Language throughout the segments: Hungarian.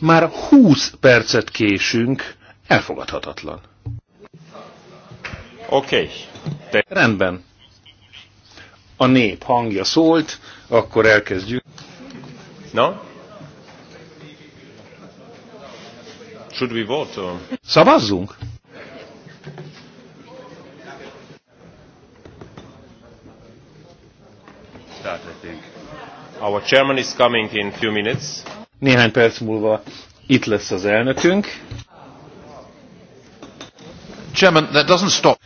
Már 20 percet késünk, elfogadhatatlan. Oké. Okay. Rendben. A nép hangja szólt, akkor elkezdjük. Na? Should we vote? Or? Szavazzunk? Start, I think. Our chairman is coming in few minutes. Néhány perc múlva itt lesz az elnökünk. Chairman, that doesn't stop.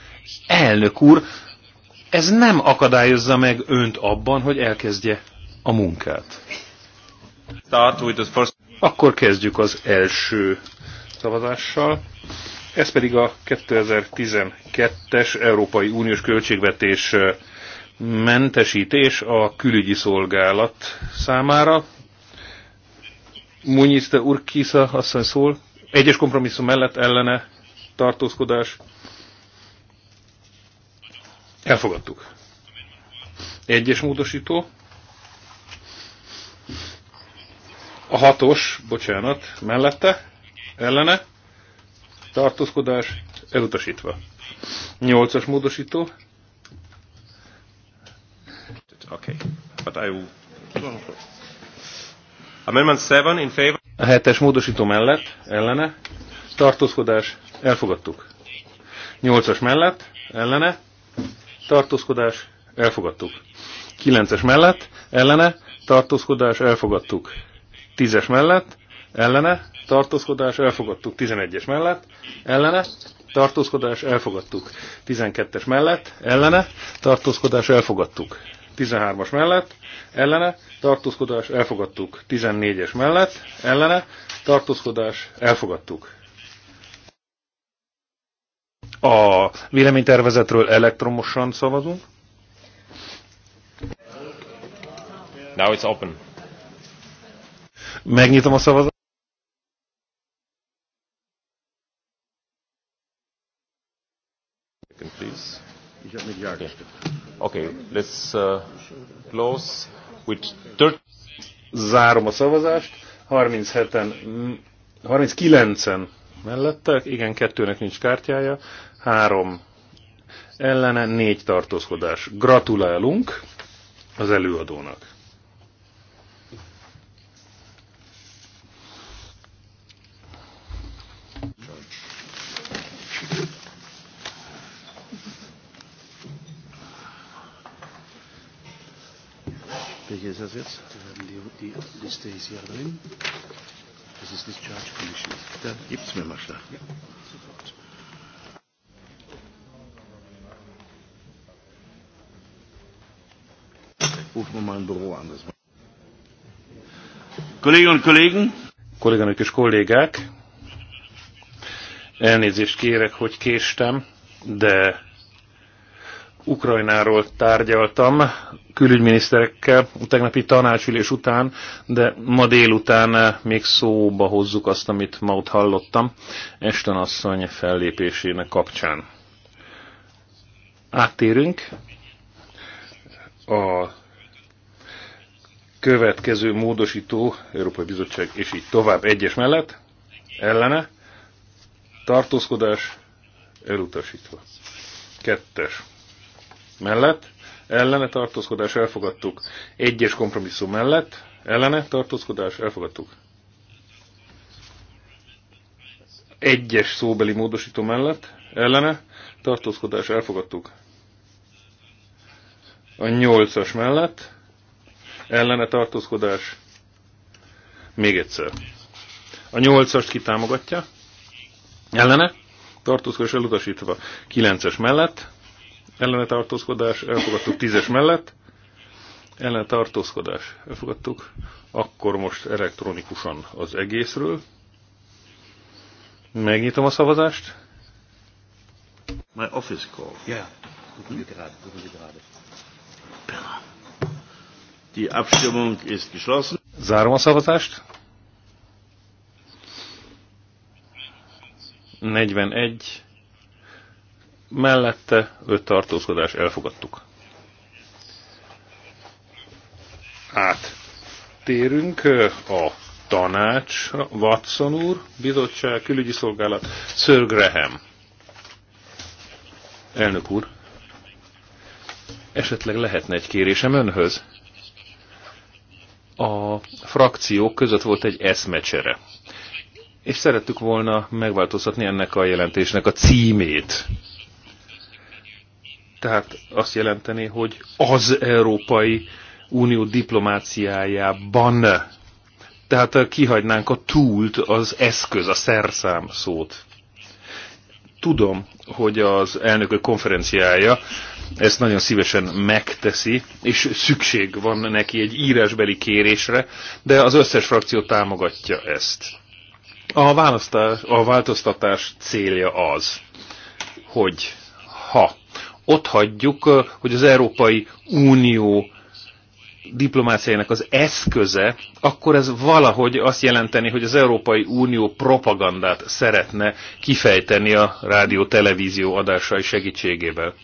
Elnök úr, ez nem akadályozza meg önt abban, hogy elkezdje a munkát. Start with the first... Akkor kezdjük az első szavazással. Ez pedig a 2012-es Európai Uniós Költségvetés mentesítés a külügyi szolgálat számára. Munyis de Urkisa asszony szól. Egyes kompromisszum mellett ellene tartózkodás. Elfogadtuk. Egyes módosító. A hatos, bocsánat, mellette, ellene, tartózkodás, elutasítva. Nyolcas módosító. Oké, okay. but I will... Amendment 7 in favor. A hetes módosító mellett, ellene, tartózkodás, elfogadtuk. Nyolcas mellett, ellene, tartózkodás, elfogadtuk. Kilences mellett, ellene, tartózkodás, elfogadtuk. Tízes mellett, ellene, tartózkodás, elfogadtuk. Tizenegyes mellett, ellene, tartózkodás, elfogadtuk. Tizenkettes mellett, ellene, tartózkodás, elfogadtuk. 13-as mellett, ellene, tartózkodás, elfogadtuk. 14-es mellett, ellene, tartózkodás, elfogadtuk. A véleménytervezetről elektromosan szavazunk. Now it's open. Megnyitom a szavazatot. Okay, okay let's uh, close with dirt. Zárom a szavazást. 37-en, 39-en mellettek, igen, kettőnek nincs kártyája, három ellene, négy tartózkodás. Gratulálunk az előadónak. Welche ist Die, die Liste ist hier drin. Das ist Discharge mir mal Ja, Rufen wir mal ein Büro an. Das Kolleginnen und Kollegen. Kolléganők és kollégák, elnézést kérek, hogy késtem, de Ukrajnáról tárgyaltam külügyminiszterekkel a tegnapi tanácsülés után, de ma délután eh, még szóba hozzuk azt, amit ma ott hallottam, Esten asszony fellépésének kapcsán. Áttérünk a következő módosító, Európai Bizottság és így tovább egyes mellett, ellene, tartózkodás elutasítva. Kettes mellett, ellene tartózkodás elfogadtuk. Egyes kompromisszum mellett, ellene tartózkodás elfogadtuk. Egyes szóbeli módosító mellett, ellene tartózkodás elfogadtuk. A nyolcas mellett, ellene tartózkodás, még egyszer. A nyolcast kitámogatja, ellene, tartózkodás elutasítva, kilences mellett, ellenetartózkodás, elfogadtuk tízes mellett, ellenetartózkodás, elfogadtuk, akkor most elektronikusan az egészről. Megnyitom a szavazást. My office call. Yeah. Die Abstimmung ist geschlossen. Zárom a szavazást. 41 mellette öt tartózkodás elfogadtuk. térünk a tanács, Watson úr, bizottság, külügyi szolgálat, Sir Graham. Elnök úr, esetleg lehetne egy kérésem önhöz? A frakciók között volt egy eszmecsere, és szerettük volna megváltoztatni ennek a jelentésnek a címét tehát azt jelenteni, hogy az Európai Unió diplomáciájában, tehát eh, kihagynánk a túlt, az eszköz, a szerszám szót. Tudom, hogy az elnökök konferenciája ezt nagyon szívesen megteszi, és szükség van neki egy írásbeli kérésre, de az összes frakció támogatja ezt. A, a változtatás célja az, hogy ha ott hagyjuk, hogy az Európai Unió diplomáciájának az eszköze, akkor ez valahogy azt jelenteni, hogy az Európai Unió propagandát szeretne kifejteni a rádió-televízió adásai segítségével.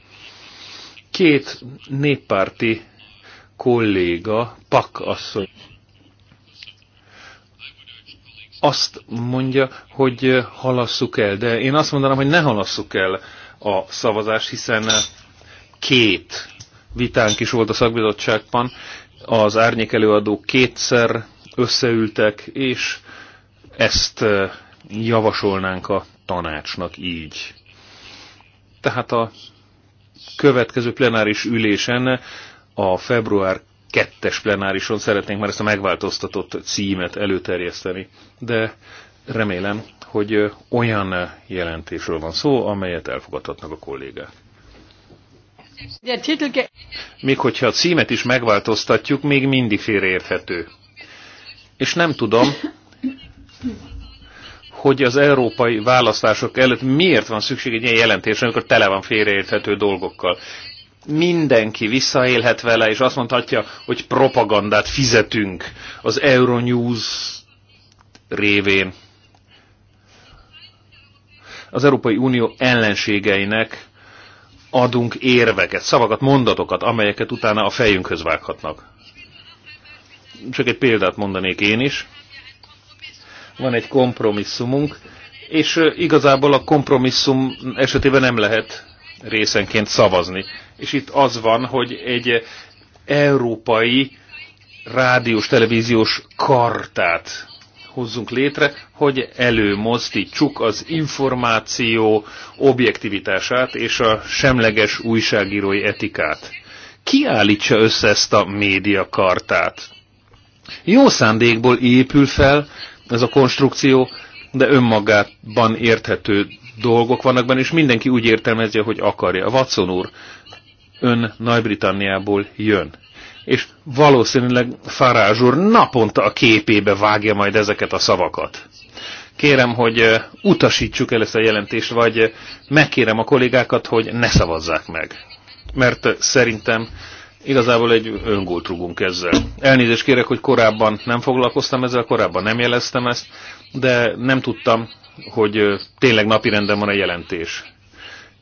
Két néppárti kolléga, Pak asszony, azt mondja, hogy halasszuk el, de én azt mondanám, hogy ne halasszuk el a szavazás, hiszen eh, két vitánk is volt a szakbizottságban, az árnyék előadók kétszer összeültek, és ezt eh, javasolnánk a tanácsnak így. Tehát a következő plenáris ülésen, a február kettes plenárison szeretnénk már ezt a megváltoztatott címet előterjeszteni, de remélem, hogy olyan jelentésről van szó, amelyet elfogadhatnak a kollégák. Még hogyha a címet is megváltoztatjuk, még mindig félreérthető. És nem tudom, hogy az európai választások előtt miért van szükség egy ilyen jelentésre, amikor tele van félreérthető dolgokkal. Mindenki visszaélhet vele, és azt mondhatja, hogy propagandát fizetünk az Euronews révén az Európai Unió ellenségeinek adunk érveket, szavakat, mondatokat, amelyeket utána a fejünkhöz vághatnak. Csak egy példát mondanék én is. Van egy kompromisszumunk, és igazából a kompromisszum esetében nem lehet részenként szavazni. És itt az van, hogy egy európai rádiós-televíziós kartát hozzunk létre, hogy előmozdítsuk az információ objektivitását és a semleges újságírói etikát. állítsa össze ezt a médiakartát. Jó szándékból épül fel ez a konstrukció, de önmagában érthető dolgok vannak benne, és mindenki úgy értelmezi, hogy akarja. Watson úr, ön Nagy-Britanniából jön és valószínűleg Farázs úr naponta a képébe vágja majd ezeket a szavakat. Kérem, hogy utasítsuk el ezt a jelentést, vagy megkérem a kollégákat, hogy ne szavazzák meg. Mert szerintem igazából egy öngolt rugunk ezzel. Elnézést kérek, hogy korábban nem foglalkoztam ezzel, korábban nem jeleztem ezt, de nem tudtam, hogy tényleg napirenden van a jelentés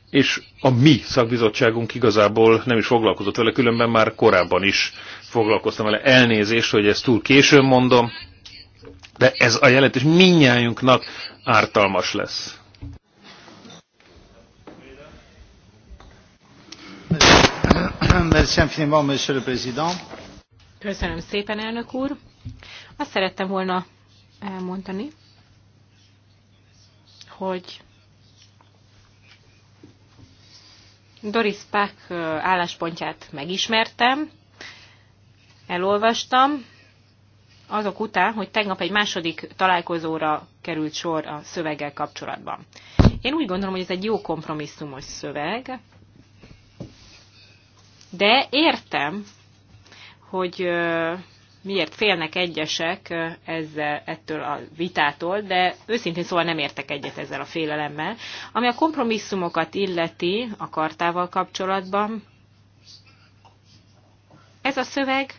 és a mi szakbizottságunk igazából nem is foglalkozott vele, különben már korábban is foglalkoztam vele. Elnézést, hogy ezt túl későn mondom, de ez a jelentés minnyájunknak ártalmas lesz. Köszönöm szépen, elnök úr. Azt szerettem volna elmondani, hogy Doris Pack álláspontját megismertem, elolvastam, azok után, hogy tegnap egy második találkozóra került sor a szöveggel kapcsolatban. Én úgy gondolom, hogy ez egy jó kompromisszumos szöveg, de értem, hogy miért félnek egyesek ezzel, ettől a vitától, de őszintén szóval nem értek egyet ezzel a félelemmel. Ami a kompromisszumokat illeti a kartával kapcsolatban, ez a szöveg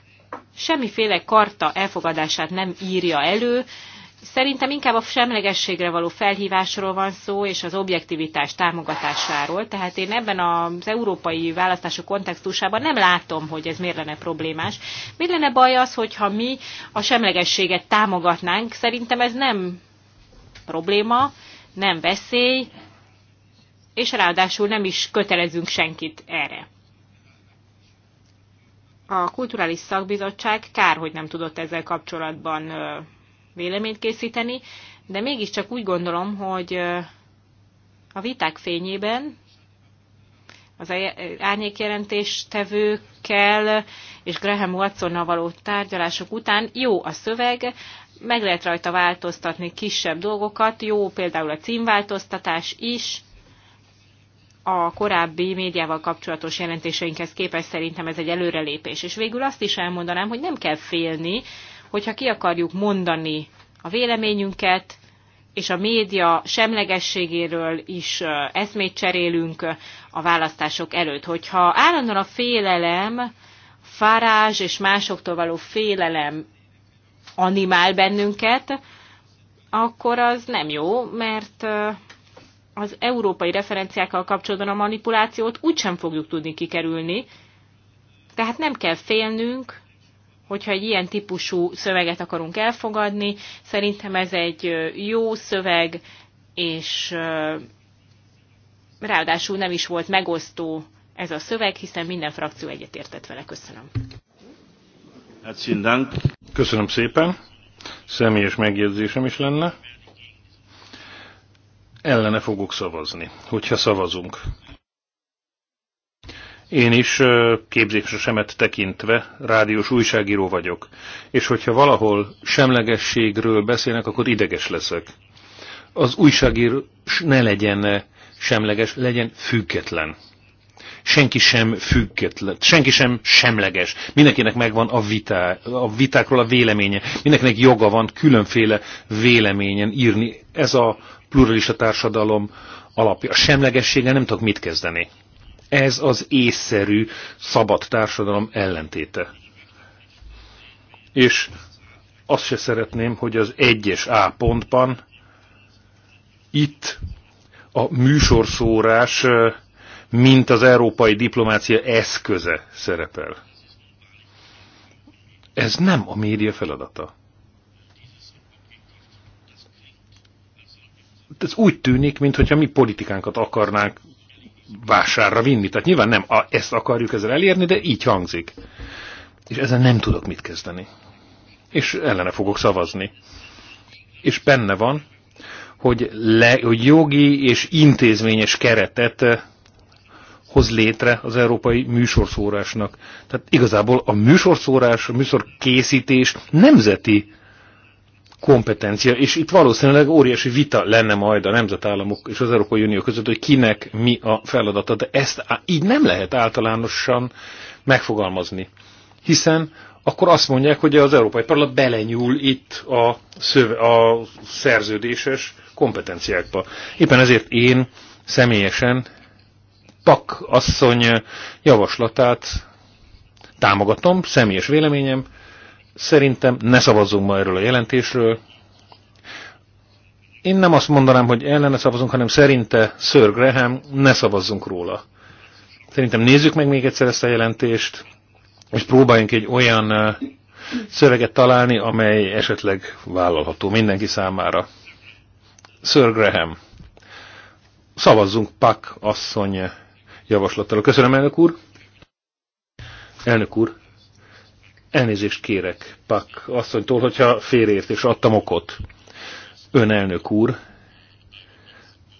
semmiféle karta elfogadását nem írja elő, Szerintem inkább a semlegességre való felhívásról van szó, és az objektivitás támogatásáról. Tehát én ebben az európai választások kontextusában nem látom, hogy ez miért lenne problémás. Miért lenne baj az, hogyha mi a semlegességet támogatnánk? Szerintem ez nem probléma, nem veszély, és ráadásul nem is kötelezünk senkit erre. A Kulturális Szakbizottság kár, hogy nem tudott ezzel kapcsolatban véleményt készíteni, de mégiscsak úgy gondolom, hogy a viták fényében az e- árnyékjelentéstevőkkel és Graham Watsonnal való tárgyalások után jó a szöveg, meg lehet rajta változtatni kisebb dolgokat, jó például a címváltoztatás is, a korábbi médiával kapcsolatos jelentéseinkhez képest szerintem ez egy előrelépés. És végül azt is elmondanám, hogy nem kell félni hogyha ki akarjuk mondani a véleményünket, és a média semlegességéről is eszmét cserélünk a választások előtt. Hogyha állandóan a félelem, fárázs és másoktól való félelem animál bennünket, akkor az nem jó, mert az európai referenciákkal kapcsolatban a manipulációt úgysem fogjuk tudni kikerülni, tehát nem kell félnünk, hogyha egy ilyen típusú szöveget akarunk elfogadni, szerintem ez egy jó szöveg, és ráadásul nem is volt megosztó ez a szöveg, hiszen minden frakció egyetértett vele. Köszönöm. Köszönöm szépen. Személyes megjegyzésem is lenne. Ellene fogok szavazni, hogyha szavazunk. Én is képzésemet tekintve rádiós újságíró vagyok, és hogyha valahol semlegességről beszélnek, akkor ideges leszek. Az újságíró ne legyen semleges, legyen független. Senki sem független, senki sem semleges. Mindenkinek megvan a, vitá, a vitákról a véleménye. Mindenkinek joga van különféle véleményen írni. Ez a pluralista társadalom alapja. A semlegességgel nem tudok mit kezdeni. Ez az észszerű, szabad társadalom ellentéte. És azt se szeretném, hogy az egyes A pontban itt a műsorszórás, mint az európai diplomácia eszköze szerepel. Ez nem a média feladata. Ez úgy tűnik, mintha mi politikánkat akarnánk vásárra vinni. Tehát nyilván nem a, ezt akarjuk ezzel elérni, de így hangzik. És ezzel nem tudok mit kezdeni. És ellene fogok szavazni. És benne van, hogy, le, hogy jogi és intézményes keretet eh, hoz létre az európai műsorszórásnak. Tehát igazából a műsorszórás, a műsorkészítés nemzeti kompetencia, és itt valószínűleg óriási vita lenne majd a nemzetállamok és az Európai Unió között, hogy kinek mi a feladata, de ezt így nem lehet általánosan megfogalmazni. Hiszen akkor azt mondják, hogy az Európai Parlament belenyúl itt a, szöve, a szerződéses kompetenciákba. Éppen ezért én személyesen Pak asszony javaslatát támogatom, személyes véleményem, Szerintem ne szavazzunk ma erről a jelentésről. Én nem azt mondanám, hogy ellene szavazunk, hanem szerinte Sir Graham ne szavazzunk róla. Szerintem nézzük meg még egyszer ezt a jelentést, és próbáljunk egy olyan szöveget találni, amely esetleg vállalható mindenki számára. Sir Graham, szavazzunk Pak asszony javaslattal. Köszönöm, elnök úr! Elnök úr, Elnézést kérek, Pak asszonytól, hogyha és adtam okot. Ön elnök úr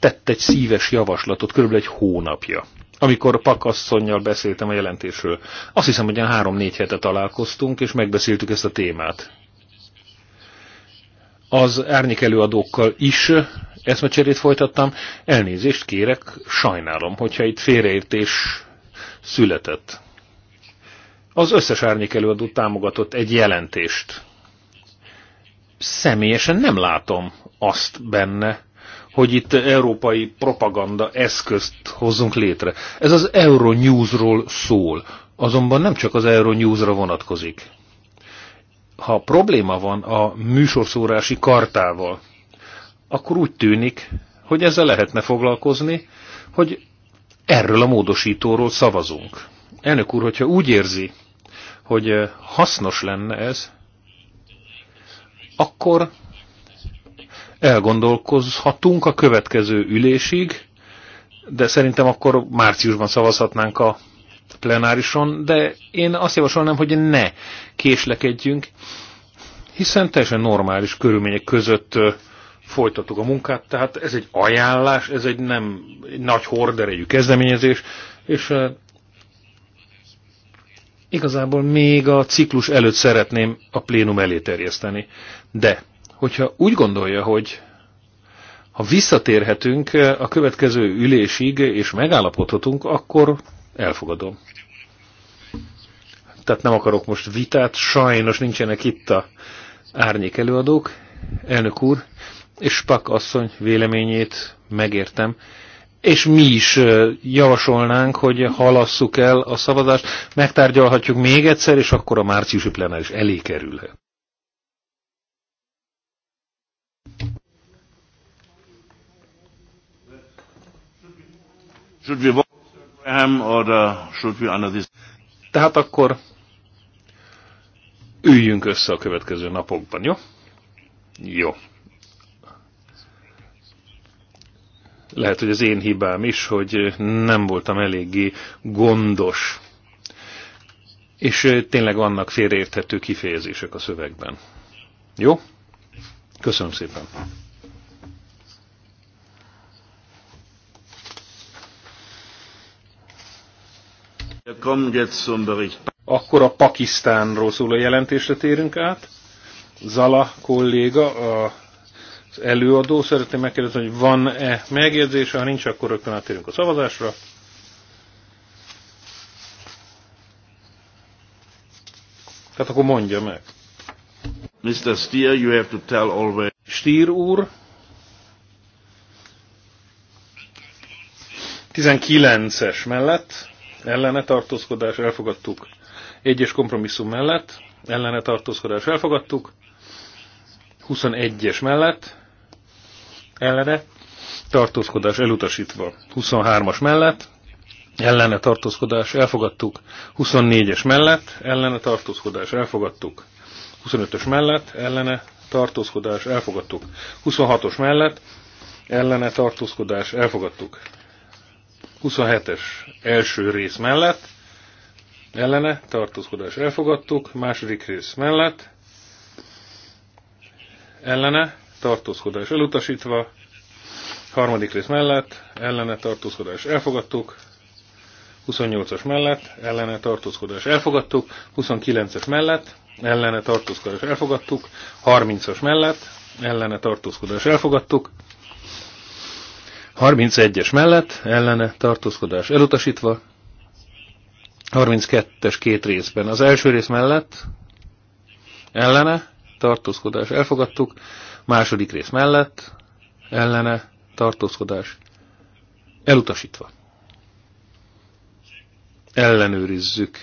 tett egy szíves javaslatot körülbelül egy hónapja. Amikor Pak asszonynal beszéltem a jelentésről, azt hiszem, hogy három-négy hete találkoztunk, és megbeszéltük ezt a témát. Az árnyék előadókkal is eszmecserét folytattam. Elnézést kérek, sajnálom, hogyha itt félreértés született az összes árnyék előadó támogatott egy jelentést. Személyesen nem látom azt benne, hogy itt európai propaganda eszközt hozzunk létre. Ez az Euronewsról szól, azonban nem csak az Euronewsra vonatkozik. Ha probléma van a műsorszórási kartával, akkor úgy tűnik, hogy ezzel lehetne foglalkozni, hogy erről a módosítóról szavazunk. Elnök úr, hogyha úgy érzi, hogy eh, hasznos lenne ez, akkor elgondolkozhatunk a következő ülésig, de szerintem akkor márciusban szavazhatnánk a plenárison, de én azt javasolnám, hogy ne késlekedjünk, hiszen teljesen normális körülmények között eh, folytatjuk a munkát, tehát ez egy ajánlás, ez egy nem egy nagy horderejű kezdeményezés, és eh, igazából még a ciklus előtt szeretném a plénum elé terjeszteni. De, hogyha úgy gondolja, hogy ha visszatérhetünk a következő ülésig, és megállapodhatunk, akkor elfogadom. Tehát nem akarok most vitát, sajnos nincsenek itt a árnyék előadók, elnök úr, és Spak asszony véleményét megértem, és mi is javasolnánk, hogy halasszuk el a szavazást, megtárgyalhatjuk még egyszer, és akkor a márciusi plenáris elé kerülhet. Uh, Tehát akkor üljünk össze a következő napokban, jó? Jó. Lehet, hogy az én hibám is, hogy nem voltam eléggé gondos. És tényleg vannak félreérthető kifejezések a szövegben. Jó? Köszönöm szépen. Akkor a Pakisztánról szóló jelentésre térünk át. Zala kolléga a előadó. Szeretném megkérdezni, hogy van-e megjegyzése, ha nincs, akkor rögtön átérünk a szavazásra. Tehát akkor mondja meg. Mr. Steer, you have to tell always. Stier úr. 19-es mellett ellene tartózkodás elfogadtuk. Egyes kompromisszum mellett ellene tartózkodás elfogadtuk. 21-es mellett ellene tartózkodás elutasítva. 23-as mellett ellene tartózkodás elfogadtuk. 24-es mellett ellene tartózkodás elfogadtuk. 25-ös mellett ellene tartózkodás elfogadtuk. 26-os mellett ellene tartózkodás elfogadtuk. 27-es első rész mellett ellene tartózkodás elfogadtuk, második rész mellett ellene tartózkodás elutasítva, harmadik rész mellett, ellene tartózkodás elfogadtuk, 28-as mellett, ellene tartózkodás elfogadtuk, 29-es mellett, ellene tartózkodás elfogadtuk, 30-as mellett, ellene tartózkodás elfogadtuk, 31-es mellett, ellene tartózkodás elutasítva, 32-es két részben. Az első rész mellett, ellene tartózkodás elfogadtuk, Második rész mellett, ellene, tartózkodás, elutasítva. Ellenőrizzük.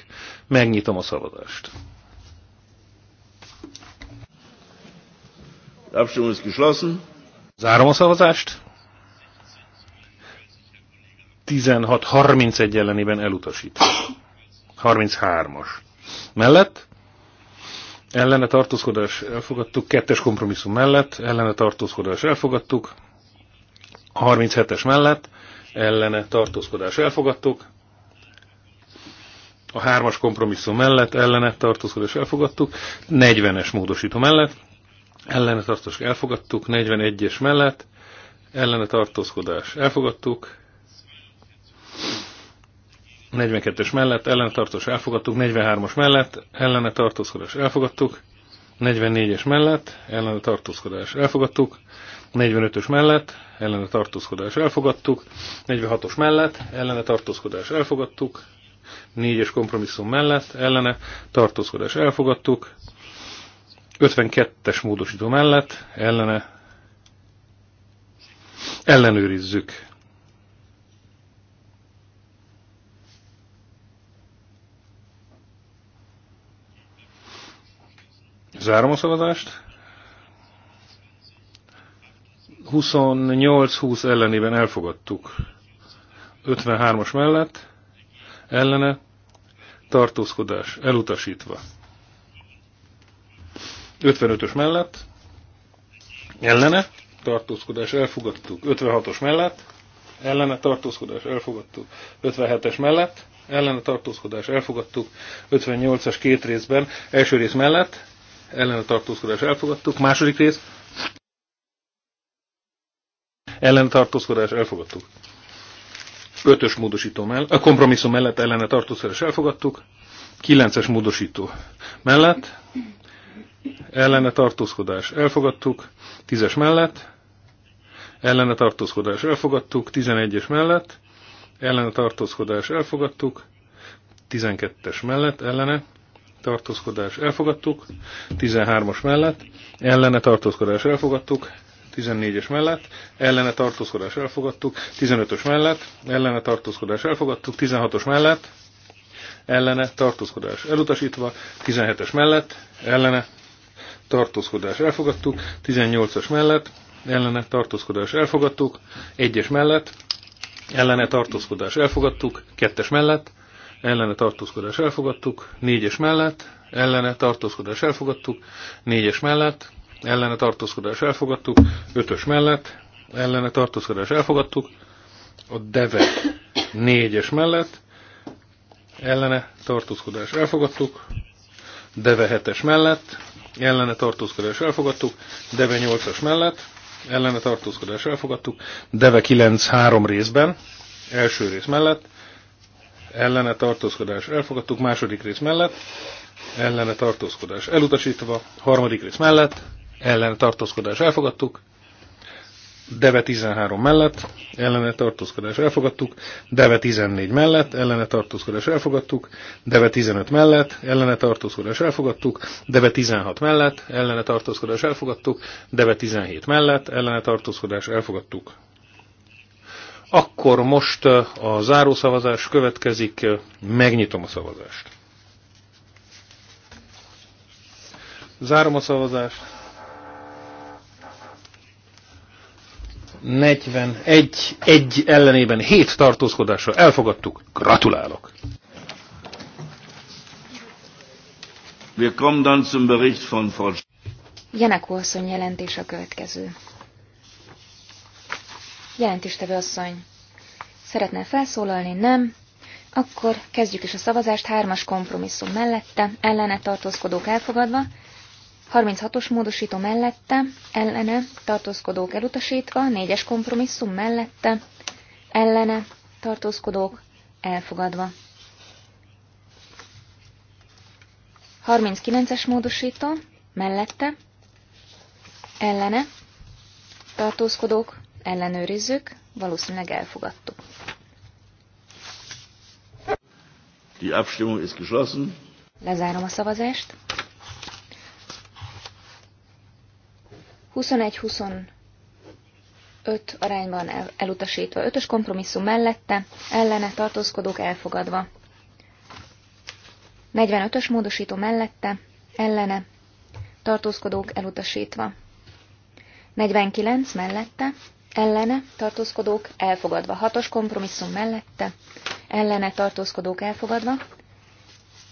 Megnyitom a szavazást. Zárom a szavazást. 16.31 ellenében elutasít. 33-as. Mellett? ellene tartózkodás elfogadtuk, kettes kompromisszum mellett, ellene tartózkodás elfogadtuk, 37-es mellett, ellene tartózkodás elfogadtuk, a hármas kompromisszum mellett, ellene tartózkodás elfogadtuk, 40-es módosító mellett, ellene tartózkodás elfogadtuk, 41-es mellett, ellene tartózkodás elfogadtuk, 42-es mellett ellentartós elfogadtuk, 43 os mellett ellene tartózkodás elfogadtuk, 44-es mellett ellene tartózkodás elfogadtuk, 45-ös mellett ellene tartózkodás elfogadtuk, 46-os mellett ellene tartózkodás elfogadtuk, 4-es kompromisszum mellett ellene tartózkodás elfogadtuk, 52-es módosító mellett ellene ellenőrizzük. Zárom a szavazást. 28-20 ellenében elfogadtuk. 53-as mellett, ellene, tartózkodás elutasítva. 55-ös mellett, ellene, tartózkodás elfogadtuk. 56-os mellett, ellene tartózkodás elfogadtuk. 57-es mellett, ellene tartózkodás elfogadtuk. 58-as két részben, első rész mellett, a tartózkodás elfogadtuk. Második rész. a tartózkodás elfogadtuk. Ötös módosító mellett, a kompromisszum mellett a tartózkodás elfogadtuk. Kilences módosító mellett ellene tartózkodás elfogadtuk. Tízes mellett ellene tartózkodás elfogadtuk. Tizenegyes mellett ellene tartózkodás elfogadtuk. tizenkettes mellett ellene tartózkodás elfogadtuk, 13-as mellett, ellene tartózkodás elfogadtuk, 14-es mellett, ellene tartózkodás elfogadtuk, 15-ös mellett, ellene tartózkodás elfogadtuk, 16-os mellett, ellene tartózkodás elutasítva, 17-es mellett, ellene tartózkodás elfogadtuk, 18-as mellett, ellene tartózkodás elfogadtuk, 1-es mellett, ellene tartózkodás elfogadtuk, 2-es mellett, ellene tartózkodás elfogadtuk, négyes mellett, ellene tartózkodás elfogadtuk, négyes mellett, ellene tartózkodás elfogadtuk, ötös mellett, ellene tartózkodás elfogadtuk, a deve négyes mellett, ellene tartózkodás elfogadtuk, deve hetes mellett, ellene tartózkodás elfogadtuk, deve nyolcas mellett, ellene tartózkodás elfogadtuk, deve kilenc három részben, első rész mellett, ellene tartózkodás elfogadtuk, második rész mellett, ellene tartózkodás elutasítva, harmadik rész mellett, ellene tartózkodás elfogadtuk, Deve 13 mellett, ellene tartózkodás elfogadtuk, Deve 14 mellett, ellene tartózkodás elfogadtuk, Deve 15 mellett, ellene tartózkodás elfogadtuk, Deve 16 mellett, ellene tartózkodás elfogadtuk, Deve 17 mellett, ellene tartózkodás elfogadtuk. Akkor most a zárószavazás következik, megnyitom a szavazást. Zárom a szavazást. 41 egy ellenében 7 tartózkodásra elfogadtuk. Gratulálok! Wir kommen dann zum Bericht von Frau Janakó asszony jelentés a következő. Jelentéstevő asszony, szeretne felszólalni? Nem. Akkor kezdjük is a szavazást hármas kompromisszum mellette, ellene tartózkodók elfogadva, 36-os módosító mellette, ellene tartózkodók elutasítva, 4-es kompromisszum mellette, ellene tartózkodók elfogadva. 39-es módosító mellette, ellene tartózkodók Ellenőrizzük, valószínűleg elfogadtuk. Die Abstimmung ist geschlossen. Lezárom a szavazást. 21-25 arányban elutasítva, 5-ös kompromisszum mellette, ellene tartózkodók elfogadva. 45-ös módosító mellette, ellene tartózkodók elutasítva. 49 mellette, ellene tartózkodók elfogadva. Hatos kompromisszum mellette, ellene tartózkodók elfogadva.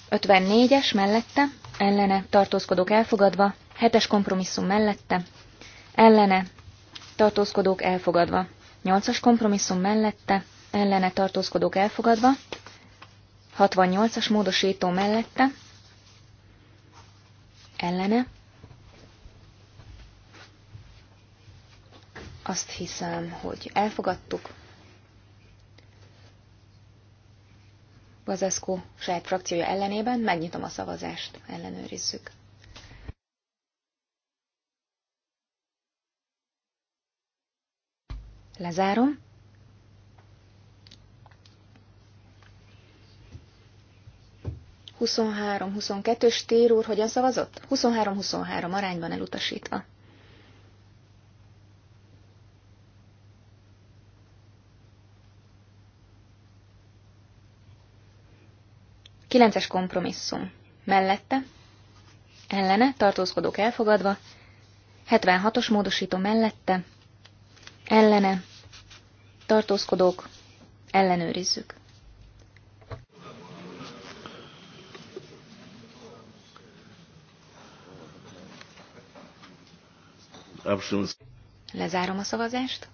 54-es mellette, ellene tartózkodók elfogadva. Hetes kompromisszum mellette, ellene tartózkodók elfogadva. Nyolcas kompromisszum mellette, ellene tartózkodók elfogadva. 68-as módosító mellette, ellene Azt hiszem, hogy elfogadtuk. Gazeszko saját frakciója ellenében megnyitom a szavazást, ellenőrizzük. Lezárom. Huszonhárom, huszonkettő, Stér úr hogyan szavazott? 23-23 arányban elutasítva. Kilences kompromisszum. Mellette, ellene, tartózkodók elfogadva, 76-os módosító mellette, ellene, tartózkodók, ellenőrizzük. Lezárom a szavazást.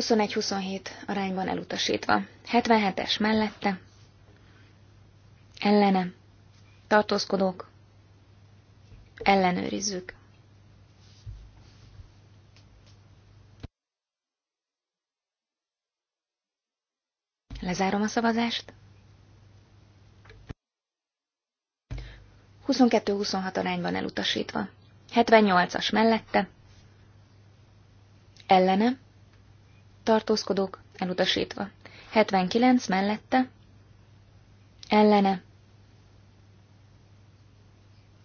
21-27 arányban elutasítva. 77-es mellette, ellene, tartózkodók, ellenőrizzük. Lezárom a szavazást. 22-26 arányban elutasítva. 78-as mellette. Ellene tartózkodók elutasítva. 79 mellette, ellene.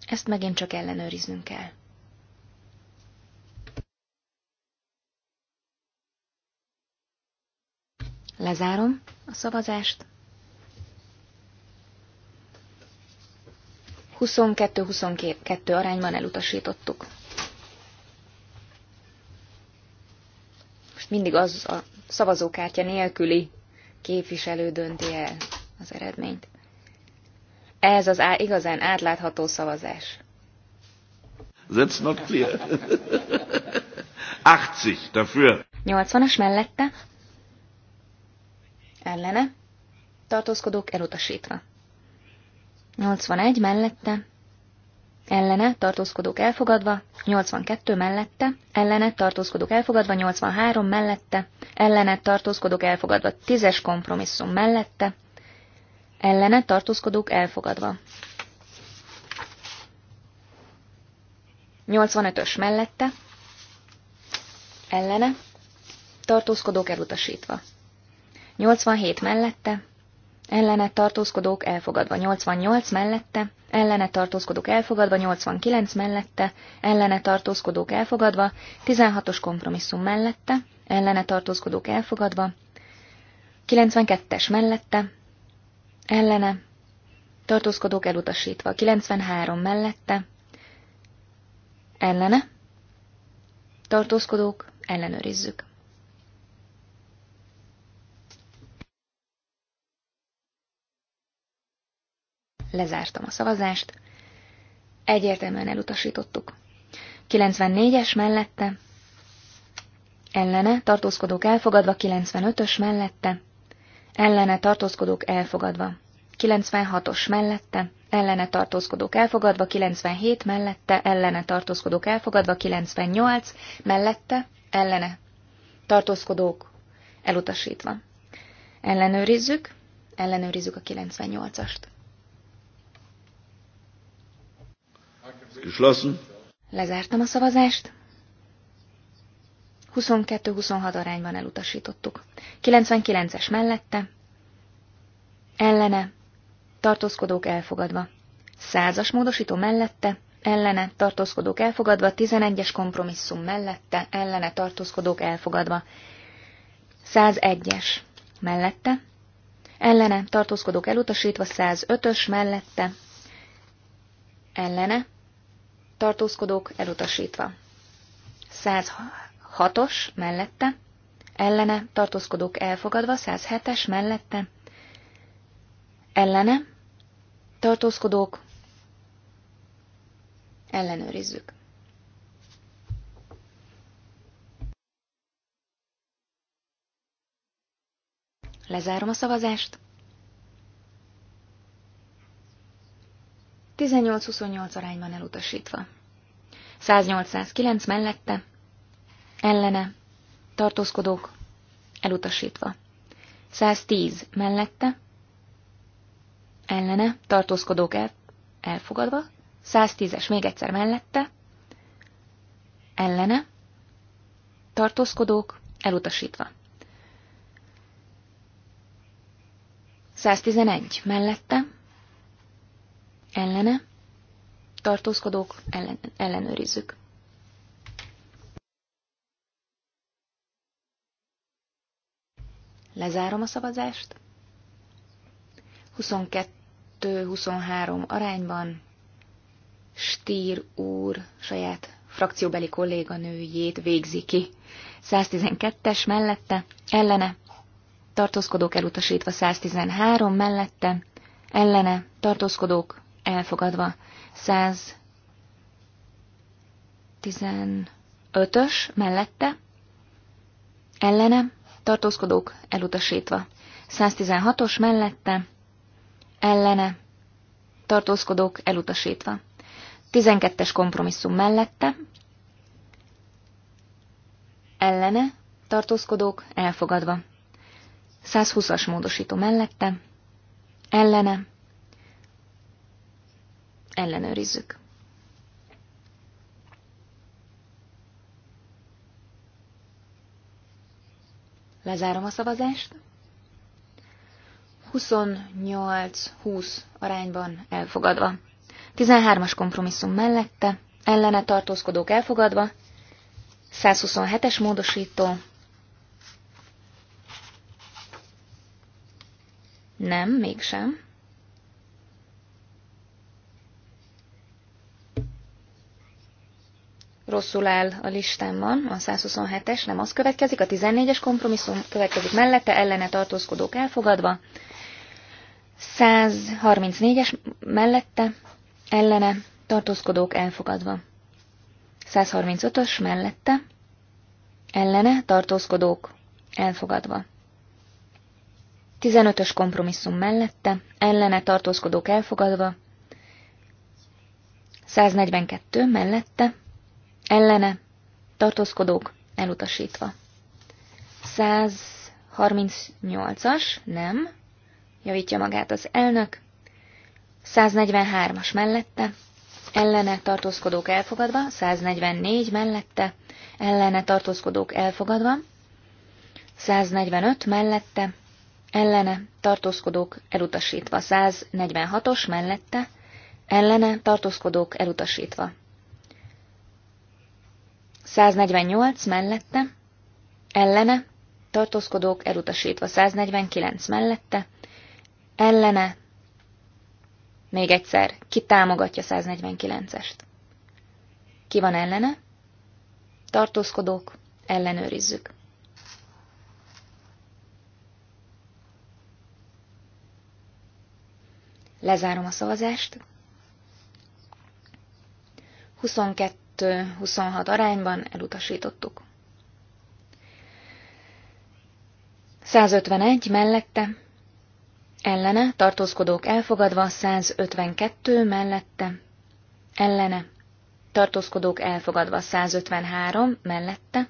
Ezt megint csak ellenőriznünk kell. Lezárom a szavazást. 22-22 arányban elutasítottuk. mindig az a szavazókártya nélküli képviselő dönti el az eredményt. Ez az á, igazán átlátható szavazás. That's not clear. 80 dafür. 80-as mellette. Ellene. Tartózkodók elutasítva. 81 mellette ellene tartózkodók elfogadva, 82 mellette, ellene tartózkodók elfogadva, 83 mellette, ellene tartózkodók elfogadva, 10-es kompromisszum mellette, ellene tartózkodók elfogadva. 85-ös mellette, ellene, tartózkodók elutasítva. 87 mellette, ellene tartózkodók elfogadva 88 mellette, ellene tartózkodók elfogadva 89 mellette, ellene tartózkodók elfogadva 16-os kompromisszum mellette, ellene tartózkodók elfogadva 92-es mellette, ellene tartózkodók elutasítva 93 mellette, ellene tartózkodók ellenőrizzük. lezártam a szavazást. Egyértelműen elutasítottuk. 94-es mellette, ellene tartózkodók elfogadva, 95-ös mellette, ellene tartózkodók elfogadva, 96-os mellette, ellene tartózkodók elfogadva, 97 mellette, ellene tartózkodók elfogadva, 98 mellette, ellene tartózkodók elutasítva. Ellenőrizzük, ellenőrizzük a 98-ast. Geschlossen. Lezártam a szavazást. 22-26 arányban elutasítottuk. 99-es mellette, ellene, tartózkodók elfogadva. 100-as módosító mellette, ellene, tartózkodók elfogadva, 11-es kompromisszum mellette, ellene, tartózkodók elfogadva. 101-es mellette, ellene, tartózkodók elutasítva, 105-ös mellette, ellene, tartózkodók elutasítva. 106-os mellette, ellene tartózkodók elfogadva, 107-es mellette, ellene tartózkodók ellenőrizzük. Lezárom a szavazást. 18-28 arányban elutasítva. 108-109 mellette, ellene, tartózkodók, elutasítva. 110 mellette, ellene, tartózkodók el, elfogadva, 110-es még egyszer mellette, ellene, tartózkodók, elutasítva. 111 mellette, ellene, tartózkodók ellen, ellenőrizzük. Lezárom a szavazást. 22-23 arányban Stír úr saját frakcióbeli kolléganőjét végzi ki. 112-es mellette, ellene, tartózkodók elutasítva 113 mellette, ellene, tartózkodók elfogadva. 115-ös mellette, ellene, tartózkodók elutasítva. 116-os mellette, ellene, tartózkodók elutasítva. 12-es kompromisszum mellette, ellene, tartózkodók elfogadva. 120-as módosító mellette, ellene, Ellenőrizzük. Lezárom a szavazást. 28-20 arányban elfogadva. 13-as kompromisszum mellette, ellene tartózkodók elfogadva, 127-es módosító, nem, mégsem. rosszul áll a listámban, a 127-es, nem az következik, a 14-es kompromisszum következik mellette, ellene tartózkodók elfogadva, 134-es mellette, ellene tartózkodók elfogadva, 135-ös mellette, ellene tartózkodók elfogadva. 15-ös kompromisszum mellette, ellene tartózkodók elfogadva, 142 mellette, ellene, tartózkodók elutasítva. 138-as, nem, javítja magát az elnök, 143-as mellette, ellene tartózkodók elfogadva, 144 mellette, ellene tartózkodók elfogadva, 145 mellette, ellene tartózkodók elutasítva, 146-os mellette, ellene tartózkodók elutasítva, 148 mellette, ellene, tartózkodók elutasítva 149 mellette, ellene, még egyszer, ki támogatja 149-est? Ki van ellene? Tartózkodók, ellenőrizzük. Lezárom a szavazást. 22 25-26 arányban elutasítottuk. 151 mellette, ellene, tartózkodók elfogadva, 152 mellette, ellene, tartózkodók elfogadva, 153 mellette,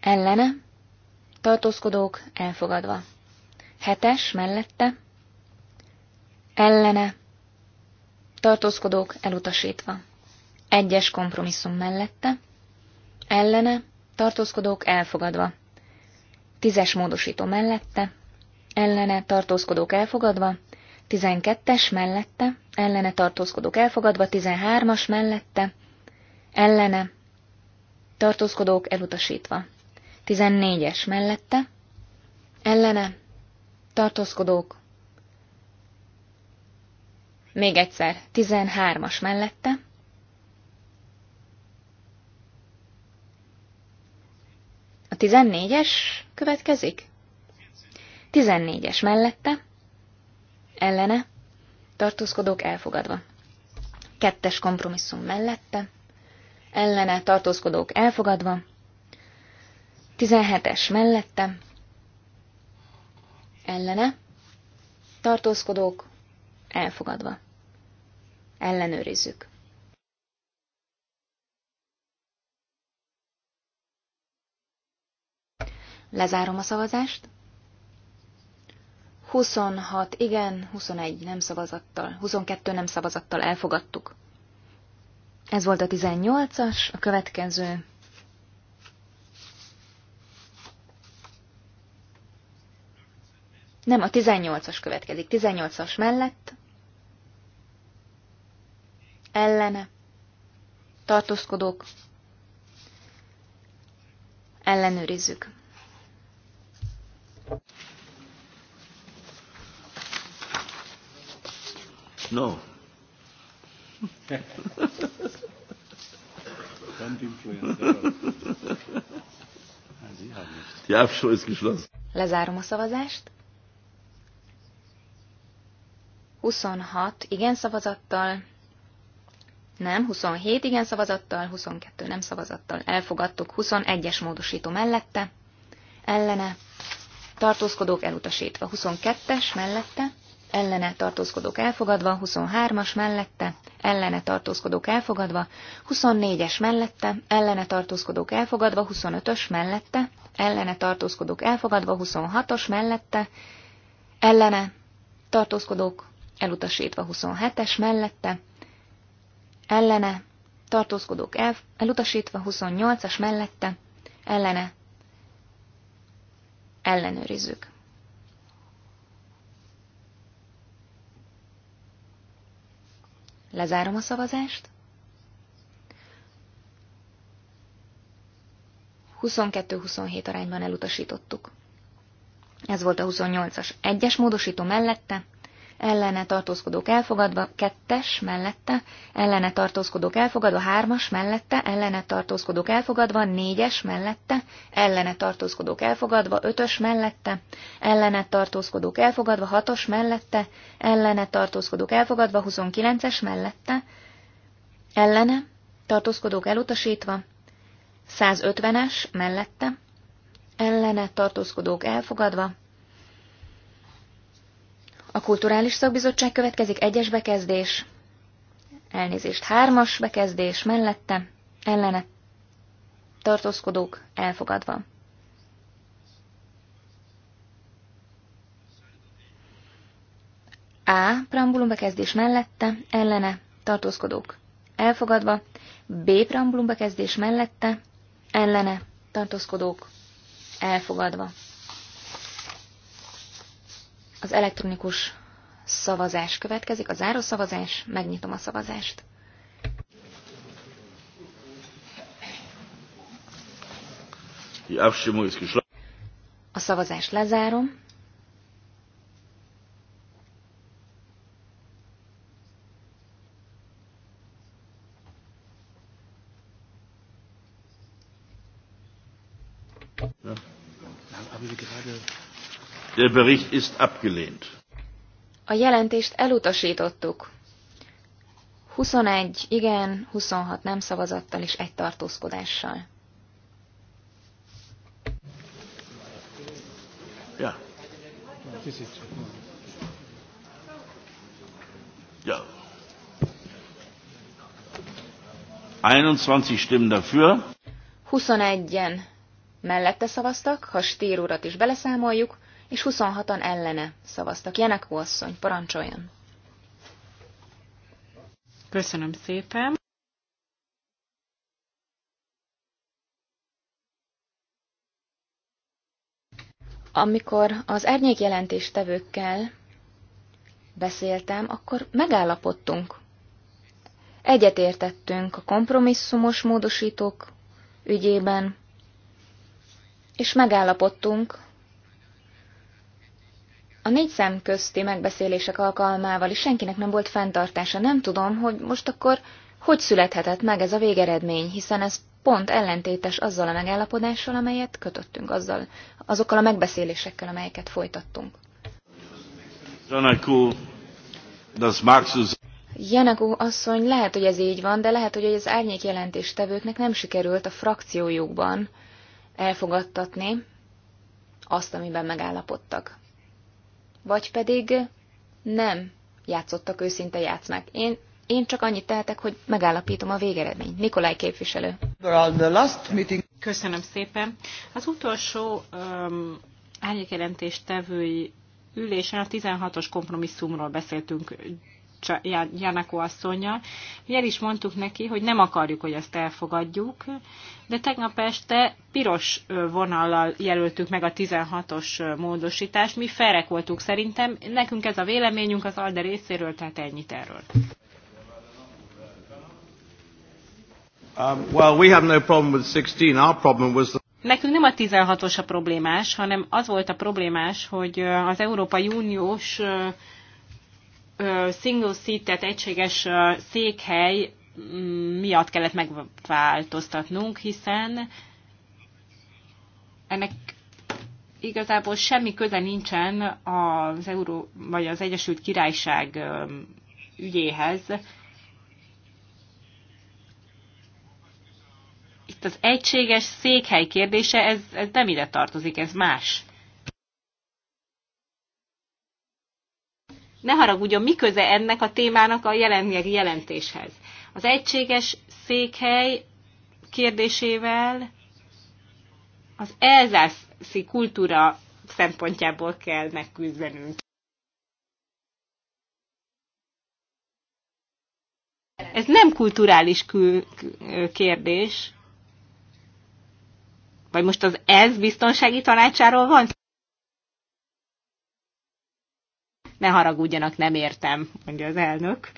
ellene, tartózkodók elfogadva, 7-es mellette, ellene, tartózkodók elutasítva. Egyes kompromisszum mellette, ellene, tartózkodók elfogadva. Tízes módosító mellette, ellene, tartózkodók elfogadva. Tizenkettes mellette, ellene, tartózkodók elfogadva. Tizenhármas mellette, ellene, tartózkodók elutasítva. Tizennégyes mellette, ellene, tartózkodók még egyszer, tizenhármas mellette, 14-es következik? 14-es mellette, ellene, tartózkodók elfogadva. Kettes kompromisszum mellette, ellene, tartózkodók elfogadva. 17-es mellette, ellene, tartózkodók elfogadva. Ellenőrizzük. Lezárom a szavazást. 26 igen, 21 nem szavazattal, 22 nem szavazattal elfogadtuk. Ez volt a 18-as, a következő Nem, a 18-as következik. 18-as mellett. Ellene. Tartózkodók. Ellenőrizzük. No. Lezárom a szavazást. 26 igen szavazattal, nem, 27 igen szavazattal, 22 nem szavazattal elfogadtuk, 21-es módosító mellette, ellene, tartózkodók elutasítva. 22-es mellette, ellene tartózkodók elfogadva, 23-as mellette, ellene tartózkodók elfogadva, 24-es mellette, ellene tartózkodók elfogadva, 25-ös mellette, ellene tartózkodók elfogadva, 26-os mellette, ellene tartózkodók elutasítva, 27-es mellette, ellene tartózkodók elutasítva, 28-as mellette, ellene ellenőrizzük. Lezárom a szavazást. 22-27 arányban elutasítottuk. Ez volt a 28-as. Egyes módosító mellette, ellene tartózkodók elfogadva, kettes mellette, ellene tartózkodók elfogadva, hármas mellette, ellene tartózkodók elfogadva, négyes mellette, ellene tartózkodók elfogadva, ötös mellette, ellene tartózkodók elfogadva, hatos mellette, ellene tartózkodók elfogadva, huszonkilences mellette, ellene tartózkodók elutasítva, 150-es mellette, ellene tartózkodók elfogadva, a Kulturális Szakbizottság következik egyes bekezdés, elnézést hármas bekezdés mellette, ellene tartózkodók elfogadva. A. Preambulum bekezdés mellette, ellene tartózkodók elfogadva. B. Preambulum bekezdés mellette, ellene tartózkodók elfogadva. Az elektronikus szavazás következik, a záró szavazás, megnyitom a szavazást. A szavazást lezárom. Der Bericht ist abgelehnt. A jelentést elutasítottuk. 21 igen, 26 nem szavazattal és egy tartózkodással. Ja. Ja. 21 stimmen dafür. 21-en mellette szavaztak, ha Stír urat is beleszámoljuk, és 26-an ellene szavaztak. Janakó asszony, parancsoljon! Köszönöm szépen! Amikor az jelentéstevőkkel beszéltem, akkor megállapodtunk. Egyetértettünk a kompromisszumos módosítók ügyében, és megállapodtunk a négy szem közti megbeszélések alkalmával is senkinek nem volt fenntartása. Nem tudom, hogy most akkor hogy születhetett meg ez a végeredmény, hiszen ez pont ellentétes azzal a megállapodással, amelyet kötöttünk, azzal, azokkal a megbeszélésekkel, amelyeket folytattunk. Janakó, Marxus... asszony, lehet, hogy ez így van, de lehet, hogy az árnyék jelentéstevőknek nem sikerült a frakciójukban elfogadtatni azt, amiben megállapodtak vagy pedig nem játszottak őszinte játszmák. Én, én csak annyit tehetek, hogy megállapítom a végeredményt. Nikolaj képviselő. Köszönöm szépen. Az utolsó um, árnyékjelentés tevői ülésen a 16-os kompromisszumról beszéltünk Janakó asszonya. Mi el is mondtuk neki, hogy nem akarjuk, hogy ezt elfogadjuk, de tegnap este piros vonallal jelöltük meg a 16-os módosítást. Mi felrek voltunk szerintem, nekünk ez a véleményünk az ALDE részéről, tehát ennyit erről. Um, well, we have no problem with 16. Our problem was the Nekünk nem a 16-os a problémás, hanem az volt a problémás, hogy az Európai Uniós single seat, tehát egységes székhely mm, miatt kellett megváltoztatnunk, hiszen ennek igazából semmi köze nincsen az Euró, vagy az Egyesült Királyság ügyéhez. Itt az egységes székhely kérdése, ez, ez nem ide tartozik, ez más. ne haragudjon, miköze ennek a témának a jelenlegi jelentéshez. Az egységes székhely kérdésével az elzászi kultúra szempontjából kell megküzdenünk. Ez nem kulturális kérdés. Vagy most az ez biztonsági tanácsáról van? Ne haragudjanak, nem értem, mondja az elnök.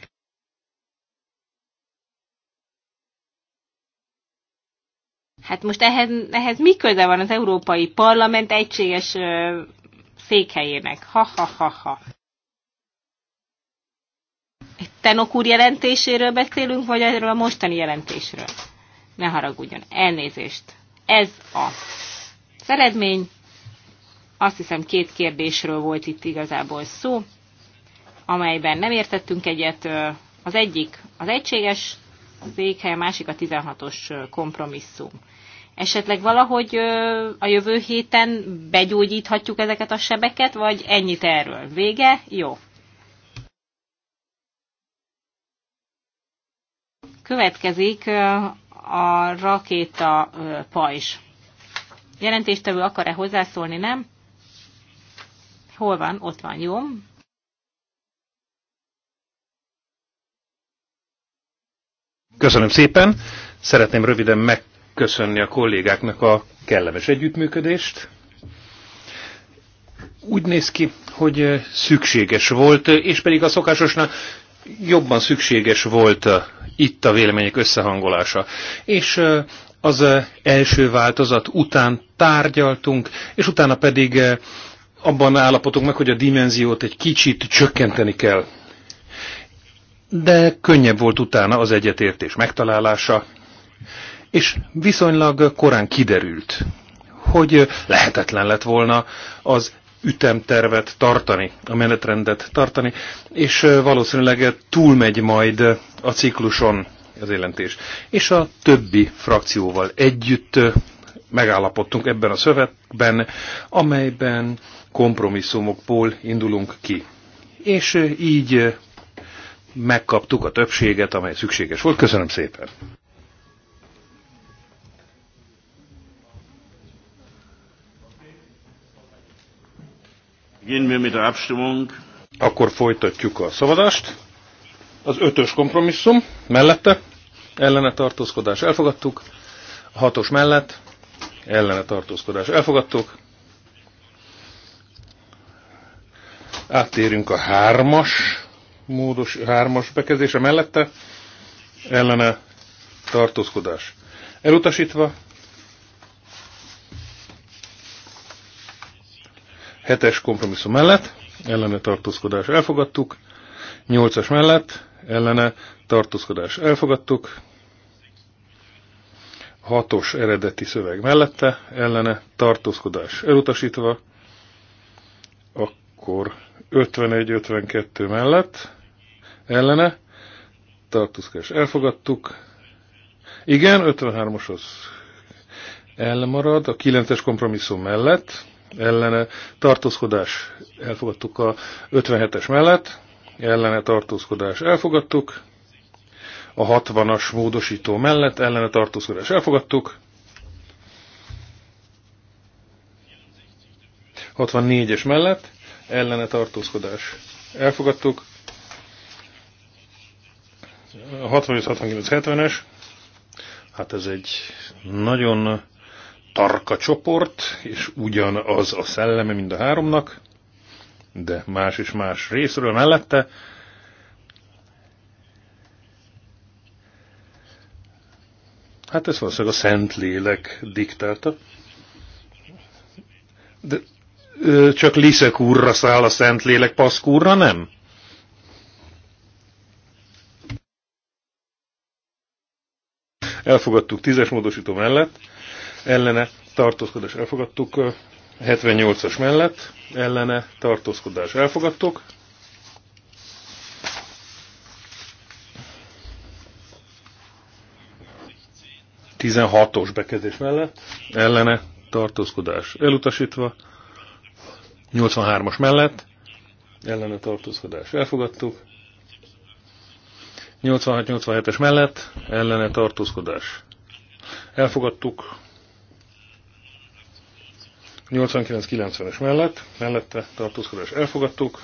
Hát most ehhez, ehhez mi köze van az Európai Parlament egységes ö, székhelyének? Ha-ha-ha-ha. Egy Tenok úr jelentéséről beszélünk, vagy erről a mostani jelentésről? Ne haragudjon, elnézést. Ez a eredmény, azt hiszem két kérdésről volt itt igazából szó, amelyben nem értettünk egyet. Az egyik az egységes székhely, a másik a 16-os kompromisszum. Esetleg valahogy a jövő héten begyógyíthatjuk ezeket a sebeket, vagy ennyit erről? Vége? Jó. Következik a rakéta pajzs. Jelentéstevő akar-e hozzászólni, nem? Hol van? Ott van, jó. Köszönöm szépen. Szeretném röviden megköszönni a kollégáknak a kellemes együttműködést. Úgy néz ki, hogy szükséges volt, és pedig a szokásosnak jobban szükséges volt itt a vélemények összehangolása. És az első változat után tárgyaltunk, és utána pedig abban állapotunk meg, hogy a dimenziót egy kicsit csökkenteni kell. De könnyebb volt utána az egyetértés megtalálása, és viszonylag korán kiderült, hogy lehetetlen lett volna az ütemtervet tartani, a menetrendet tartani, és valószínűleg túlmegy majd a cikluson az jelentés. És a többi frakcióval együtt megállapodtunk ebben a szövegben, amelyben kompromisszumokból indulunk ki. És így megkaptuk a többséget, amely szükséges volt. Köszönöm szépen! Akkor folytatjuk a szavazást. Az ötös kompromisszum mellette ellene tartózkodás elfogadtuk. A hatos mellett ellene tartózkodás elfogadtuk. Áttérünk a hármas, módos, hármas bekezdése mellette, ellene tartózkodás. Elutasítva, hetes kompromisszum mellett, ellene tartózkodás elfogadtuk, nyolcas mellett, ellene tartózkodás elfogadtuk, hatos eredeti szöveg mellette, ellene tartózkodás elutasítva, akkor 51-52 mellett ellene Tartuszkás elfogadtuk. Igen, 53-oshoz elmarad, a 9-es kompromisszum mellett ellene tartózkodás elfogadtuk a 57-es mellett, ellene tartózkodás elfogadtuk, a 60-as módosító mellett ellene tartózkodás elfogadtuk, 64-es mellett ellene tartózkodás. Elfogadtuk. A 68-69-70-es, hát ez egy nagyon tarka csoport, és ugyanaz a szelleme mind a háromnak, de más és más részről mellette. Hát ez valószínűleg a Szentlélek diktálta. De csak Liszek úrra száll a Szentlélek, Paszkúrra nem? Elfogadtuk tízes módosító mellett, ellene tartózkodás elfogadtuk, 78-as mellett, ellene tartózkodás elfogadtuk, Tizenhatos bekezdés mellett, ellene tartózkodás elutasítva, 83-as mellett ellene tartózkodás elfogadtuk. 86-87-es mellett ellene tartózkodás elfogadtuk. 89-90-es mellett mellette tartózkodás elfogadtuk.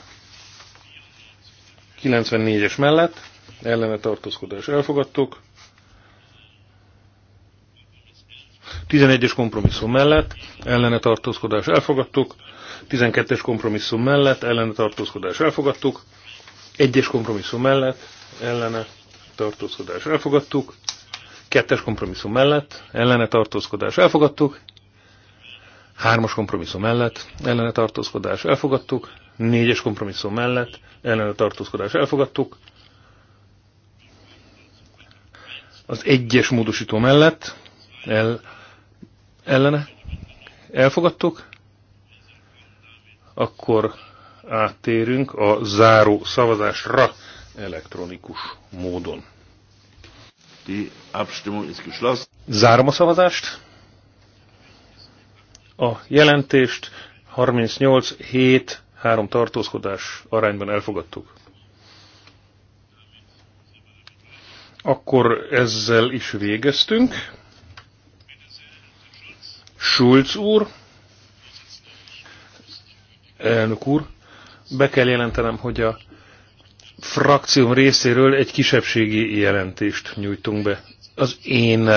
94-es mellett ellene tartózkodás elfogadtuk. 11-es kompromisszum mellett ellene tartózkodás elfogadtuk. 12-es kompromisszum mellett ellene tartózkodás elfogadtuk, 1-es kompromisszum mellett ellene tartózkodás elfogadtuk, 2-es kompromisszum mellett ellene tartózkodás elfogadtuk, 3-as kompromisszum mellett ellene tartózkodás elfogadtuk, 4-es kompromisszum mellett ellene tartózkodás elfogadtuk, az egyes módosító mellett el, ellene elfogadtuk, akkor áttérünk a záró szavazásra elektronikus módon. Zárom a szavazást. A jelentést 38-7 három tartózkodás arányban elfogadtuk. Akkor ezzel is végeztünk. Schulz úr, elnök úr. Be kell jelentenem, hogy a frakcióm részéről egy kisebbségi jelentést nyújtunk be. Az én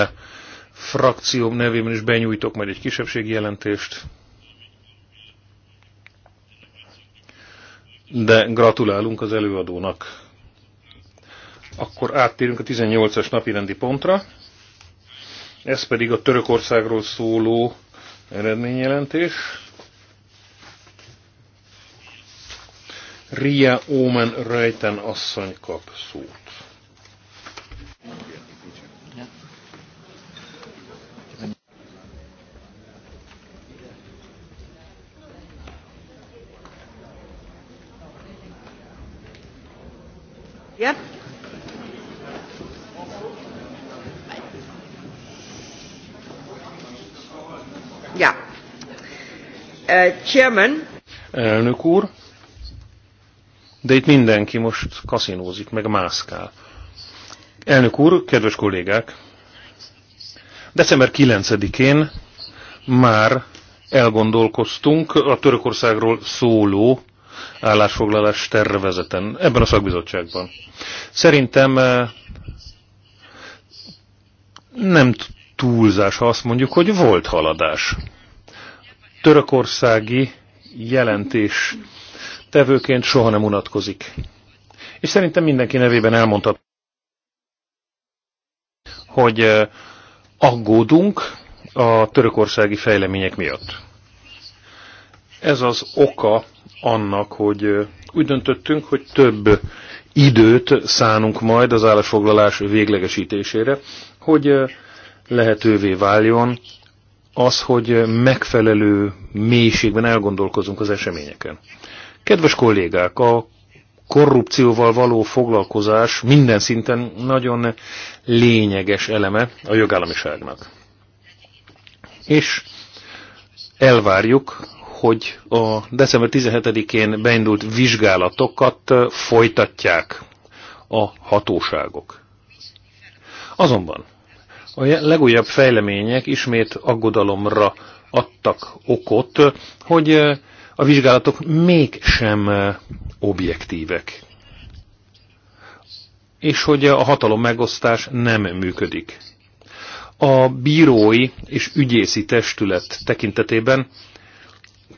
frakcióm nevében is benyújtok majd egy kisebbségi jelentést. De gratulálunk az előadónak. Akkor áttérünk a 18-as napirendi pontra. Ez pedig a Törökországról szóló eredményjelentés. Ria Omen Röjten asszony kap szót. Yep. Ja. Uh, chairman. Elnök úr de itt mindenki most kaszinózik, meg mászkál. Elnök úr, kedves kollégák, december 9-én már elgondolkoztunk a Törökországról szóló állásfoglalás tervezeten, ebben a szakbizottságban. Szerintem eh, nem túlzás, ha azt mondjuk, hogy volt haladás. Törökországi jelentés tevőként soha nem unatkozik. És szerintem mindenki nevében elmondhat, hogy eh, aggódunk a törökországi fejlemények miatt. Ez az oka annak, hogy eh, úgy döntöttünk, hogy több időt szánunk majd az állásfoglalás véglegesítésére, hogy eh, lehetővé váljon az, hogy megfelelő mélységben elgondolkozunk az eseményeken. Kedves kollégák, a korrupcióval való foglalkozás minden szinten nagyon lényeges eleme a jogállamiságnak. És elvárjuk, hogy a december 17-én beindult vizsgálatokat folytatják a hatóságok. Azonban a legújabb fejlemények ismét aggodalomra adtak okot, hogy a vizsgálatok mégsem eh, objektívek. És hogy a hatalom megosztás nem működik. A bírói és ügyészi testület tekintetében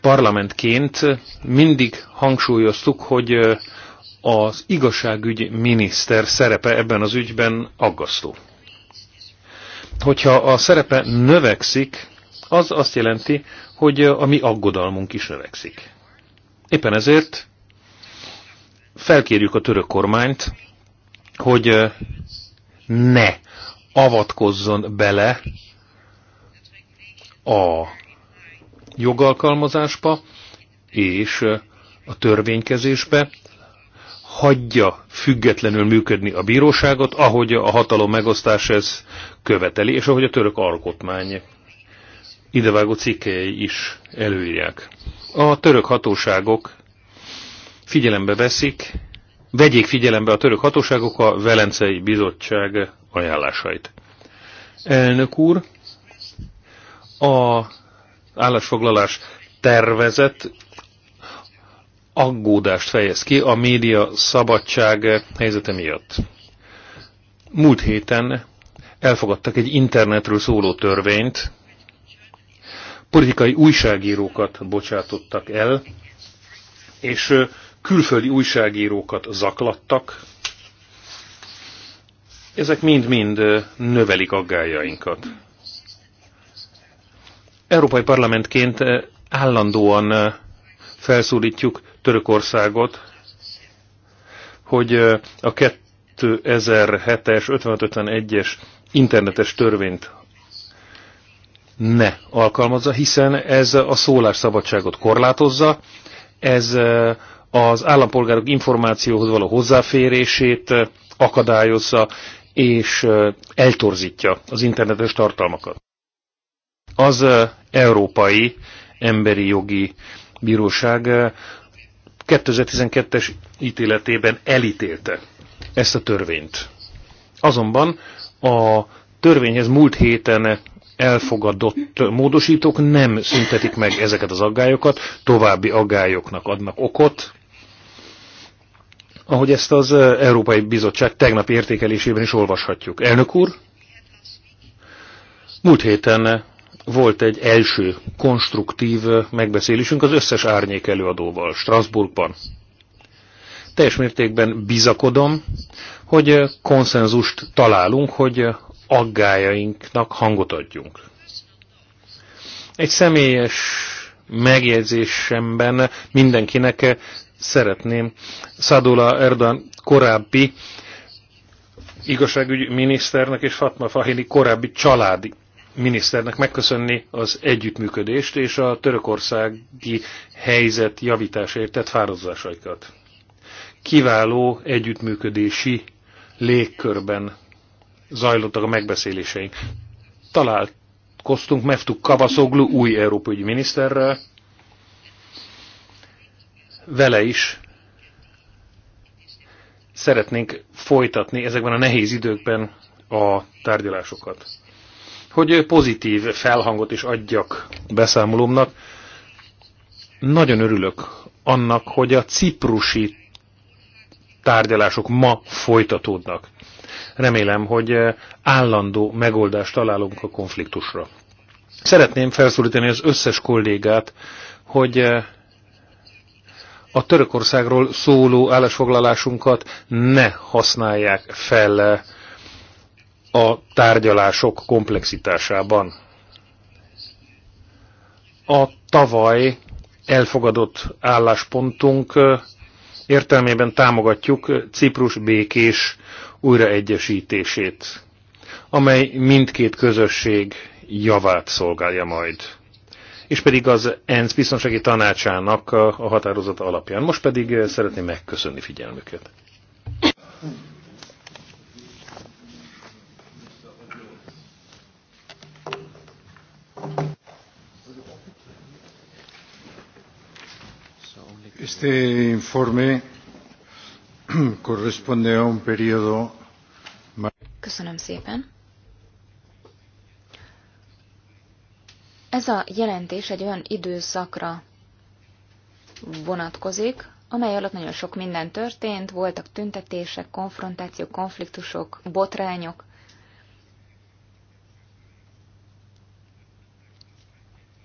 parlamentként mindig hangsúlyoztuk, hogy eh, az igazságügy miniszter szerepe ebben az ügyben aggasztó. Hogyha a szerepe növekszik, az azt jelenti, hogy a mi aggodalmunk is növekszik. Éppen ezért felkérjük a török kormányt, hogy ne avatkozzon bele a jogalkalmazásba és a törvénykezésbe, hagyja függetlenül működni a bíróságot, ahogy a hatalom megosztás ez követeli, és ahogy a török alkotmány idevágó cikkei is előírják. A török hatóságok figyelembe veszik, vegyék figyelembe a török hatóságok a Velencei Bizottság ajánlásait. Elnök úr, a állásfoglalás tervezet aggódást fejez ki a média szabadság helyzete miatt. Múlt héten elfogadtak egy internetről szóló törvényt, politikai újságírókat bocsátottak el, és külföldi újságírókat zaklattak. Ezek mind-mind növelik aggájainkat. Európai Parlamentként állandóan felszólítjuk Törökországot, hogy a 2007-es, 5551-es internetes törvényt ne alkalmazza, hiszen ez a szólásszabadságot korlátozza, ez az állampolgárok információhoz való hozzáférését akadályozza, és eltorzítja az internetes tartalmakat. Az Európai Emberi Jogi Bíróság 2012-es ítéletében elítélte ezt a törvényt. Azonban a törvényhez múlt héten elfogadott módosítók nem szüntetik meg ezeket az aggályokat, további aggályoknak adnak okot, ahogy ezt az Európai Bizottság tegnap értékelésében is olvashatjuk. Elnök úr, múlt héten volt egy első konstruktív megbeszélésünk az összes árnyék előadóval Strasbourgban. Teljes mértékben bizakodom, hogy konszenzust találunk, hogy aggájainknak hangot adjunk. Egy személyes megjegyzésemben mindenkinek szeretném Szadula Erdogan korábbi igazságügyi miniszternek és Fatma Fahini korábbi családi miniszternek megköszönni az együttműködést és a törökországi helyzet javításért tett fározásaikat. Kiváló együttműködési légkörben zajlottak a megbeszéléseink. Találkoztunk Meftuk Kabaszoglu új európai miniszterrel, vele is szeretnénk folytatni ezekben a nehéz időkben a tárgyalásokat. Hogy pozitív felhangot is adjak beszámolómnak, nagyon örülök annak, hogy a ciprusi tárgyalások ma folytatódnak. Remélem, hogy eh, állandó megoldást találunk a konfliktusra. Szeretném felszólítani az összes kollégát, hogy eh, a Törökországról szóló állásfoglalásunkat ne használják fel eh, a tárgyalások komplexitásában. A tavaly elfogadott álláspontunk értelmében támogatjuk Ciprus békés újraegyesítését, amely mindkét közösség javát szolgálja majd. És pedig az ENSZ biztonsági tanácsának a határozata alapján. Most pedig eh, szeretném megköszönni figyelmüket. Este informe Köszönöm szépen. Ez a jelentés egy olyan időszakra vonatkozik, amely alatt nagyon sok minden történt, voltak tüntetések, konfrontációk, konfliktusok, botrányok.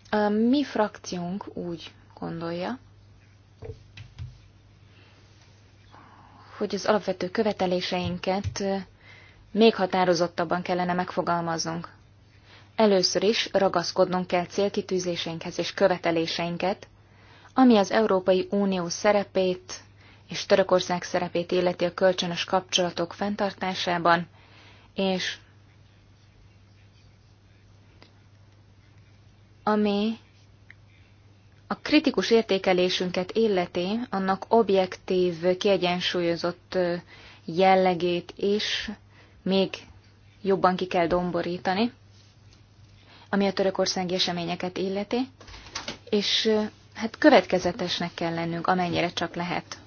A mi frakciónk úgy gondolja, hogy az alapvető követeléseinket még határozottabban kellene megfogalmaznunk. Először is ragaszkodnunk kell célkitűzéseinkhez és követeléseinket, ami az Európai Unió szerepét és Törökország szerepét illeti a kölcsönös kapcsolatok fenntartásában, és ami a kritikus értékelésünket illeti, annak objektív, kiegyensúlyozott jellegét is még jobban ki kell domborítani, ami a törökországi eseményeket illeti, és hát következetesnek kell lennünk, amennyire csak lehet.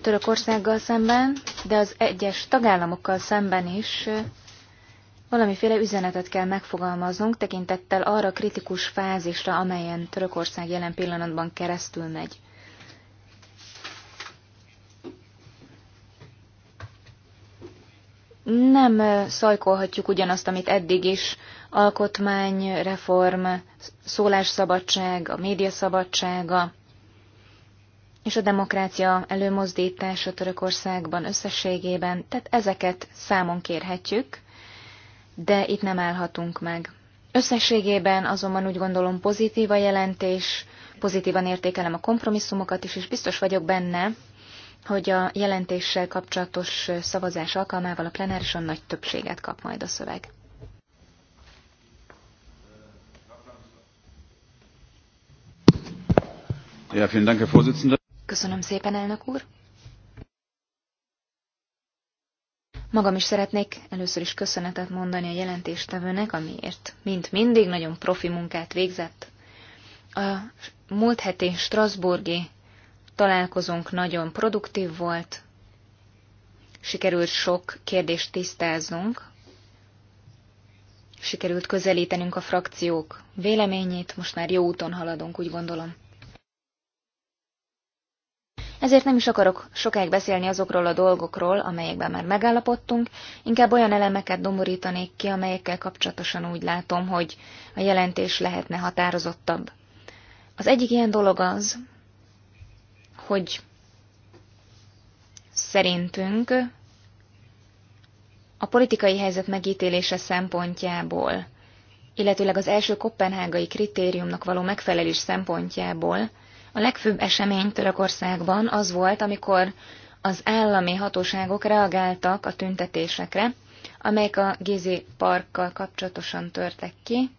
Törökországgal szemben, de az egyes tagállamokkal szemben is Valamiféle üzenetet kell megfogalmaznunk tekintettel arra a kritikus fázisra, amelyen Törökország jelen pillanatban keresztül megy. Nem szajkolhatjuk ugyanazt, amit eddig is, alkotmány, reform, szólásszabadság, a média szabadsága és a demokrácia előmozdítása Törökországban összességében, tehát ezeket számon kérhetjük, de itt nem állhatunk meg. Összességében azonban úgy gondolom pozitív a jelentés, pozitívan értékelem a kompromisszumokat is, és biztos vagyok benne, hogy a jelentéssel kapcsolatos szavazás alkalmával a plenárison nagy többséget kap majd a szöveg. Köszönöm szépen, elnök úr! Magam is szeretnék először is köszönetet mondani a jelentéstevőnek, amiért, mint mindig, nagyon profi munkát végzett. A múlt heti Strasburgi találkozónk nagyon produktív volt, sikerült sok kérdést tisztáznunk, sikerült közelítenünk a frakciók véleményét, most már jó úton haladunk, úgy gondolom. Ezért nem is akarok sokáig beszélni azokról a dolgokról, amelyekben már megállapodtunk, inkább olyan elemeket domorítanék ki, amelyekkel kapcsolatosan úgy látom, hogy a jelentés lehetne határozottabb. Az egyik ilyen dolog az, hogy szerintünk a politikai helyzet megítélése szempontjából, illetőleg az első Koppenhágai kritériumnak való megfelelés szempontjából a legfőbb esemény Törökországban az volt, amikor az állami hatóságok reagáltak a tüntetésekre, amelyek a Gézi parkkal kapcsolatosan törtek ki,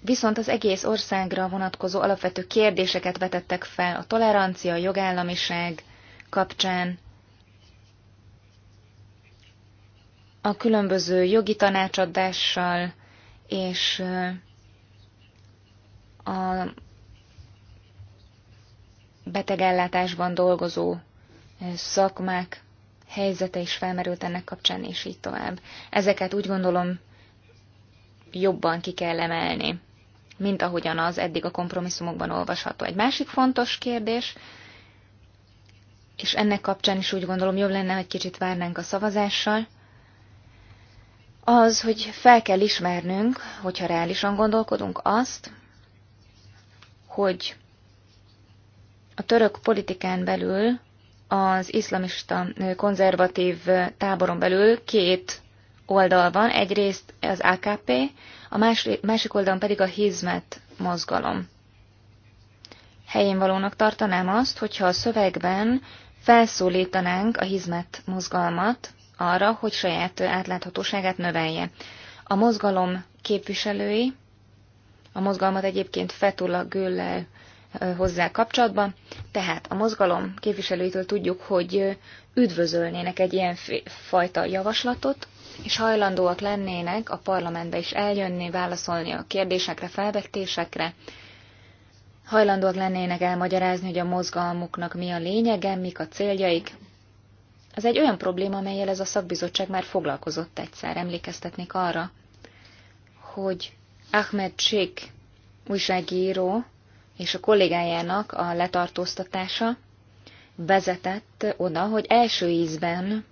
viszont az egész országra vonatkozó alapvető kérdéseket vetettek fel a tolerancia, a jogállamiság kapcsán, a különböző jogi tanácsadással és a betegellátásban dolgozó eh, szakmák helyzete is felmerült ennek kapcsán, és így tovább. Ezeket úgy gondolom jobban ki kell emelni, mint ahogyan az eddig a kompromisszumokban olvasható. Egy másik fontos kérdés, és ennek kapcsán is úgy gondolom jobb lenne, hogy kicsit várnánk a szavazással, az, hogy fel kell ismernünk, hogyha reálisan gondolkodunk azt, hogy a török politikán belül, az iszlamista konzervatív táboron belül két oldal van, egyrészt az AKP, a másik oldalon pedig a Hizmet mozgalom. Helyén valónak tartanám azt, hogyha a szövegben felszólítanánk a Hizmet mozgalmat arra, hogy saját átláthatóságát növelje. A mozgalom képviselői, a mozgalmat egyébként Fetula Güllel hozzá kapcsolatban. Tehát a mozgalom képviselőitől tudjuk, hogy üdvözölnének egy ilyen fajta javaslatot, és hajlandóak lennének a parlamentbe is eljönni, válaszolni a kérdésekre, felvetésekre, hajlandóak lennének elmagyarázni, hogy a mozgalmuknak mi a lényege, mik a céljaik. Ez egy olyan probléma, amelyel ez a szakbizottság már foglalkozott egyszer. Emlékeztetnék arra, hogy Ahmed Sheikh újságíró és a kollégájának a letartóztatása vezetett oda, hogy első ízben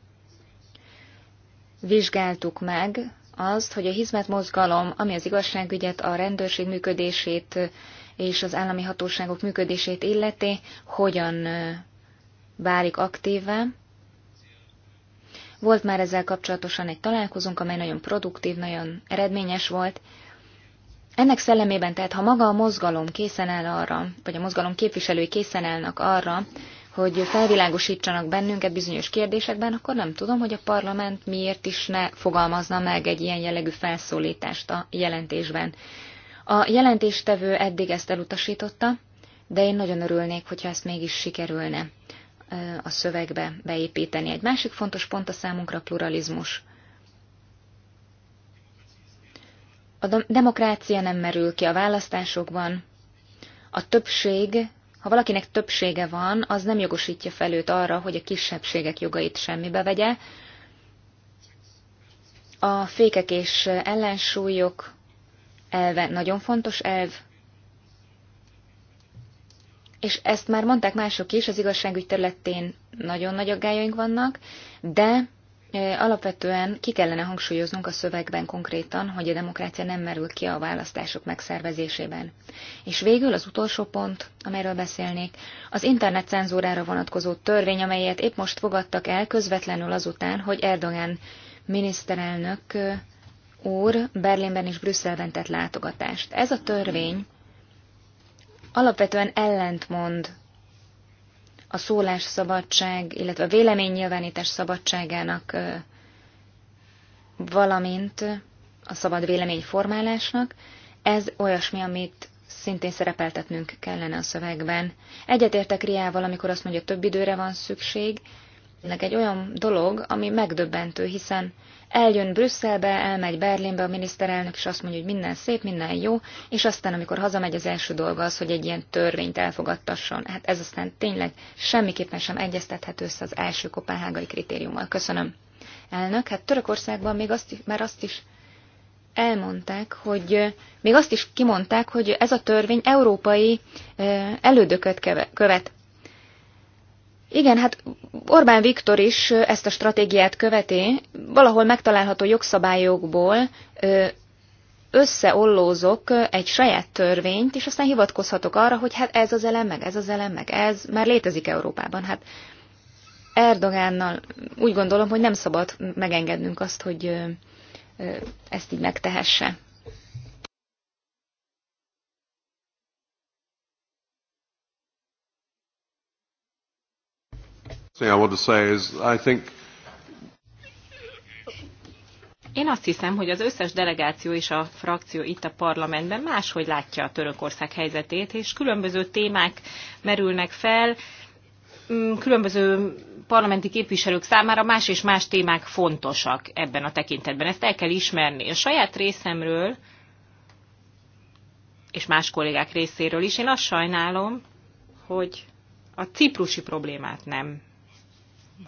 vizsgáltuk meg azt, hogy a hizmet mozgalom, ami az igazságügyet, a rendőrség működését és az állami hatóságok működését illeti, hogyan válik aktívvá. Volt már ezzel kapcsolatosan egy találkozónk, amely nagyon produktív, nagyon eredményes volt, ennek szellemében tehát, ha maga a mozgalom készen áll arra, vagy a mozgalom képviselői készen állnak arra, hogy felvilágosítsanak bennünket bizonyos kérdésekben, akkor nem tudom, hogy a parlament miért is ne fogalmazna meg egy ilyen jellegű felszólítást a jelentésben. A jelentéstevő eddig ezt elutasította, de én nagyon örülnék, hogyha ezt mégis sikerülne a szövegbe beépíteni. Egy másik fontos pont a számunkra pluralizmus. A demokrácia nem merül ki a választásokban. A többség, ha valakinek többsége van, az nem jogosítja fel őt arra, hogy a kisebbségek jogait semmibe vegye. A fékek és ellensúlyok elve nagyon fontos elv, és ezt már mondták mások is, az igazságügy területén nagyon nagy aggájaink vannak, de Alapvetően ki kellene hangsúlyoznunk a szövegben konkrétan, hogy a demokrácia nem merül ki a választások megszervezésében. És végül az utolsó pont, amelyről beszélnék, az internet cenzúrára vonatkozó törvény, amelyet épp most fogadtak el közvetlenül azután, hogy Erdogan miniszterelnök úr Berlinben és Brüsszelben tett látogatást. Ez a törvény alapvetően ellentmond a szólásszabadság, illetve a véleménynyilvánítás szabadságának, valamint a szabad véleményformálásnak. Ez olyasmi, amit szintén szerepeltetnünk kellene a szövegben. Egyetértek Riával, amikor azt mondja, több időre van szükség, ennek egy olyan dolog, ami megdöbbentő, hiszen eljön Brüsszelbe, elmegy Berlinbe a miniszterelnök, és azt mondja, hogy minden szép, minden jó, és aztán, amikor hazamegy, az első dolga az, hogy egy ilyen törvényt elfogadtasson. Hát ez aztán tényleg semmiképpen sem egyeztethető össze az első kopenhágai kritériummal. Köszönöm. Elnök, hát Törökországban még azt, már azt is elmondták, hogy még azt is kimondták, hogy ez a törvény európai elődököt követ. Igen, hát Orbán Viktor is ezt a stratégiát követi, valahol megtalálható jogszabályokból összeollózok egy saját törvényt, és aztán hivatkozhatok arra, hogy hát ez az elem, meg ez az elem, meg ez már létezik Európában. Hát Erdogánnal úgy gondolom, hogy nem szabad megengednünk azt, hogy ezt így megtehesse. Én azt hiszem, hogy az összes delegáció és a frakció itt a parlamentben máshogy látja a Törökország helyzetét, és különböző témák merülnek fel, mm, különböző parlamenti képviselők számára más és más témák fontosak ebben a tekintetben. Ezt el kell ismerni. A saját részemről és más kollégák részéről is én azt sajnálom, hogy a ciprusi problémát nem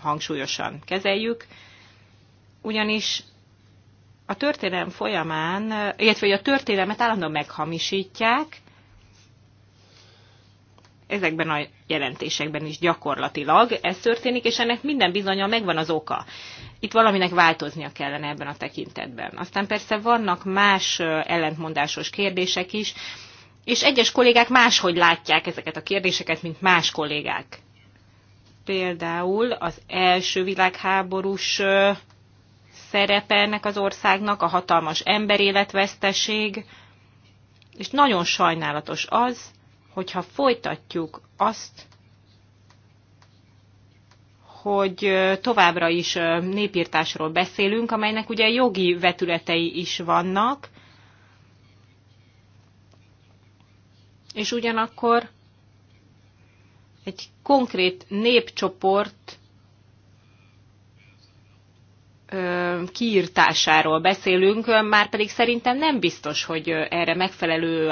hangsúlyosan kezeljük, ugyanis a történelem folyamán, illetve hogy a történelmet állandóan meghamisítják, ezekben a jelentésekben is gyakorlatilag ez történik, és ennek minden bizonya megvan az oka. Itt valaminek változnia kellene ebben a tekintetben. Aztán persze vannak más ellentmondásos kérdések is, és egyes kollégák máshogy látják ezeket a kérdéseket, mint más kollégák például az első világháborús szerepe ennek az országnak, a hatalmas emberéletveszteség, és nagyon sajnálatos az, hogyha folytatjuk azt, hogy továbbra is népírtásról beszélünk, amelynek ugye jogi vetületei is vannak, és ugyanakkor egy konkrét népcsoport kiirtásáról beszélünk, már pedig szerintem nem biztos, hogy erre megfelelő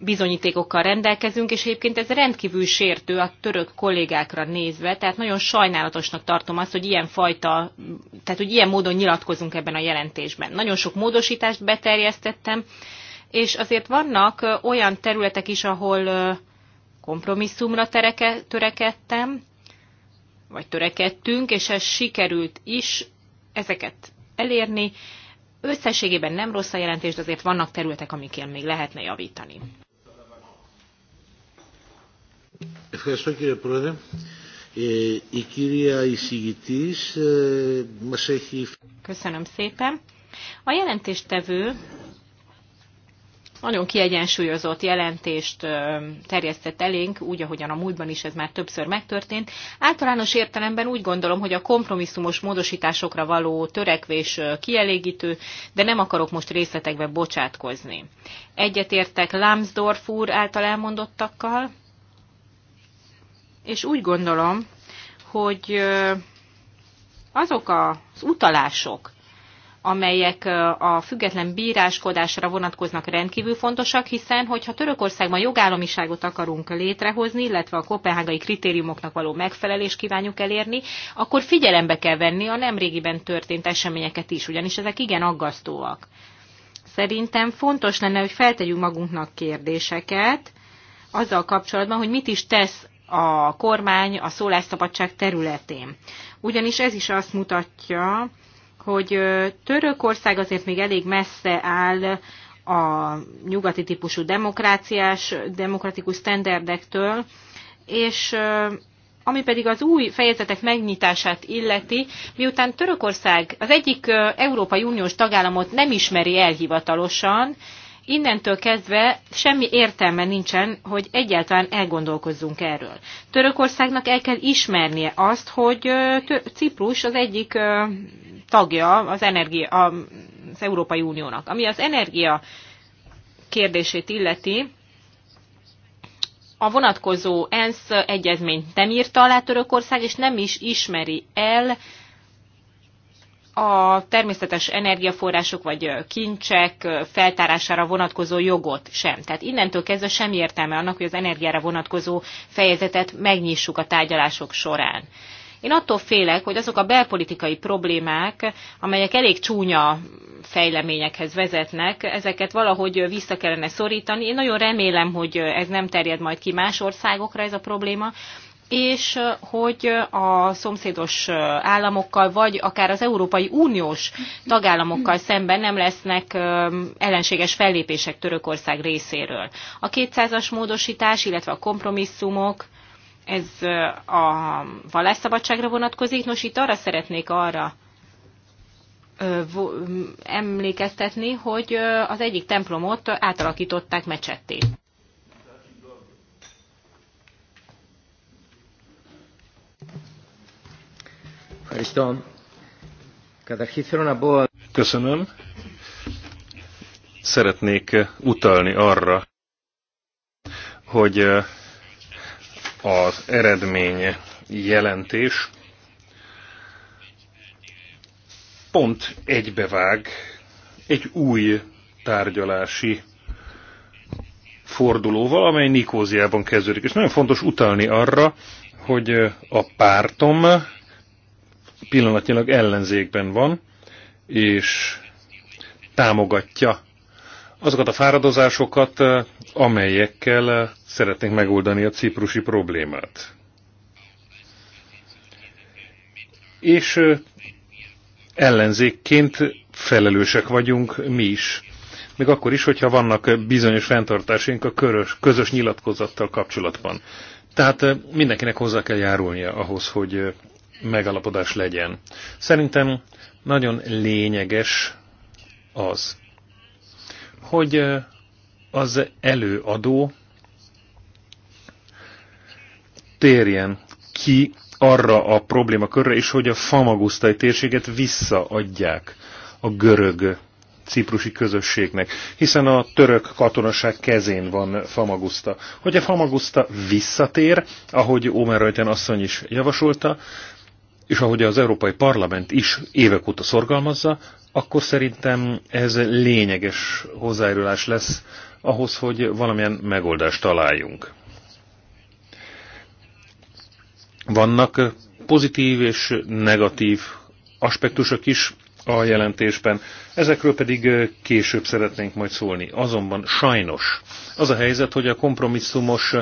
bizonyítékokkal rendelkezünk, és egyébként ez rendkívül sértő a török kollégákra nézve, tehát nagyon sajnálatosnak tartom azt, hogy ilyen fajta, tehát hogy ilyen módon nyilatkozunk ebben a jelentésben. Nagyon sok módosítást beterjesztettem, és azért vannak olyan területek is, ahol kompromisszumra tereke, törekedtem, vagy törekedtünk, és ez sikerült is ezeket elérni. Összességében nem rossz a jelentés, de azért vannak területek, amikkel még lehetne javítani. Ευχαριστώ κύριε Πρόεδρε. Ε, η κυρία εισηγητής ε, μας έχει... Köszönöm szépen. A jelentéstevő nagyon kiegyensúlyozott jelentést terjesztett elénk, úgy, ahogyan a múltban is ez már többször megtörtént. Általános értelemben úgy gondolom, hogy a kompromisszumos módosításokra való törekvés kielégítő, de nem akarok most részletekbe bocsátkozni. Egyetértek Lambsdorff úr által elmondottakkal, és úgy gondolom, hogy azok az utalások, amelyek a független bíráskodásra vonatkoznak rendkívül fontosak, hiszen hogyha Törökországban jogállamiságot akarunk létrehozni, illetve a kopenhágai kritériumoknak való megfelelés kívánjuk elérni, akkor figyelembe kell venni a nemrégiben történt eseményeket is, ugyanis ezek igen aggasztóak. Szerintem fontos lenne, hogy feltegyünk magunknak kérdéseket azzal kapcsolatban, hogy mit is tesz a kormány a szólásszabadság területén. Ugyanis ez is azt mutatja, hogy Törökország azért még elég messze áll a nyugati típusú demokráciás, demokratikus standardektől, és ami pedig az új fejezetek megnyitását illeti, miután Törökország az egyik Európai Uniós tagállamot nem ismeri elhivatalosan, innentől kezdve semmi értelme nincsen, hogy egyáltalán elgondolkozzunk erről. Törökországnak el kell ismernie azt, hogy Ciprus az egyik tagja az, energia, az Európai Uniónak. Ami az energia kérdését illeti, a vonatkozó ENSZ egyezményt nem írta alá Törökország, és nem is ismeri el a természetes energiaforrások vagy kincsek feltárására vonatkozó jogot sem. Tehát innentől kezdve semmi értelme annak, hogy az energiára vonatkozó fejezetet megnyissuk a tárgyalások során. Én attól félek, hogy azok a belpolitikai problémák, amelyek elég csúnya fejleményekhez vezetnek, ezeket valahogy vissza kellene szorítani. Én nagyon remélem, hogy ez nem terjed majd ki más országokra ez a probléma, és hogy a szomszédos államokkal, vagy akár az Európai Uniós tagállamokkal szemben nem lesznek ellenséges fellépések Törökország részéről. A 200-as módosítás, illetve a kompromisszumok ez a vallásszabadságra vonatkozik. Nos, itt arra szeretnék arra emlékeztetni, hogy az egyik templomot átalakították mecsetté. Köszönöm. Szeretnék utalni arra, hogy az eredmény jelentés pont egybevág egy új tárgyalási fordulóval, amely Nikóziában kezdődik. És nagyon fontos utalni arra, hogy a pártom pillanatnyilag ellenzékben van, és támogatja azokat a fáradozásokat, eh, amelyekkel eh, szeretnénk megoldani a ciprusi problémát. És eh, ellenzékként felelősek vagyunk mi is. Még akkor is, hogyha vannak bizonyos fenntartásaink a körös, közös nyilatkozattal kapcsolatban. Tehát mindenkinek hozzá kell járulnia ahhoz, hogy megalapodás legyen. Szerintem nagyon lényeges az, hogy az előadó térjen ki arra a probléma körre is, hogy a famagusztai térséget visszaadják a görög ciprusi közösségnek, hiszen a török katonaság kezén van Famagusta. Hogy a Famagusta visszatér, ahogy Omer Rajten asszony is javasolta, és ahogy az Európai Parlament is évek óta szorgalmazza, akkor szerintem ez lényeges hozzájárulás lesz ahhoz, hogy valamilyen megoldást találjunk. Vannak pozitív és negatív aspektusok is a jelentésben, ezekről pedig később szeretnénk majd szólni. Azonban sajnos az a helyzet, hogy a kompromisszumos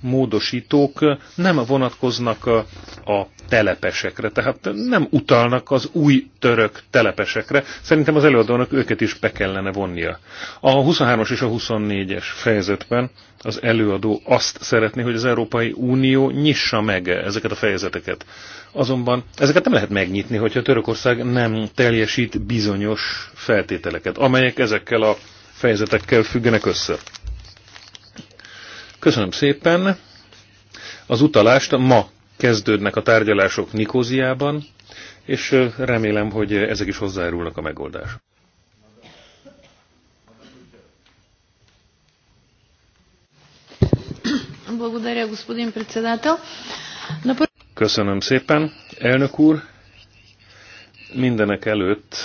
módosítók nem vonatkoznak a, a telepesekre, tehát nem utalnak az új török telepesekre. Szerintem az előadónak őket is be kellene vonnia. A 23-as és a 24-es fejezetben az előadó azt szeretné, hogy az Európai Unió nyissa meg ezeket a fejezeteket. Azonban ezeket nem lehet megnyitni, hogyha Törökország nem teljesít bizonyos feltételeket, amelyek ezekkel a fejezetekkel függenek össze. Köszönöm szépen. Az utalást ma kezdődnek a tárgyalások Nikóziában, és remélem, hogy ezek is hozzájárulnak a megoldás. Köszönöm szépen, elnök úr. Mindenek előtt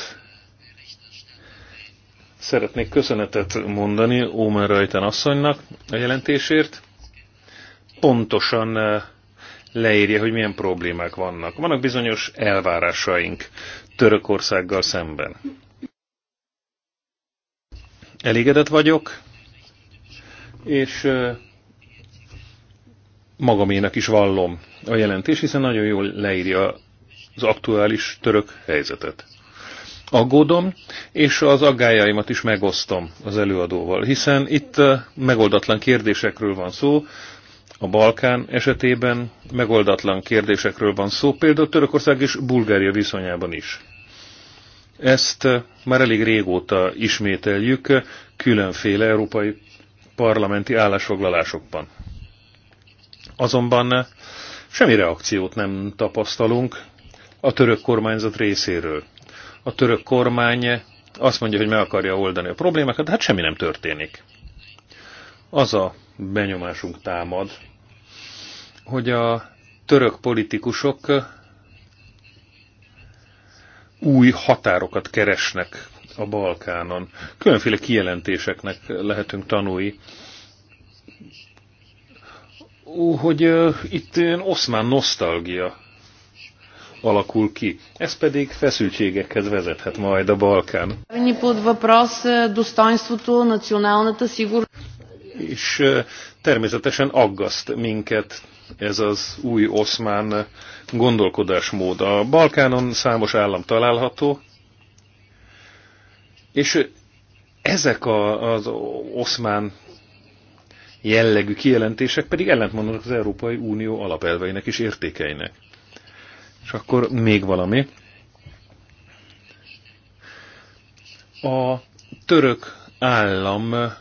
Szeretnék köszönetet mondani Ómer Rajten asszonynak a jelentésért. Pontosan eh, leírja, hogy milyen problémák vannak. Vannak bizonyos elvárásaink Törökországgal szemben. Elégedett vagyok, és eh, magaménak is vallom a jelentés, hiszen nagyon jól leírja az aktuális török helyzetet aggódom, és az aggájaimat is megosztom az előadóval, hiszen itt eh, megoldatlan kérdésekről van szó, a Balkán esetében megoldatlan kérdésekről van szó, például Törökország és Bulgária viszonyában is. Ezt eh, már elég régóta ismételjük eh, különféle európai parlamenti állásfoglalásokban. Azonban semmi reakciót nem tapasztalunk a török kormányzat részéről a török kormány azt mondja, hogy meg akarja oldani a problémákat, de hát semmi nem történik. Az a benyomásunk támad, hogy a török politikusok új határokat keresnek a Balkánon. Különféle kijelentéseknek lehetünk tanulni, úgy, hogy itt oszmán nosztalgia alakul ki. Ez pedig feszültségekhez vezethet majd a Balkán. És természetesen aggaszt minket ez az új oszmán gondolkodásmód. A Balkánon számos állam található, és ezek a, az oszmán jellegű kijelentések pedig ellentmondanak az Európai Unió alapelveinek és értékeinek. És akkor még valami. A török állam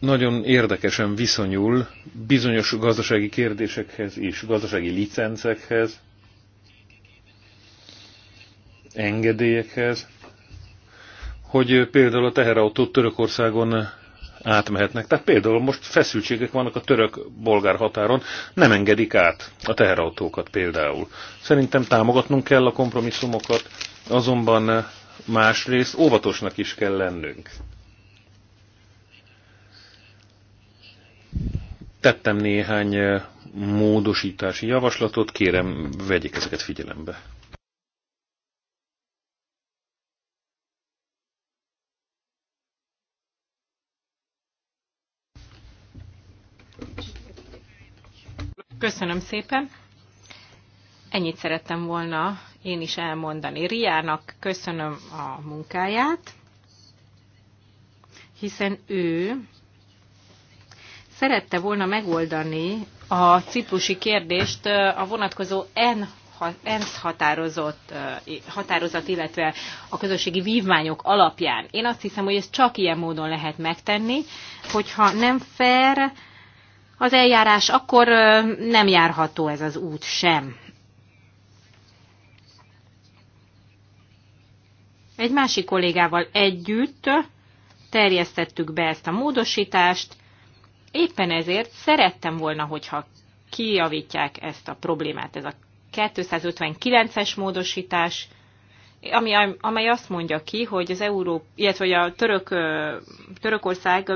nagyon érdekesen viszonyul bizonyos gazdasági kérdésekhez és gazdasági licencekhez, engedélyekhez, hogy például a teherautót Törökországon átmehetnek. Tehát például most feszültségek vannak a török-bolgár határon, nem engedik át a teherautókat például. Szerintem támogatnunk kell a kompromisszumokat, azonban másrészt óvatosnak is kell lennünk. Tettem néhány módosítási javaslatot, kérem vegyék ezeket figyelembe. Köszönöm szépen. Ennyit szerettem volna én is elmondani. Riának köszönöm a munkáját, hiszen ő szerette volna megoldani a ciprusi kérdést a vonatkozó N ENSZ határozott, határozat, illetve a közösségi vívmányok alapján. Én azt hiszem, hogy ezt csak ilyen módon lehet megtenni, hogyha nem fair, az eljárás, akkor nem járható ez az út sem. Egy másik kollégával együtt terjesztettük be ezt a módosítást, éppen ezért szerettem volna, hogyha kijavítják ezt a problémát, ez a 259-es módosítás, ami, amely azt mondja ki, hogy az Európa, illetve hogy a török, Törökország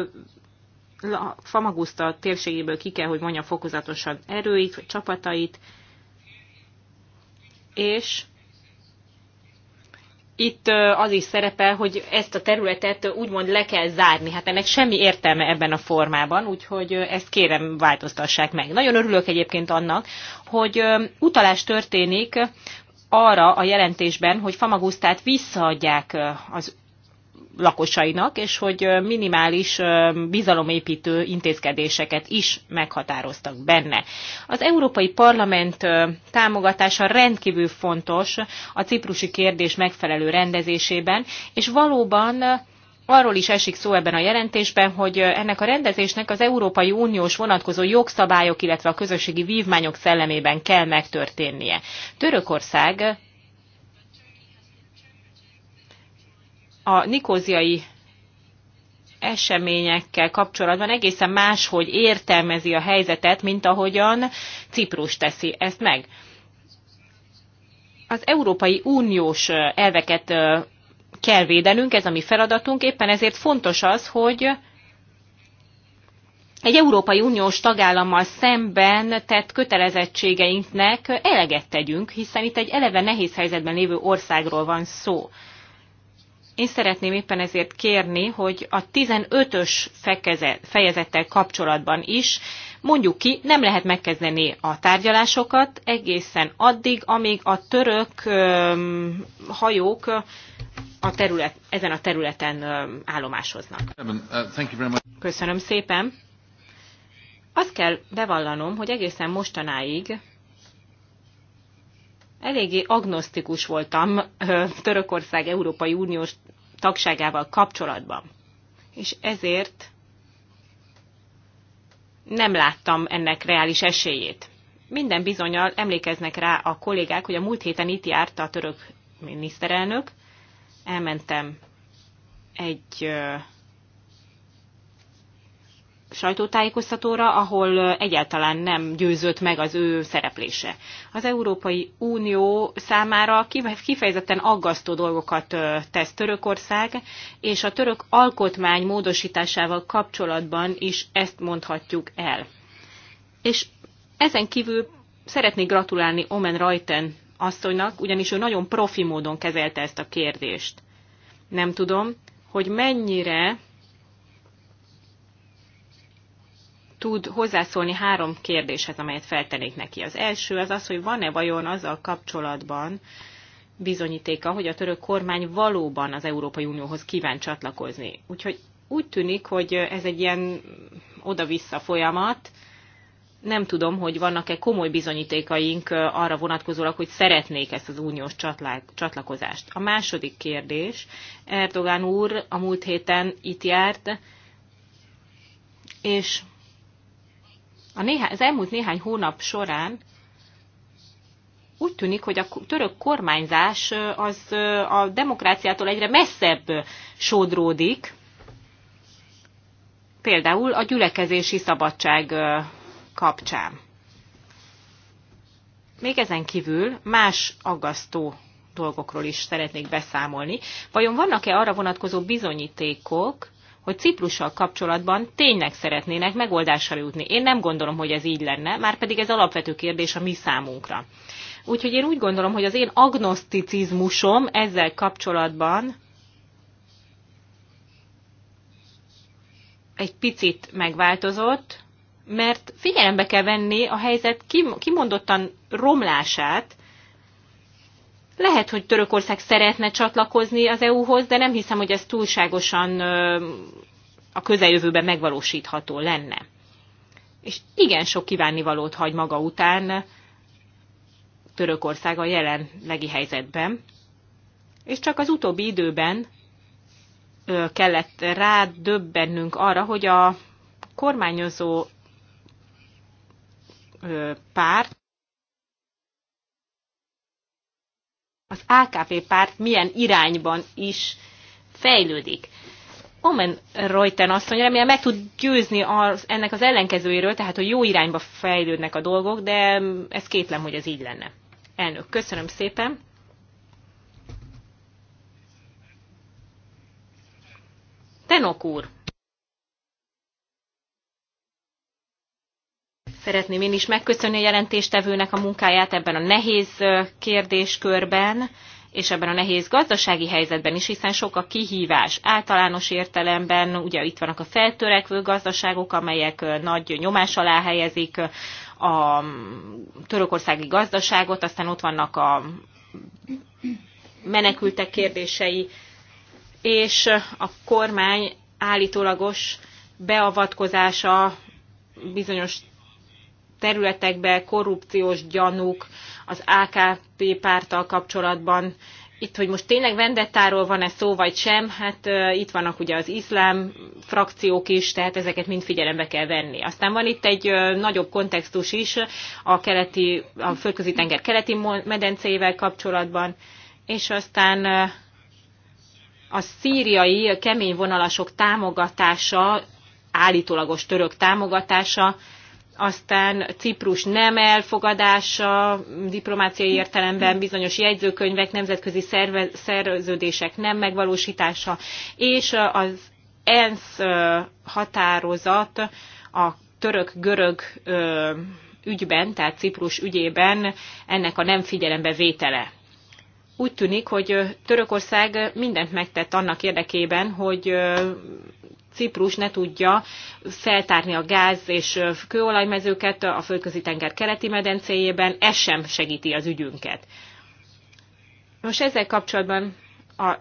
Famagusta térségéből ki kell, hogy mondja fokozatosan erőit, vagy csapatait, és itt az is szerepel, hogy ezt a területet úgymond le kell zárni. Hát ennek semmi értelme ebben a formában, úgyhogy ezt kérem változtassák meg. Nagyon örülök egyébként annak, hogy utalás történik arra a jelentésben, hogy Famagusztát visszaadják az lakosainak, és hogy minimális bizalomépítő intézkedéseket is meghatároztak benne. Az Európai Parlament támogatása rendkívül fontos a ciprusi kérdés megfelelő rendezésében, és valóban arról is esik szó ebben a jelentésben, hogy ennek a rendezésnek az Európai Uniós vonatkozó jogszabályok, illetve a közösségi vívmányok szellemében kell megtörténnie. Törökország a nikóziai eseményekkel kapcsolatban egészen máshogy értelmezi a helyzetet, mint ahogyan Ciprus teszi ezt meg. Az Európai Uniós elveket kell védenünk, ez a mi feladatunk, éppen ezért fontos az, hogy egy Európai Uniós tagállammal szemben tett kötelezettségeinknek eleget tegyünk, hiszen itt egy eleve nehéz helyzetben lévő országról van szó. Én szeretném éppen ezért kérni, hogy a 15-ös fejezettel kapcsolatban is mondjuk ki, nem lehet megkezdeni a tárgyalásokat egészen addig, amíg a török hajók a terület, ezen a területen állomásoznak. Uh, Köszönöm szépen. Azt kell bevallanom, hogy egészen mostanáig eléggé agnosztikus voltam Törökország Európai Uniós tagságával kapcsolatban. És ezért nem láttam ennek reális esélyét. Minden bizonyal emlékeznek rá a kollégák, hogy a múlt héten itt járt a török miniszterelnök. Elmentem egy sajtótájékoztatóra, ahol egyáltalán nem győzött meg az ő szereplése. Az Európai Unió számára kifejezetten aggasztó dolgokat tesz Törökország, és a török alkotmány módosításával kapcsolatban is ezt mondhatjuk el. És ezen kívül szeretnék gratulálni Omen Rajten asszonynak, ugyanis ő nagyon profi módon kezelte ezt a kérdést. Nem tudom, hogy mennyire tud hozzászólni három kérdéshez, amelyet feltennék neki. Az első az az, hogy van-e vajon azzal kapcsolatban bizonyítéka, hogy a török kormány valóban az Európai Unióhoz kíván csatlakozni. Úgyhogy úgy tűnik, hogy ez egy ilyen oda-vissza folyamat. Nem tudom, hogy vannak-e komoly bizonyítékaink arra vonatkozólag, hogy szeretnék ezt az uniós csatlakozást. A második kérdés. Erdogán úr a múlt héten itt járt, és a néha, az elmúlt néhány hónap során úgy tűnik, hogy a török kormányzás az a demokráciától egyre messzebb sodródik, például a gyülekezési szabadság kapcsán. Még ezen kívül más aggasztó dolgokról is szeretnék beszámolni. Vajon vannak-e arra vonatkozó bizonyítékok, hogy Ciprussal kapcsolatban tényleg szeretnének megoldásra jutni. Én nem gondolom, hogy ez így lenne, már pedig ez alapvető kérdés a mi számunkra. Úgyhogy én úgy gondolom, hogy az én agnoszticizmusom ezzel kapcsolatban egy picit megváltozott, mert figyelembe kell venni a helyzet kimondottan romlását, lehet, hogy Törökország szeretne csatlakozni az EU-hoz, de nem hiszem, hogy ez túlságosan a közeljövőben megvalósítható lenne. És igen sok kívánnivalót hagy maga után Törökország a jelenlegi helyzetben. És csak az utóbbi időben kellett rádöbbennünk arra, hogy a kormányozó párt az AKP párt milyen irányban is fejlődik. Omen Reuten mondja, remélem meg tud győzni az, ennek az ellenkezőjéről, tehát hogy jó irányba fejlődnek a dolgok, de ez kétlem, hogy ez így lenne. Elnök, köszönöm szépen. Tenok úr, Szeretném én is megköszönni a jelentéstevőnek a munkáját ebben a nehéz kérdéskörben, és ebben a nehéz gazdasági helyzetben is, hiszen sok a kihívás általános értelemben, ugye itt vannak a feltörekvő gazdaságok, amelyek nagy nyomás alá helyezik a törökországi gazdaságot, aztán ott vannak a menekültek kérdései, és a kormány állítólagos beavatkozása bizonyos területekbe, korrupciós gyanúk az AKP pártal kapcsolatban. Itt, hogy most tényleg vendettáról van-e szó, vagy sem, hát uh, itt vannak ugye az iszlám frakciók is, tehát ezeket mind figyelembe kell venni. Aztán van itt egy uh, nagyobb kontextus is a, keleti, a földközi tenger keleti medencével kapcsolatban, és aztán uh, a szíriai kemény vonalasok támogatása, állítólagos török támogatása, aztán Ciprus nem elfogadása diplomáciai értelemben, bizonyos jegyzőkönyvek, nemzetközi szerződések nem megvalósítása, és az ENSZ határozat a török-görög ügyben, tehát Ciprus ügyében ennek a nem figyelembe vétele. Úgy tűnik, hogy Törökország mindent megtett annak érdekében, hogy Ciprus ne tudja feltárni a gáz és kőolajmezőket a földközi tenger keleti medencéjében, ez sem segíti az ügyünket. Most ezzel kapcsolatban a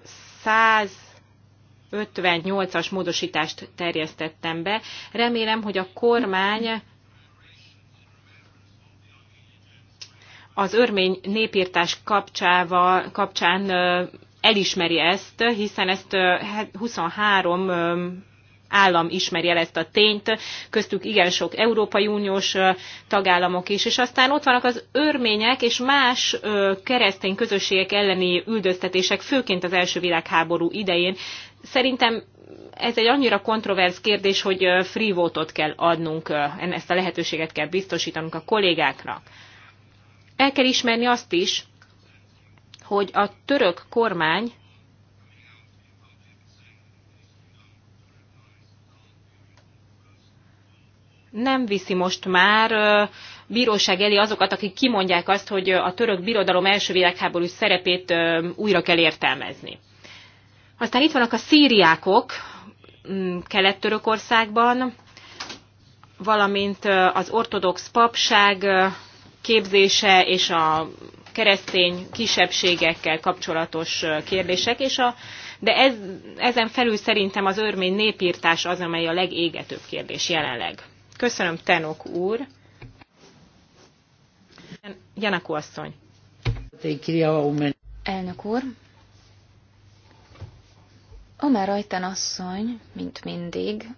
158-as módosítást terjesztettem be. Remélem, hogy a kormány az örmény népírtás kapcsával, kapcsán elismeri ezt, hiszen ezt 23 állam ismeri el ezt a tényt, köztük igen sok Európai Uniós tagállamok is, és aztán ott vannak az örmények és más keresztény közösségek elleni üldöztetések, főként az első világháború idején. Szerintem ez egy annyira kontroversz kérdés, hogy free votot kell adnunk, ezt a lehetőséget kell biztosítanunk a kollégáknak. El kell ismerni azt is, hogy a török kormány nem viszi most már bíróság elé azokat, akik kimondják azt, hogy a török birodalom első világháborús szerepét újra kell értelmezni. Aztán itt vannak a szíriákok mm, Kelet-Törökországban, valamint az ortodox papság képzése és a keresztény kisebbségekkel kapcsolatos kérdések, és a, de ez, ezen felül szerintem az örmény népírtás az, amely a legégetőbb kérdés jelenleg. Köszönöm, Tenok úr. Janakó asszony. Elnök úr. Omer Ajtan asszony, mint mindig,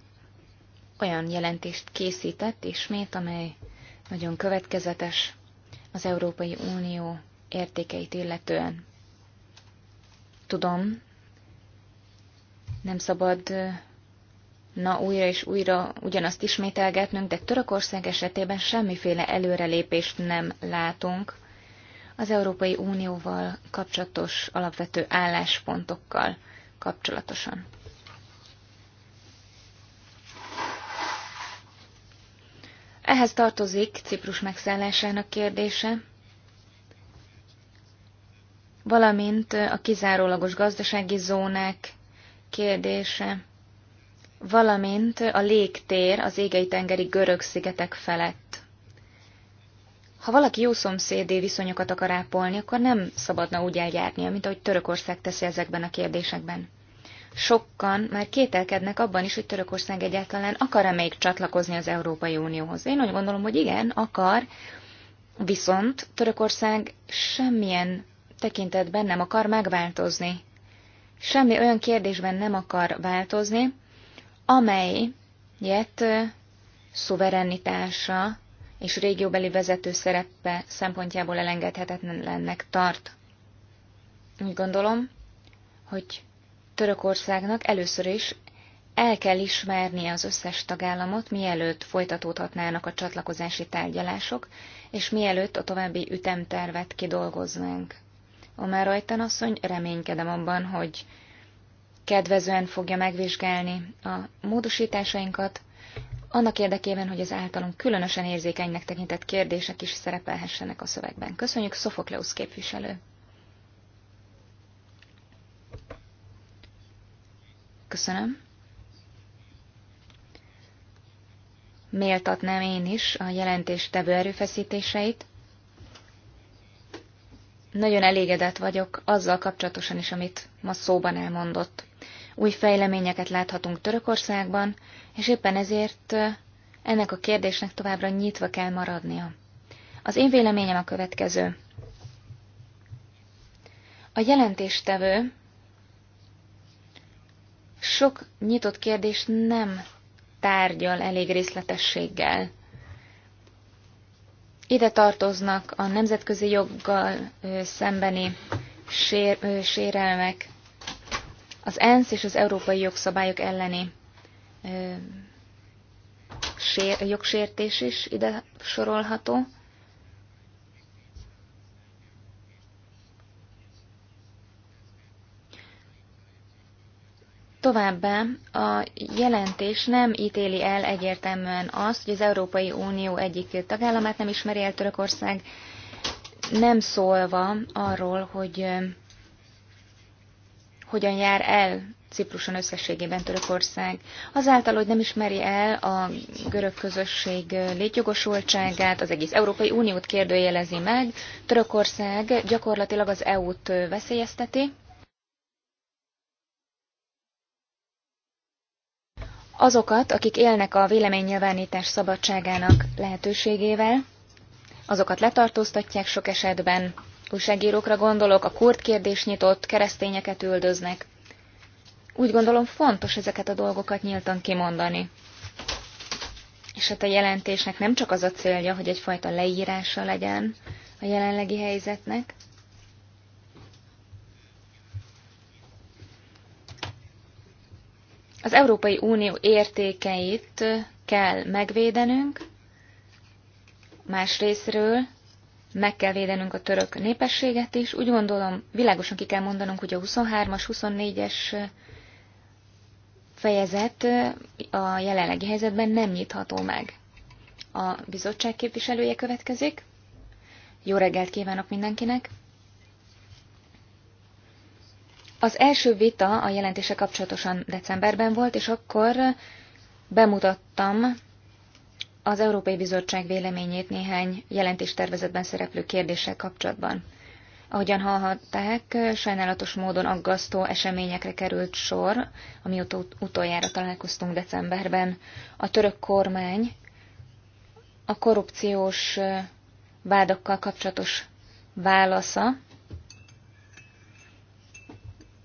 olyan jelentést készített ismét, amely nagyon következetes az Európai Unió értékeit illetően. Tudom, nem szabad Na újra és újra ugyanazt ismételgetnünk, de Törökország esetében semmiféle előrelépést nem látunk az Európai Unióval kapcsolatos alapvető álláspontokkal kapcsolatosan. Ehhez tartozik Ciprus megszállásának kérdése, valamint a kizárólagos gazdasági zónák kérdése, valamint a légtér az égei tengeri görög szigetek felett. Ha valaki jó szomszédé viszonyokat akar ápolni, akkor nem szabadna úgy eljárnia, mint ahogy Törökország teszi ezekben a kérdésekben. Sokan már kételkednek abban is, hogy Törökország egyáltalán akar-e még csatlakozni az Európai Unióhoz. Én úgy gondolom, hogy igen, akar, viszont Törökország semmilyen tekintetben nem akar megváltozni. Semmi olyan kérdésben nem akar változni, amelyet szuverenitása és régióbeli vezető szerepe szempontjából elengedhetetlennek tart. Úgy gondolom, hogy Törökországnak először is el kell ismernie az összes tagállamot, mielőtt folytatódhatnának a csatlakozási tárgyalások, és mielőtt a további ütemtervet kidolgoznánk. Omar Rajtan asszony, reménykedem abban, hogy kedvezően fogja megvizsgálni a módosításainkat, annak érdekében, hogy az általunk különösen érzékenynek tekintett kérdések is szerepelhessenek a szövegben. Köszönjük, Szofokleusz képviselő! Köszönöm. Méltatnám én is a jelentéstevő erőfeszítéseit, nagyon elégedett vagyok azzal kapcsolatosan is, amit ma szóban elmondott. Új fejleményeket láthatunk Törökországban, és éppen ezért ennek a kérdésnek továbbra nyitva kell maradnia. Az én véleményem a következő. A jelentéstevő sok nyitott kérdést nem tárgyal elég részletességgel. Ide tartoznak a nemzetközi joggal szembeni sér, sérelmek, az ENSZ és az európai jogszabályok elleni sér, jogsértés is ide sorolható, Továbbá a jelentés nem ítéli el egyértelműen azt, hogy az Európai Unió egyik tagállamát nem ismeri el Törökország, nem szólva arról, hogy hogyan jár el Cipruson összességében Törökország. Azáltal, hogy nem ismeri el a görög közösség létjogosultságát, az egész Európai Uniót kérdőjelezi meg, Törökország gyakorlatilag az EU-t veszélyezteti, azokat, akik élnek a véleménynyilvánítás szabadságának lehetőségével, azokat letartóztatják sok esetben, újságírókra gondolok, a kurt kérdés nyitott, keresztényeket üldöznek. Úgy gondolom fontos ezeket a dolgokat nyíltan kimondani. És hát a jelentésnek nem csak az a célja, hogy egyfajta leírása legyen a jelenlegi helyzetnek, Az Európai Unió értékeit kell megvédenünk, más részről meg kell védenünk a török népességet is. Úgy gondolom, világosan ki kell mondanunk, hogy a 23-as, 24-es fejezet a jelenlegi helyzetben nem nyitható meg. A bizottság képviselője következik. Jó reggelt kívánok mindenkinek! Az első vita a jelentése kapcsolatosan decemberben volt, és akkor bemutattam az Európai Bizottság véleményét néhány jelentéstervezetben szereplő kérdéssel kapcsolatban. Ahogyan hallhatták, sajnálatos módon aggasztó eseményekre került sor, amióta utoljára találkoztunk decemberben. A török kormány a korrupciós eh, vádakkal kapcsolatos válasza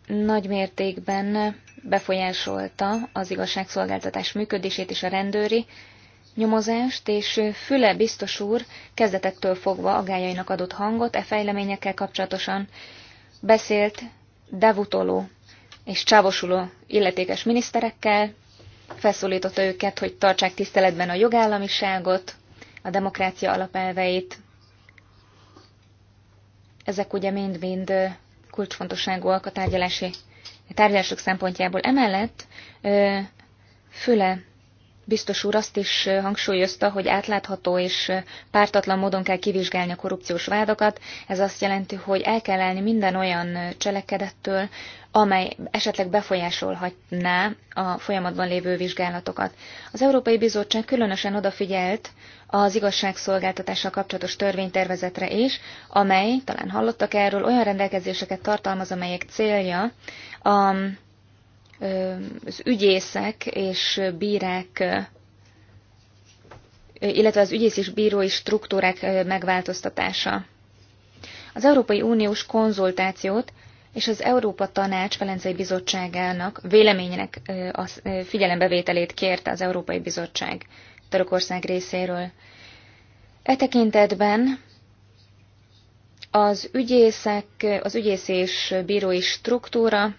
nagy mértékben befolyásolta az igazságszolgáltatás működését és a rendőri nyomozást, és Füle biztos úr kezdetektől fogva a agályainak adott hangot e fejleményekkel kapcsolatosan beszélt devutoló és Csávosuló illetékes miniszterekkel, felszólította őket, hogy tartsák tiszteletben a jogállamiságot, a demokrácia alapelveit. Ezek ugye mind-mind kulcsfontosságúak a tárgyalási a tárgyalások szempontjából. Emellett Füle biztos úr azt is hangsúlyozta, hogy átlátható és pártatlan módon kell kivizsgálni a korrupciós vádakat. Ez azt jelenti, hogy el kell állni minden olyan cselekedettől, amely esetleg befolyásolhatná a folyamatban lévő vizsgálatokat. Az Európai Bizottság különösen odafigyelt az igazságszolgáltatással kapcsolatos törvénytervezetre is, amely, talán hallottak erről, olyan rendelkezéseket tartalmaz, amelyek célja a az ügyészek és bírák, illetve az ügyész és bírói struktúrák megváltoztatása. Az Európai Uniós konzultációt és az Európa Tanács Velencei Bizottságának véleményének a figyelembevételét kérte az Európai Bizottság Törökország részéről. E tekintetben az ügyészek, az ügyész és bírói struktúra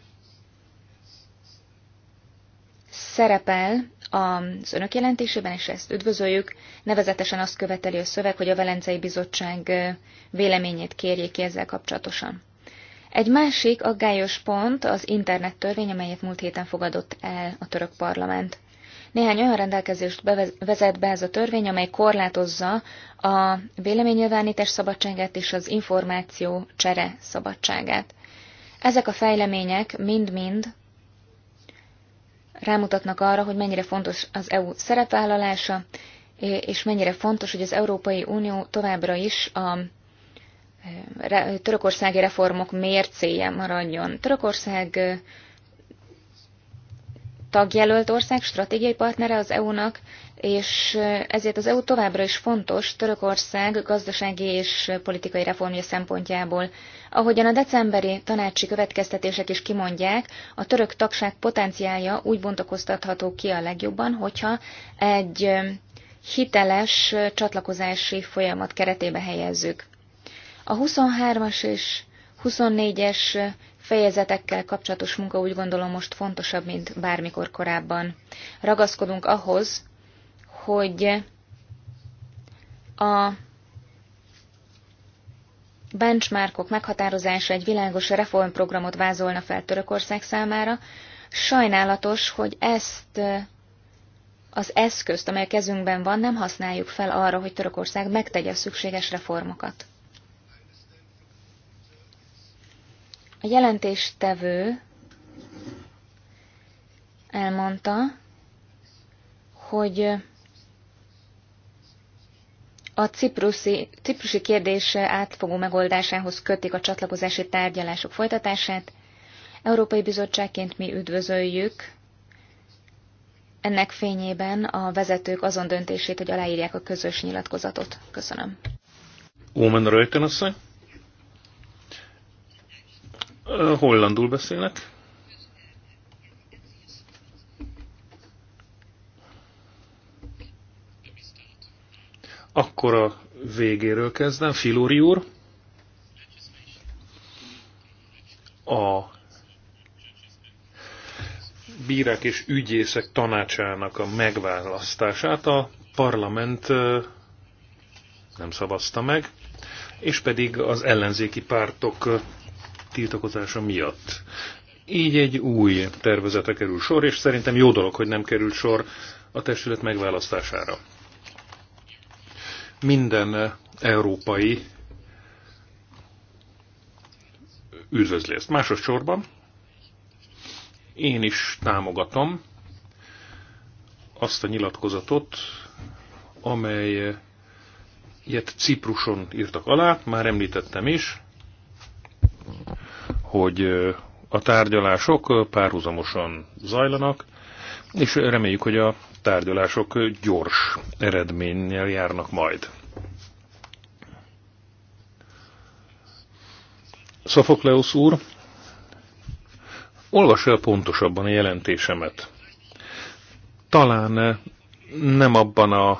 szerepel az önök jelentésében, és ezt üdvözöljük, nevezetesen azt követeli a szöveg, hogy a Velencei Bizottság véleményét kérjék ki ezzel kapcsolatosan. Egy másik aggályos pont az internet törvény, amelyet múlt héten fogadott el a török parlament. Néhány olyan rendelkezést vezet be ez a törvény, amely korlátozza a véleménynyilvánítás szabadságát és az információ csere szabadságát. Ezek a fejlemények mind-mind rámutatnak arra, hogy mennyire fontos az EU szerepvállalása, és mennyire fontos, hogy az Európai Unió továbbra is a e, törökországi reformok mércéje maradjon. Törökország e, tagjelölt ország, stratégiai partnere az EU-nak, és eh, ezért az EU továbbra is fontos Törökország gazdasági és politikai reformja szempontjából. Ahogyan a decemberi tanácsi következtetések is kimondják, a török tagság potenciálja úgy bontakoztatható ki a legjobban, hogyha egy eh, hiteles eh, csatlakozási folyamat keretébe helyezzük. A 23-as és 24-es fejezetekkel kapcsolatos munka úgy gondolom most fontosabb, mint bármikor korábban. Ragaszkodunk ahhoz, hogy a benchmarkok meghatározása egy világos reformprogramot vázolna fel Törökország számára. Sajnálatos, hogy ezt az eszközt, amely a kezünkben van, nem használjuk fel arra, hogy Törökország megtegye a szükséges reformokat. A jelentéstevő elmondta, hogy a ciprusi, ciprusi kérdés átfogó megoldásához kötik a csatlakozási tárgyalások folytatását. Európai Bizottságként mi üdvözöljük ennek fényében a vezetők azon döntését, hogy aláírják a közös nyilatkozatot. Köszönöm. Ómen Röjten asszony. Hollandul beszélnek. Akkor a végéről kezdem. Filóri úr. A bírák és ügyészek tanácsának a megválasztását a parlament nem szavazta meg, és pedig az ellenzéki pártok tiltakozása miatt. Így egy új tervezete kerül sor, és szerintem jó dolog, hogy nem került sor a testület megválasztására. Minden európai üdvözli ezt. Másodszorban én is támogatom azt a nyilatkozatot, amelyet Cipruson írtak alá, már említettem is, hogy a tárgyalások párhuzamosan zajlanak, és reméljük, hogy a tárgyalások gyors eredménnyel járnak majd. Szofokleusz úr, olvas el pontosabban a jelentésemet. Talán nem abban a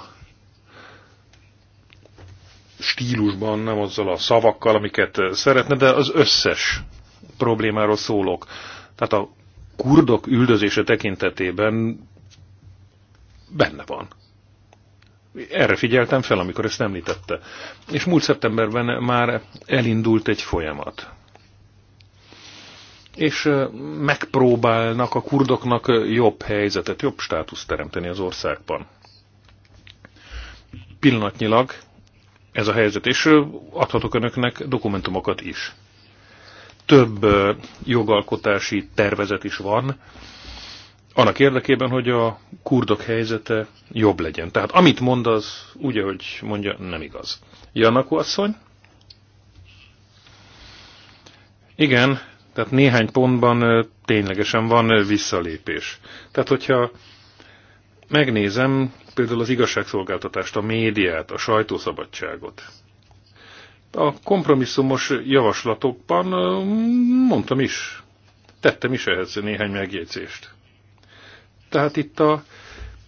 stílusban, nem azzal a szavakkal, amiket szeretne, de az összes problémáról szólok. Tehát a kurdok üldözése tekintetében benne van. Erre figyeltem fel, amikor ezt említette. És múlt szeptemberben már elindult egy folyamat. És megpróbálnak a kurdoknak jobb helyzetet, jobb státuszt teremteni az országban. Pillanatnyilag ez a helyzet, és adhatok önöknek dokumentumokat is több jogalkotási tervezet is van, annak érdekében, hogy a kurdok helyzete jobb legyen. Tehát amit mond, az úgy, ahogy mondja, nem igaz. Janakó asszony? Igen, tehát néhány pontban ténylegesen van visszalépés. Tehát, hogyha megnézem például az igazságszolgáltatást, a médiát, a sajtószabadságot, a kompromisszumos javaslatokban mondtam is, tettem is ehhez néhány megjegyzést. Tehát itt a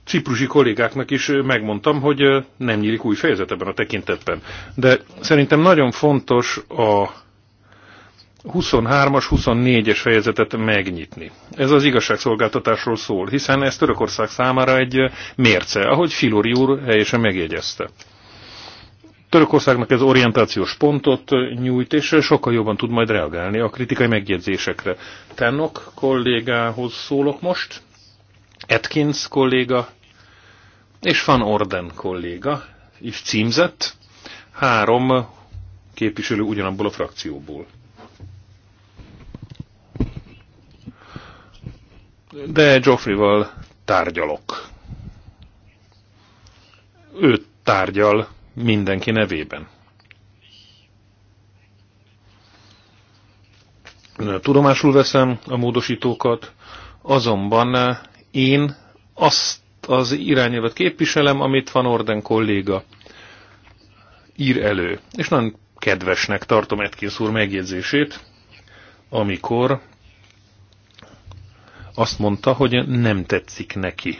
ciprusi kollégáknak is megmondtam, hogy nem nyílik új fejezet ebben a tekintetben. De szerintem nagyon fontos a 23-as, 24-es fejezetet megnyitni. Ez az igazságszolgáltatásról szól, hiszen ez Törökország számára egy mérce, ahogy Filori úr helyesen megjegyezte. Törökországnak ez orientációs pontot nyújt, és sokkal jobban tud majd reagálni a kritikai megjegyzésekre. Tennok kollégához szólok most, Atkins kolléga és Van Orden kolléga is címzett, három képviselő ugyanabból a frakcióból. De Geoffrey-val tárgyalok. Őt tárgyal mindenki nevében. Tudomásul veszem a módosítókat, azonban eh, én azt az irányelvet képviselem, amit Van Orden kolléga ír elő. És nagyon kedvesnek tartom Atkins úr megjegyzését, amikor azt mondta, hogy nem tetszik neki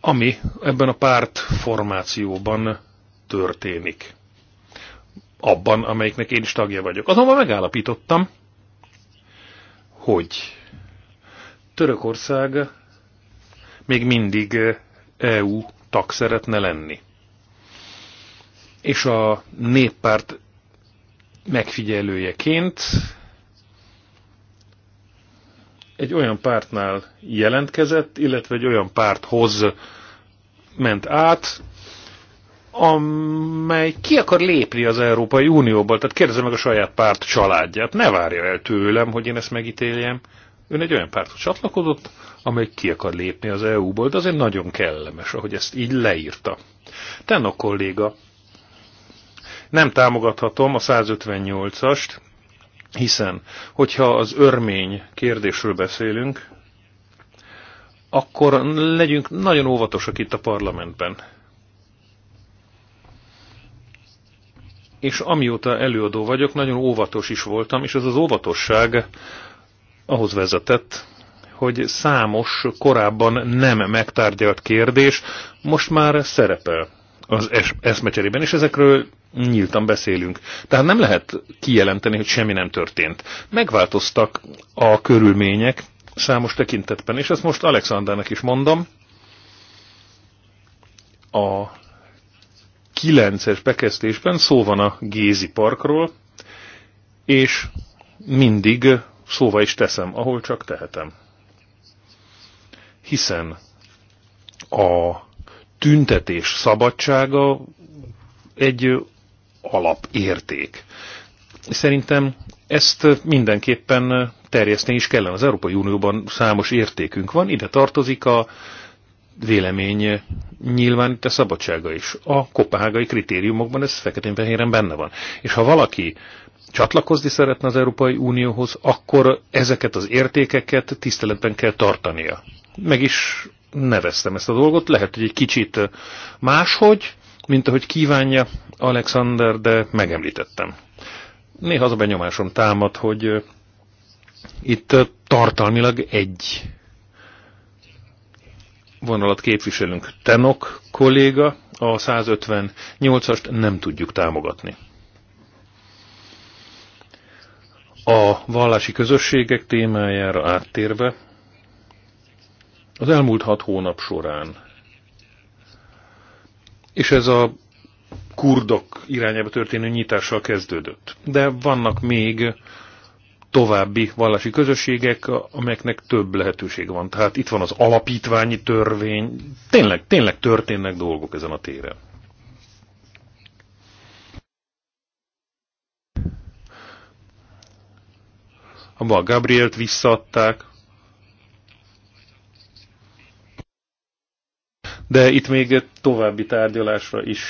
ami ebben a párt formációban történik. Abban, amelyiknek én is tagja vagyok. Azonban megállapítottam, hogy Törökország még mindig EU eh, e tag szeretne lenni. És a néppárt megfigyelőjeként egy olyan pártnál jelentkezett, illetve egy olyan párthoz ment át, amely ki akar lépni az Európai Unióból. Tehát kérdezze meg a saját párt családját. Ne várja el tőlem, hogy én ezt megítéljem. Ön egy olyan párthoz csatlakozott, amely ki akar lépni az EU-ból, de azért nagyon kellemes, ahogy ezt így leírta. Tenno kolléga, nem támogathatom a 158-ast, hiszen, hogyha az örmény kérdésről beszélünk, akkor legyünk nagyon óvatosak itt a parlamentben. És amióta előadó vagyok, nagyon óvatos is voltam, és ez az óvatosság ahhoz vezetett, hogy számos korábban nem megtárgyalt kérdés most már szerepel az es eszmecserében, és ezekről nyíltan beszélünk. Tehát nem lehet kijelenteni, hogy semmi nem történt. Megváltoztak a körülmények számos tekintetben, és ezt most Alexandernek is mondom. A kilences bekezdésben szó van a Gézi Parkról, és mindig szóva is teszem, ahol csak tehetem. Hiszen a tüntetés szabadsága egy alapérték. Szerintem ezt mindenképpen terjeszteni is kellene. Az Európai Unióban számos értékünk van, ide tartozik a vélemény nyilván itt a szabadsága is. A kopenhágai kritériumokban ez feketén-fehéren benne van. És ha valaki csatlakozni szeretne az Európai Unióhoz, akkor ezeket az értékeket tiszteletben kell tartania. Meg is neveztem ezt a dolgot, lehet, hogy egy kicsit máshogy, mint ahogy kívánja Alexander, de megemlítettem. Néha az a benyomásom támad, hogy itt tartalmilag egy vonalat képviselünk. Tenok kolléga a 158-ast nem tudjuk támogatni. a vallási közösségek témájára áttérve, az elmúlt hat hónap során, és ez a kurdok irányába történő nyitással kezdődött. De vannak még további vallási közösségek, amelyeknek több lehetőség van. Tehát itt van az alapítványi törvény, tényleg, tényleg történnek dolgok ezen a téren. a Gabrielt visszaadták. De itt még további tárgyalásra is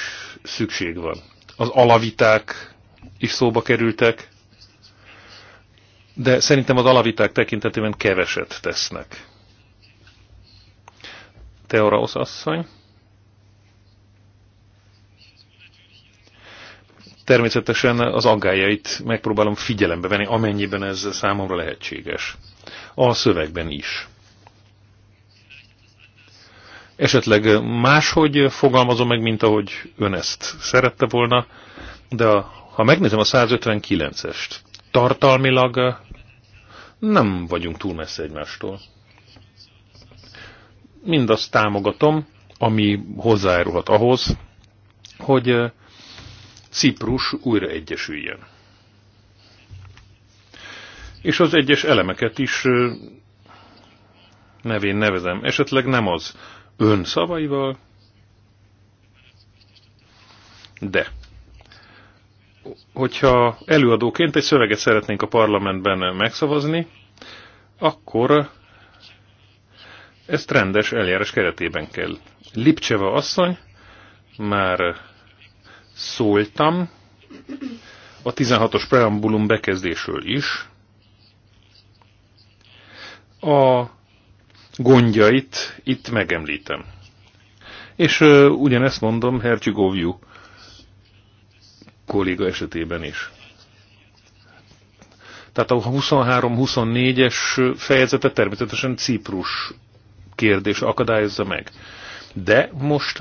szükség van. Az alaviták is szóba kerültek, de szerintem az alaviták tekintetében keveset tesznek. Teoraosz asszony. természetesen az aggájait megpróbálom figyelembe venni, amennyiben ez számomra lehetséges. A szövegben is. Esetleg máshogy fogalmazom meg, mint ahogy ön ezt szerette volna, de ha megnézem a 159-est, tartalmilag nem vagyunk túl messze egymástól. Mindazt támogatom, ami hozzájárulhat ahhoz, hogy Ciprus újra egyesüljön. És az egyes elemeket is nevén nevezem, esetleg nem az ön szavaival, de hogyha előadóként egy szöveget szeretnénk a parlamentben megszavazni, akkor ezt rendes eljárás keretében kell. Lipcseva asszony már szóltam, a 16-os preambulum bekezdésről is, a gondjait itt megemlítem. És uh, ugyanezt mondom Hercsigovjú kolléga esetében is. Tehát a 23-24-es fejezete természetesen Ciprus kérdés akadályozza meg. De most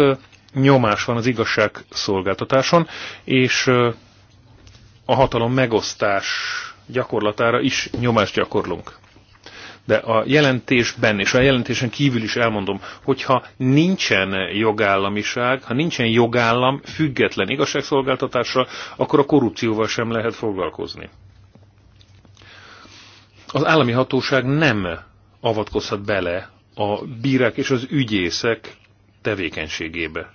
nyomás van az igazság szolgáltatáson, és a hatalom megosztás gyakorlatára is nyomást gyakorlunk. De a jelentésben és a jelentésen kívül is elmondom, hogyha nincsen jogállamiság, ha nincsen jogállam független igazságszolgáltatásra, akkor a korrupcióval sem lehet foglalkozni. Az állami hatóság nem avatkozhat bele a bírák és az ügyészek tevékenységébe.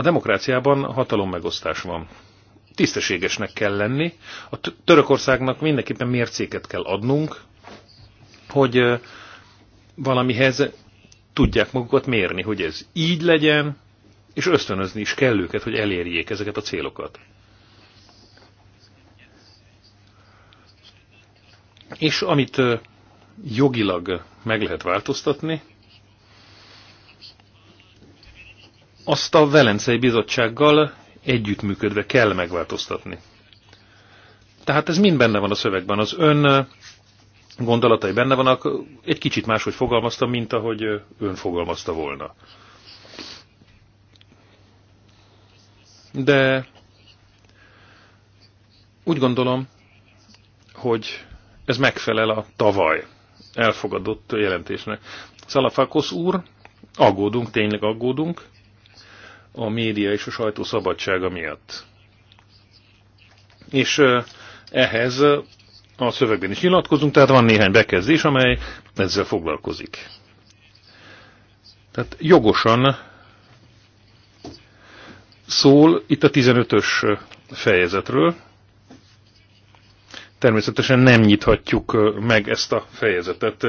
A demokráciában hatalommegosztás van. Tisztességesnek kell lenni. A Törökországnak mindenképpen mércéket kell adnunk, hogy valamihez tudják magukat mérni, hogy ez így legyen, és ösztönözni is kell őket, hogy elérjék ezeket a célokat. És amit jogilag meg lehet változtatni, azt a Velencei Bizottsággal együttműködve kell megváltoztatni. Tehát ez mind benne van a szövegben. Az ön gondolatai benne vannak, egy kicsit máshogy fogalmazta, mint ahogy ön fogalmazta volna. De úgy gondolom, hogy ez megfelel a tavaly elfogadott jelentésnek. Szalafakosz úr, aggódunk, tényleg aggódunk, a média és a sajtó szabadsága miatt. És ehhez a szövegben is nyilatkozunk, tehát van néhány bekezdés, amely ezzel foglalkozik. Tehát jogosan szól itt a 15-ös fejezetről. Természetesen nem nyithatjuk meg ezt a fejezetet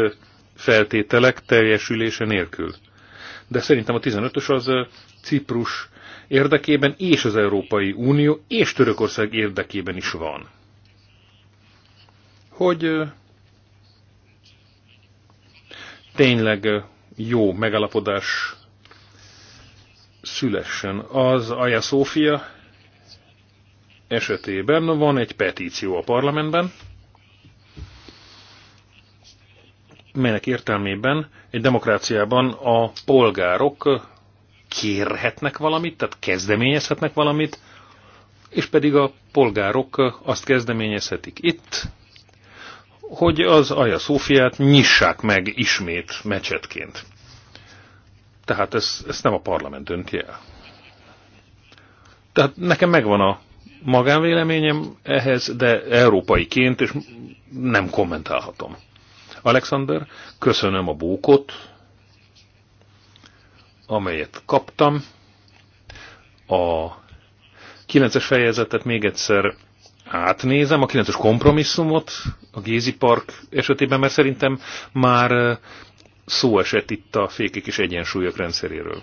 feltételek teljesülése nélkül de szerintem a 15-ös az Ciprus érdekében és az Európai Unió és Törökország érdekében is van. Hogy tényleg jó megalapodás szülessen. Az Aja Szófia esetében van egy petíció a parlamentben, melynek értelmében egy demokráciában a polgárok kérhetnek valamit, tehát kezdeményezhetnek valamit, és pedig a polgárok azt kezdeményezhetik itt, hogy az Aja Szófiát nyissák meg ismét mecsetként. Tehát ez, nem a parlament dönti el. Tehát nekem megvan a magánvéleményem ehhez, de európaiként, és nem kommentálhatom. Alexander, köszönöm a bókot, amelyet kaptam. A 9-es fejezetet még egyszer átnézem, a 9-es kompromisszumot a Gézi Park esetében, mert szerintem már szó esett itt a fékek és egyensúlyok rendszeréről.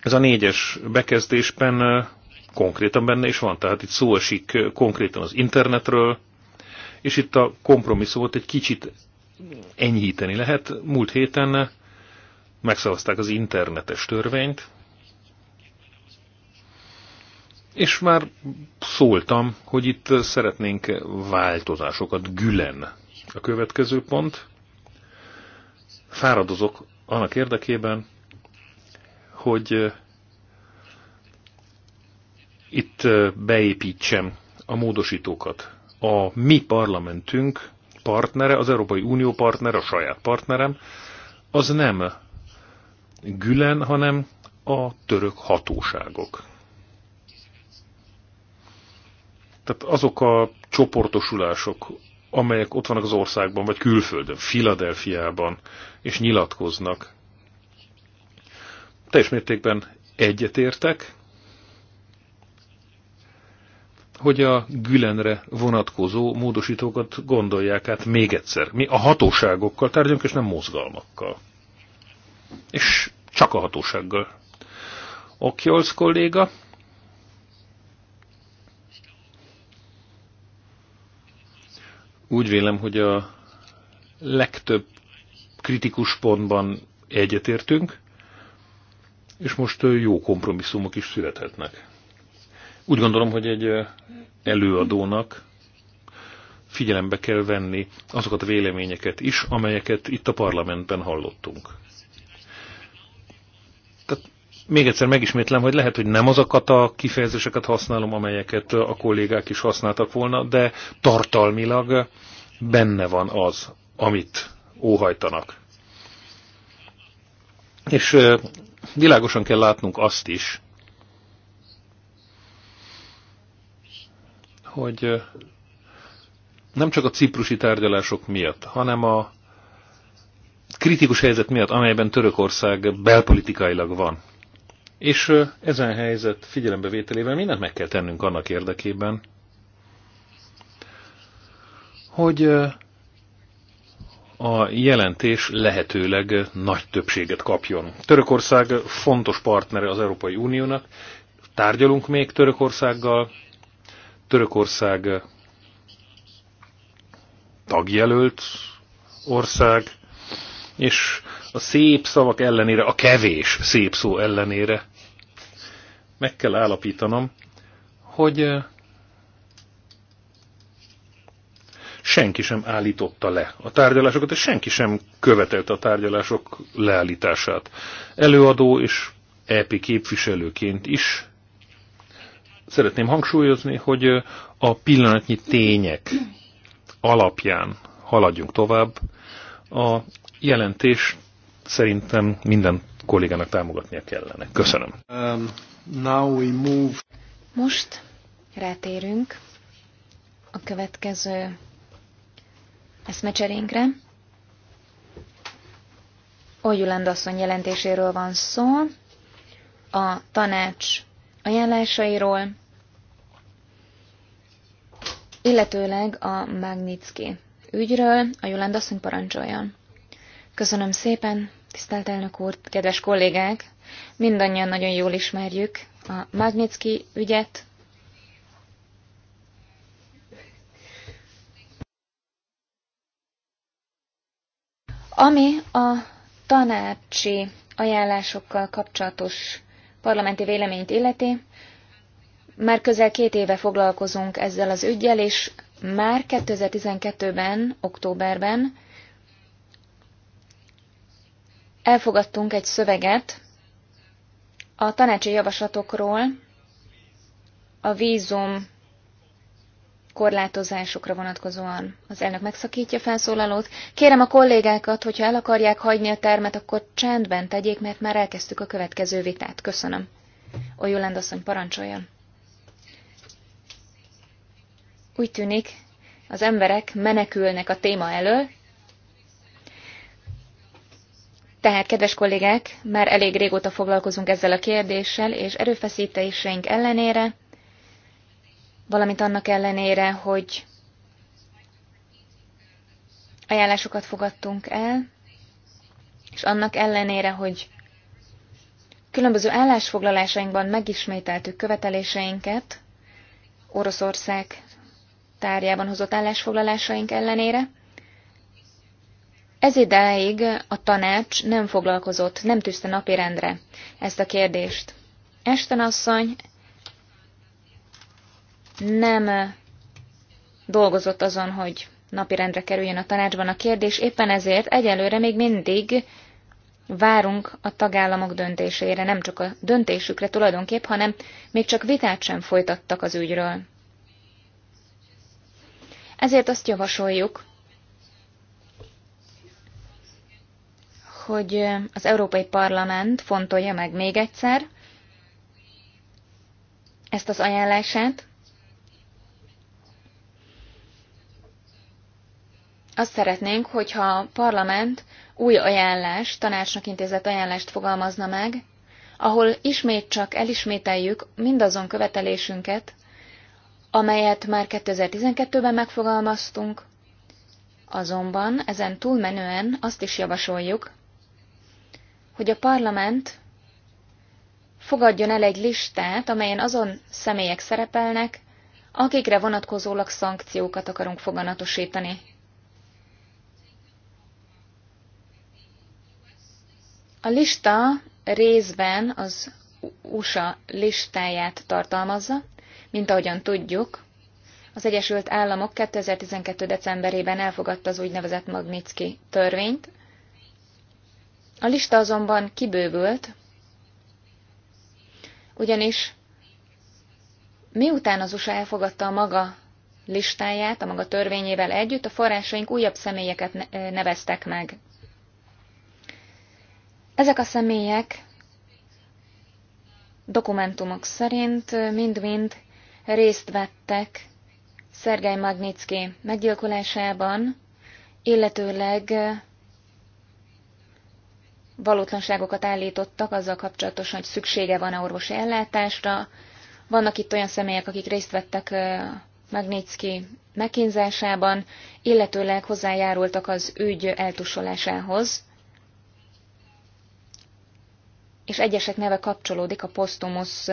Ez a négyes bekezdésben konkrétan benne is van, tehát itt szó esik konkrétan az internetről, és itt a kompromisszumot egy kicsit enyhíteni lehet. Múlt héten megszavazták az internetes törvényt, és már szóltam, hogy itt szeretnénk változásokat. Gülen a következő pont. Fáradozok annak érdekében, hogy itt beépítsem a módosítókat a mi parlamentünk partnere, az Európai Unió partnere, a saját partnerem, az nem Gülen, hanem a török hatóságok. Tehát azok a csoportosulások, amelyek ott vannak az országban, vagy külföldön, Filadelfiában, és nyilatkoznak, teljes mértékben egyetértek hogy a Gülenre vonatkozó módosítókat gondolják át még egyszer. Mi a hatóságokkal tárgyunk, és nem mozgalmakkal. És csak a hatósággal. Okjolsz kolléga, úgy vélem, hogy a legtöbb kritikus pontban egyetértünk, és most jó kompromisszumok is születhetnek. Úgy gondolom, hogy egy előadónak figyelembe kell venni azokat a véleményeket is, amelyeket itt a parlamentben hallottunk. Tehát még egyszer megismétlem, hogy lehet, hogy nem azokat a kifejezéseket használom, amelyeket a kollégák is használtak volna, de tartalmilag benne van az, amit óhajtanak. És világosan kell látnunk azt is, hogy nem csak a ciprusi tárgyalások miatt, hanem a kritikus helyzet miatt, amelyben Törökország belpolitikailag van. És ezen helyzet figyelembevételével mindent meg kell tennünk annak érdekében, hogy a jelentés lehetőleg nagy többséget kapjon. Törökország fontos partnere az Európai Uniónak, tárgyalunk még Törökországgal, Törökország tagjelölt ország, és a szép szavak ellenére, a kevés szép szó ellenére meg kell állapítanom, hogy eh, senki sem állította le a tárgyalásokat, és senki sem követelte a tárgyalások leállítását. Előadó és EP képviselőként is szeretném hangsúlyozni, hogy a pillanatnyi tények alapján haladjunk tovább. A jelentés szerintem minden kollégának támogatnia kellene. Köszönöm. Um, now we move. Most rátérünk a következő eszmecserénkre. Olyulandasszony jelentéséről van szó. A tanács ajánlásairól, illetőleg a Magnitsky ügyről a Jolanda asszony parancsolja. Köszönöm szépen, tisztelt elnök úr, kedves kollégák! Mindannyian nagyon jól ismerjük a Magnitsky ügyet, Ami a tanácsi ajánlásokkal kapcsolatos parlamenti véleményt illeti, már közel két éve foglalkozunk ezzel az ügyel, és már 2012-ben, októberben elfogadtunk egy szöveget a tanácsi javaslatokról a vízum korlátozásokra vonatkozóan. Az elnök megszakítja felszólalót. Kérem a kollégákat, hogyha el akarják hagyni a termet, akkor csendben tegyék, mert már elkezdtük a következő vitát. Köszönöm. Ojuland asszony, parancsoljon. Úgy tűnik, az emberek menekülnek a téma elől, tehát, kedves kollégák, már elég régóta foglalkozunk ezzel a kérdéssel, és erőfeszítéseink ellenére valamint annak ellenére, hogy ajánlásokat fogadtunk el, és annak ellenére, hogy különböző állásfoglalásainkban megismételtük követeléseinket, Oroszország tárjában hozott állásfoglalásaink ellenére, ez idáig a tanács nem foglalkozott, nem tűzte napirendre ezt a kérdést. Esten asszony nem dolgozott azon, hogy napirendre kerüljön a tanácsban a kérdés, éppen ezért egyelőre még mindig várunk a tagállamok döntésére, nem csak a döntésükre tulajdonképp, hanem még csak vitát sem folytattak az ügyről. Ezért azt javasoljuk, hogy az Európai Parlament fontolja meg még egyszer ezt az ajánlását, Azt szeretnénk, hogyha a parlament új ajánlást, tanácsnak intézett ajánlást fogalmazna meg, ahol ismét csak elismételjük mindazon követelésünket, amelyet már 2012-ben megfogalmaztunk, azonban ezen túlmenően azt is javasoljuk, hogy a parlament fogadjon el egy listát, amelyen azon személyek szerepelnek, akikre vonatkozólag szankciókat akarunk foganatosítani. A lista részben az USA listáját tartalmazza, mint ahogyan tudjuk, az Egyesült Államok 2012. decemberében elfogadta az úgynevezett Magnitsky törvényt. A lista azonban kibővült, ugyanis miután az USA elfogadta a maga listáját, a maga törvényével együtt, a forrásaink újabb személyeket neveztek meg. Ezek a személyek dokumentumok szerint mind-mind részt vettek Szergej Magnitsky meggyilkolásában, illetőleg valótlanságokat állítottak azzal kapcsolatosan, hogy szüksége van a orvosi ellátásra. Vannak itt olyan személyek, akik részt vettek Magnitsky megkínzásában, illetőleg hozzájárultak az ügy eltusolásához és egyesek neve kapcsolódik a posztumusz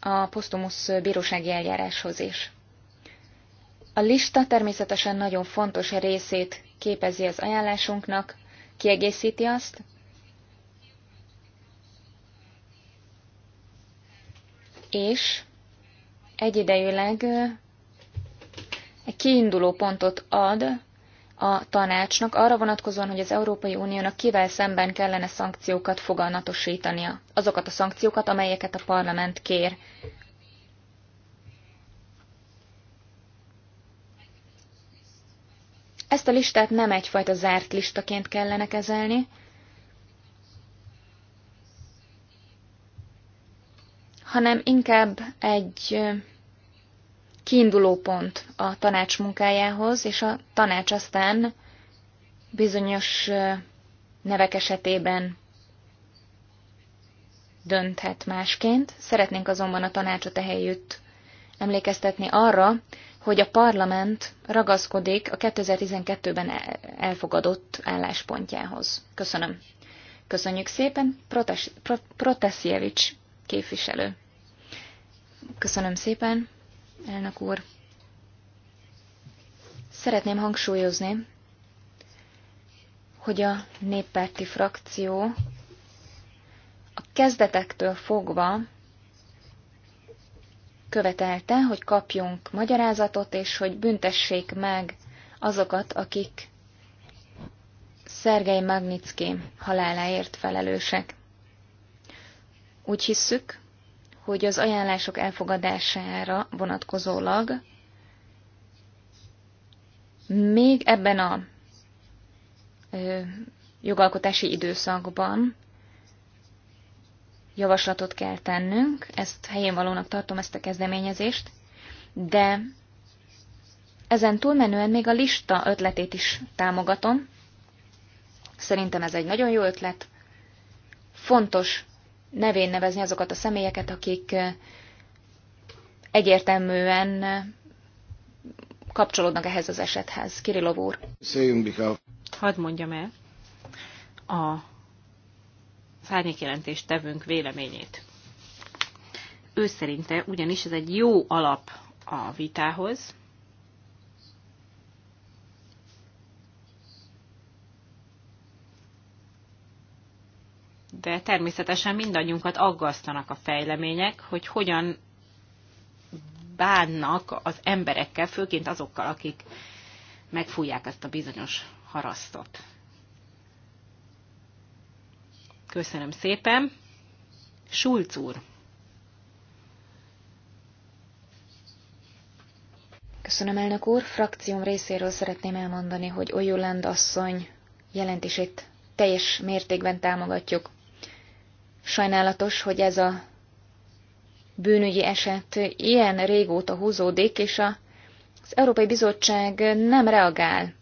a posztumusz bírósági eljáráshoz is. A lista természetesen nagyon fontos részét képezi az ajánlásunknak, kiegészíti azt, és egyidejűleg egy kiinduló pontot ad a tanácsnak arra vonatkozóan, hogy az Európai Uniónak kivel szemben kellene szankciókat fogalmatosítania, azokat a szankciókat, amelyeket a parlament kér. Ezt a listát nem egyfajta zárt listaként kellene kezelni, hanem inkább egy kiinduló pont a tanács munkájához, és a tanács aztán bizonyos nevek esetében dönthet másként. Szeretnénk azonban a tanácsot ehelyütt emlékeztetni arra, hogy a parlament ragaszkodik a 2012-ben e-, elfogadott álláspontjához. Köszönöm. Köszönjük szépen, Protas- Pro- képviselő. Köszönöm szépen elnök úr. Szeretném hangsúlyozni, hogy a néppárti frakció a kezdetektől fogva követelte, hogy kapjunk magyarázatot, és hogy büntessék meg azokat, akik Szergei Magnitsky haláláért felelősek. Úgy hisszük, hogy az ajánlások elfogadására vonatkozólag még ebben a ö, jogalkotási időszakban javaslatot kell tennünk, ezt helyén valónak tartom, ezt a kezdeményezést, de ezen túlmenően még a lista ötletét is támogatom. Szerintem ez egy nagyon jó ötlet. Fontos nevén nevezni azokat a személyeket, akik eh, egyértelműen eh, kapcsolódnak ehhez az esethez. Kirillov úr. Hadd mondjam el a szárnyékjelentést tevünk véleményét. Ő szerinte ugyanis ez egy jó alap a vitához, de természetesen mindannyiunkat aggasztanak a fejlemények, hogy hogyan bánnak az emberekkel, főként azokkal, akik megfújják ezt a bizonyos harasztot. Köszönöm szépen. Sulc úr. Köszönöm, elnök úr. Frakcióm részéről szeretném elmondani, hogy Ojuland asszony jelentését teljes mértékben támogatjuk. Sajnálatos, hogy ez a bűnügyi eset ilyen régóta húzódik, és a, az Európai Bizottság nem reagál.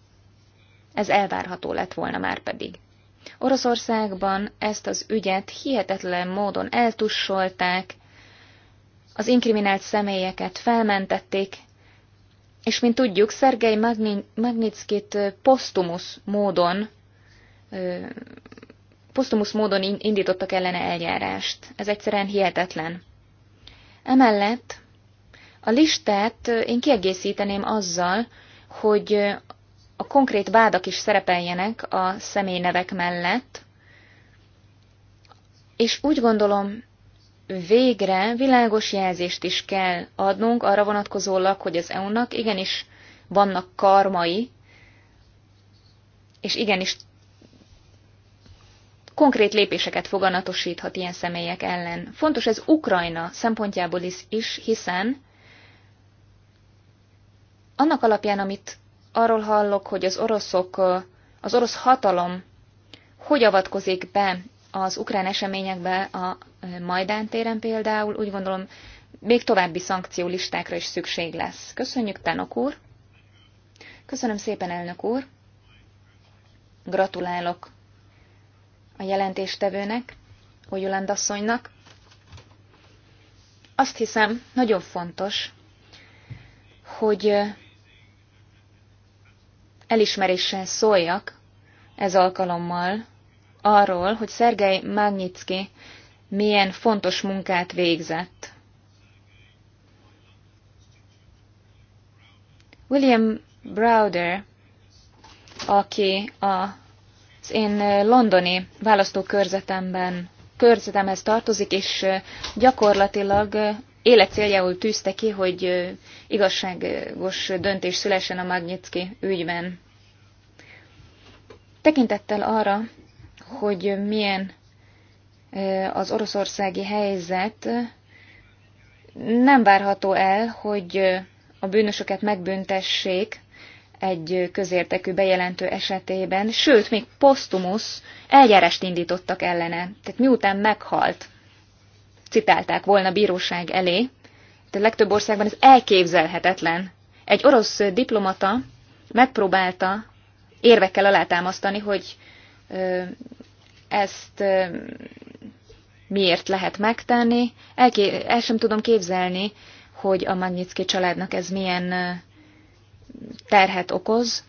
Ez elvárható lett volna már pedig. Oroszországban ezt az ügyet hihetetlen módon eltussolták, az inkriminált személyeket felmentették, és mint tudjuk, Szergei Magnitskit posztumusz módon posztumusz módon indítottak ellene eljárást. Ez egyszerűen hihetetlen. Emellett a listát én kiegészíteném azzal, hogy a konkrét vádak is szerepeljenek a személynevek mellett, és úgy gondolom, végre világos jelzést is kell adnunk arra vonatkozólag, hogy az EU-nak igenis vannak karmai, és igenis konkrét lépéseket foganatosíthat ilyen személyek ellen. Fontos ez Ukrajna szempontjából is, is hiszen annak alapján, amit arról hallok, hogy az oroszok, az orosz hatalom hogy avatkozik be az ukrán eseményekbe a Majdán téren például, úgy gondolom, még további szankciólistákra is szükség lesz. Köszönjük, Tenok úr! Köszönöm szépen, elnök úr! Gratulálok a jelentéstevőnek, Ojuland asszonynak. Azt hiszem, nagyon fontos, hogy elismeréssel szóljak ez alkalommal arról, hogy Szergej Magnitsky milyen fontos munkát végzett. William Browder, aki a én eh, londoni választókörzetemben körzetemhez tartozik, és eh, gyakorlatilag eh, élet céljául tűzte ki, hogy igazságos döntés szülessen a Magnitsky ügyben. Tekintettel arra, hogy milyen az oroszországi helyzet, nem várható el, hogy a bűnösöket megbüntessék, egy közértekű bejelentő esetében, sőt, még posztumusz eljárást indítottak ellene. Tehát miután meghalt, citálták volna bíróság elé, Tehát legtöbb országban ez elképzelhetetlen. Egy orosz diplomata megpróbálta érvekkel alátámasztani, hogy ö, ezt ö, miért lehet megtenni. Elké- el sem tudom képzelni, hogy a Magnitsky családnak ez milyen terhet okoz.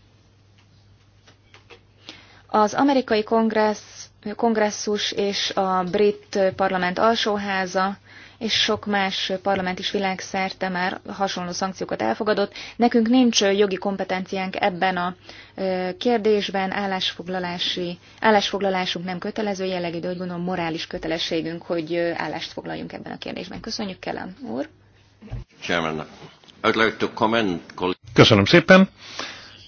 Az amerikai kongressz, kongresszus és a brit parlament alsóháza és sok más parlament is világszerte már hasonló szankciókat elfogadott. Nekünk nincs jogi kompetenciánk ebben a kérdésben, állásfoglalási, állásfoglalásunk nem kötelező jellegű, de úgy gondolom morális kötelességünk, hogy állást foglaljunk ebben a kérdésben. Köszönjük, Kellen úr! Chairman, Köszönöm szépen.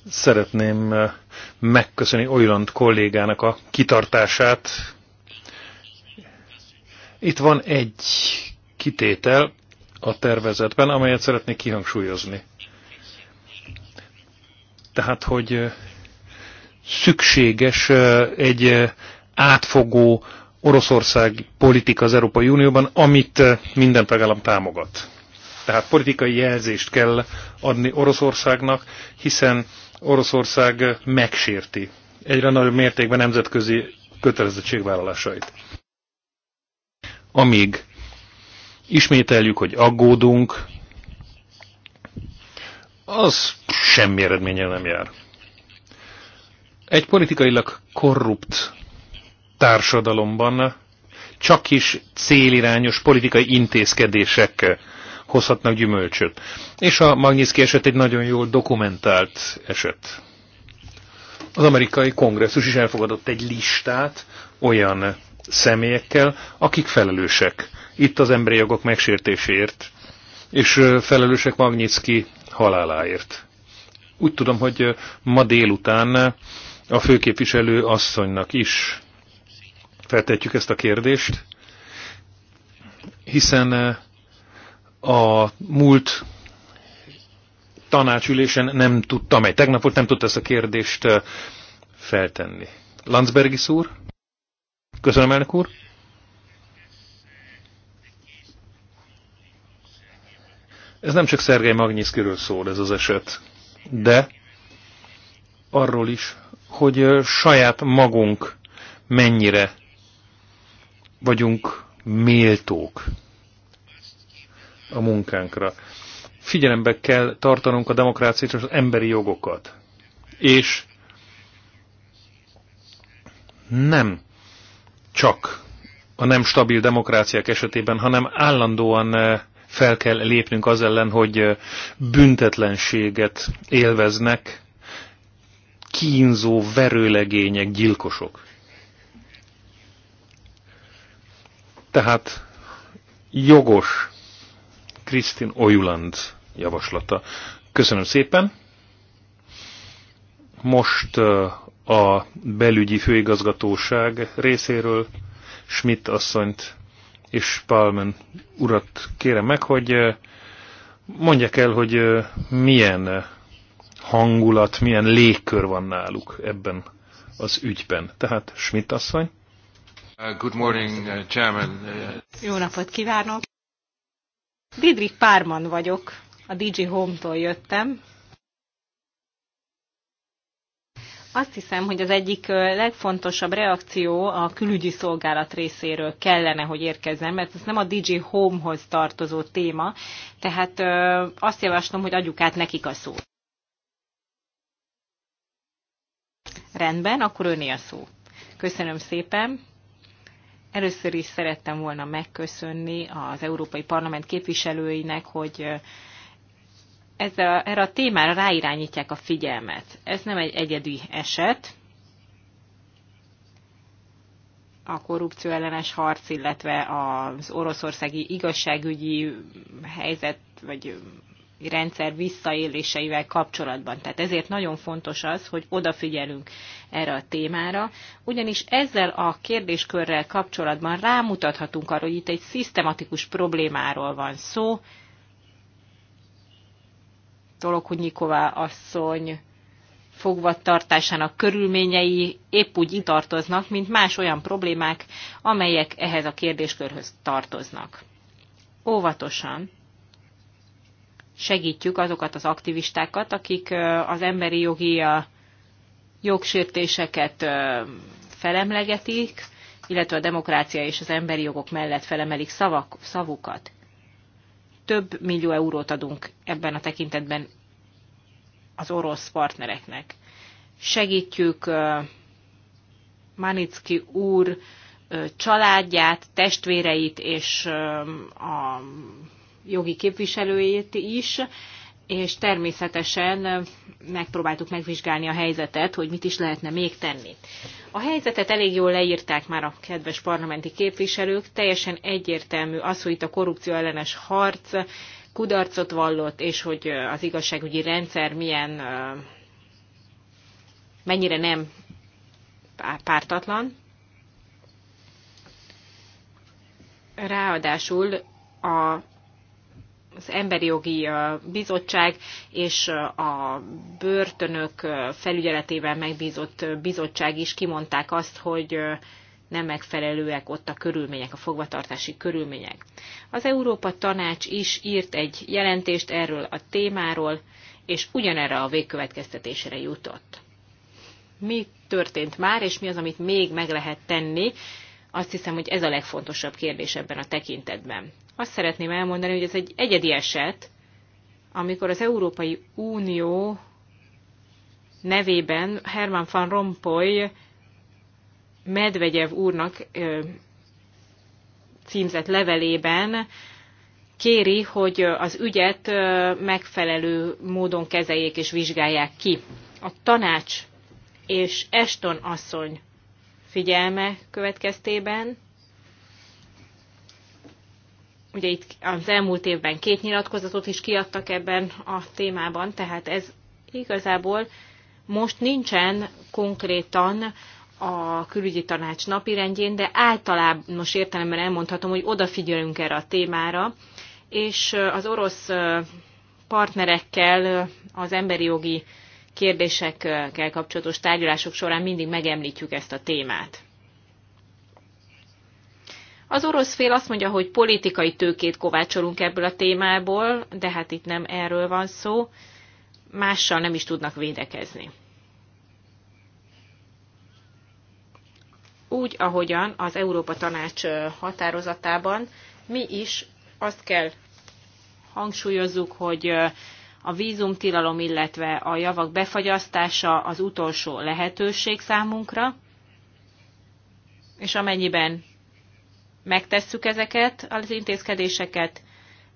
Szeretném eh, megköszönni Oiland kollégának a kitartását. Itt van egy kitétel a tervezetben, amelyet szeretnék kihangsúlyozni. Tehát, hogy eh, szükséges eh, egy átfogó Oroszország politika az Európai Unióban, amit minden tagállam támogat. Tehát politikai jelzést kell adni Oroszországnak, hiszen Oroszország megsérti egyre nagyobb mértékben nemzetközi kötelezettségvállalásait. Amíg ismételjük, hogy aggódunk, az semmi eredménye nem jár. Egy politikailag korrupt társadalomban csak is célirányos politikai intézkedések hozhatnak gyümölcsöt. És a Magnitsky eset egy nagyon jól dokumentált eset. Az amerikai kongresszus is elfogadott egy listát olyan személyekkel, akik felelősek itt az emberi jogok megsértéséért, és felelősek Magnitsky haláláért. Úgy tudom, hogy ma délután a főképviselő asszonynak is feltetjük ezt a kérdést, hiszen a múlt tanácsülésen nem tudta, amely tegnap volt, nem tudta ezt a kérdést feltenni. Landsbergi úr? Köszönöm, elnök úr. Ez nem csak Szergei Magnyiszkiről szól ez az eset, de arról is, hogy saját magunk mennyire vagyunk méltók a munkánkra. Figyelembe kell tartanunk a demokráciát és az emberi jogokat. És nem csak a nem stabil demokráciák esetében, hanem állandóan eh, fel kell lépnünk az ellen, hogy eh, büntetlenséget élveznek kínzó verőlegények, gyilkosok. Tehát jogos Krisztin Ojuland javaslata. Köszönöm szépen. Most a belügyi főigazgatóság részéről Schmidt asszonyt és Palmen urat kérem meg, hogy mondják el, hogy milyen hangulat, milyen légkör van náluk ebben az ügyben. Tehát Schmidt asszony. Uh, good morning, uh, Chairman. Uh, Jó napot kívánok! Didrik Párman vagyok, a Digi Home-tól jöttem. Azt hiszem, hogy az egyik legfontosabb reakció a külügyi szolgálat részéről kellene, hogy érkezzen, mert ez nem a Digi Home-hoz tartozó téma, tehát azt javaslom, hogy adjuk át nekik a szót. Rendben, akkor öné a szó. Köszönöm szépen. Először is szerettem volna megköszönni az Európai Parlament képviselőinek, hogy ez a, erre a témára ráirányítják a figyelmet. Ez nem egy egyedi eset. A korrupció ellenes harc, illetve az oroszországi igazságügyi helyzet, vagy rendszer visszaéléseivel kapcsolatban. Tehát ezért nagyon fontos az, hogy odafigyelünk erre a témára, ugyanis ezzel a kérdéskörrel kapcsolatban rámutathatunk arra, hogy itt egy szisztematikus problémáról van szó. Tolokunyikova asszony fogvatartásának körülményei épp úgy tartoznak, mint más olyan problémák, amelyek ehhez a kérdéskörhöz tartoznak. Óvatosan, segítjük azokat az aktivistákat, akik az emberi jogi jogsértéseket felemlegetik, illetve a demokrácia és az emberi jogok mellett felemelik szavak, szavukat. Több millió eurót adunk ebben a tekintetben az orosz partnereknek. Segítjük Manicki úr családját, testvéreit és a jogi képviselőjét is, és természetesen megpróbáltuk megvizsgálni a helyzetet, hogy mit is lehetne még tenni. A helyzetet elég jól leírták már a kedves parlamenti képviselők, teljesen egyértelmű az, hogy itt a korrupció ellenes harc kudarcot vallott, és hogy az igazságügyi rendszer milyen, mennyire nem pártatlan. Ráadásul a az Emberi Jogi Bizottság és a börtönök felügyeletével megbízott bizottság is kimondták azt, hogy nem megfelelőek ott a körülmények, a fogvatartási körülmények. Az Európa Tanács is írt egy jelentést erről a témáról, és ugyanerre a végkövetkeztetésre jutott. Mi történt már, és mi az, amit még meg lehet tenni azt hiszem, hogy ez a legfontosabb kérdés ebben a tekintetben. Azt szeretném elmondani, hogy ez egy egyedi eset, amikor az Európai Unió nevében Herman van Rompuy Medvegyev úrnak ö, címzett levelében kéri, hogy az ügyet megfelelő módon kezeljék és vizsgálják ki. A tanács és Eston asszony figyelme következtében. Ugye itt az elmúlt évben két nyilatkozatot is kiadtak ebben a témában, tehát ez igazából most nincsen konkrétan a külügyi tanács napirendjén, de általános értelemben elmondhatom, hogy odafigyelünk erre a témára, és az orosz partnerekkel az emberi jogi kérdésekkel kapcsolatos tárgyalások során mindig megemlítjük ezt a témát. Az orosz fél azt mondja, hogy politikai tőkét kovácsolunk ebből a témából, de hát itt nem erről van szó, mással nem is tudnak védekezni. Úgy, ahogyan az Európa Tanács határozatában mi is azt kell hangsúlyozzuk, hogy a vízumtilalom, illetve a javak befagyasztása az utolsó lehetőség számunkra, és amennyiben megtesszük ezeket az intézkedéseket,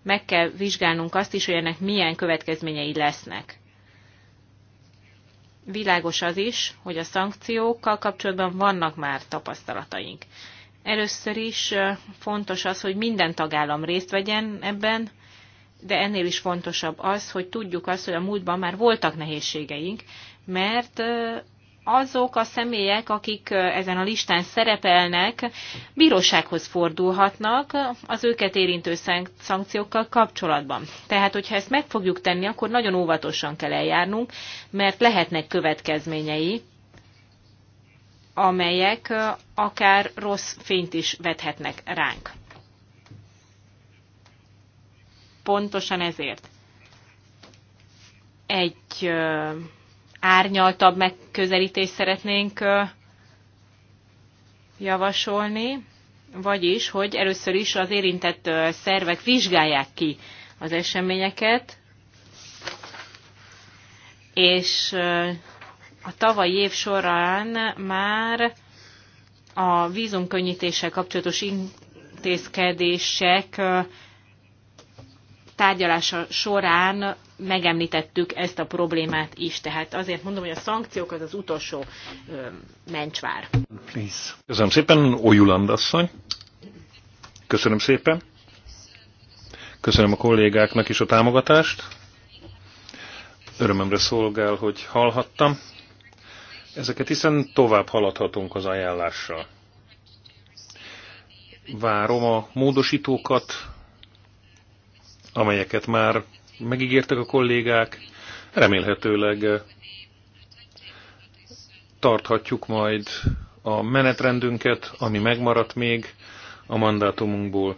meg kell vizsgálnunk azt is, hogy ennek milyen következményei lesznek. Világos az is, hogy a szankciókkal kapcsolatban vannak már tapasztalataink. Először is eh, fontos az, hogy minden tagállam részt vegyen ebben, de ennél is fontosabb az, hogy tudjuk azt, hogy a múltban már voltak nehézségeink, mert azok a személyek, akik ezen a listán szerepelnek, bírósághoz fordulhatnak az őket érintő szankciókkal kapcsolatban. Tehát, hogyha ezt meg fogjuk tenni, akkor nagyon óvatosan kell eljárnunk, mert lehetnek következményei, amelyek akár rossz fényt is vethetnek ránk pontosan ezért. Egy árnyaltabb megközelítést szeretnénk javasolni, vagyis, hogy először is az érintett szervek vizsgálják ki az eseményeket, és a tavalyi év során már a vízumkönnyítéssel kapcsolatos intézkedések tárgyalása során megemlítettük ezt a problémát is. Tehát azért mondom, hogy a szankciók az az utolsó ö, mencsvár. Please. Köszönöm szépen, Ojuland asszony. Köszönöm szépen. Köszönöm a kollégáknak is a támogatást. Örömömre szolgál, hogy hallhattam. Ezeket hiszen tovább haladhatunk az ajánlással. Várom a módosítókat, amelyeket már megígértek a kollégák. Remélhetőleg tarthatjuk majd a menetrendünket, ami megmaradt még a mandátumunkból.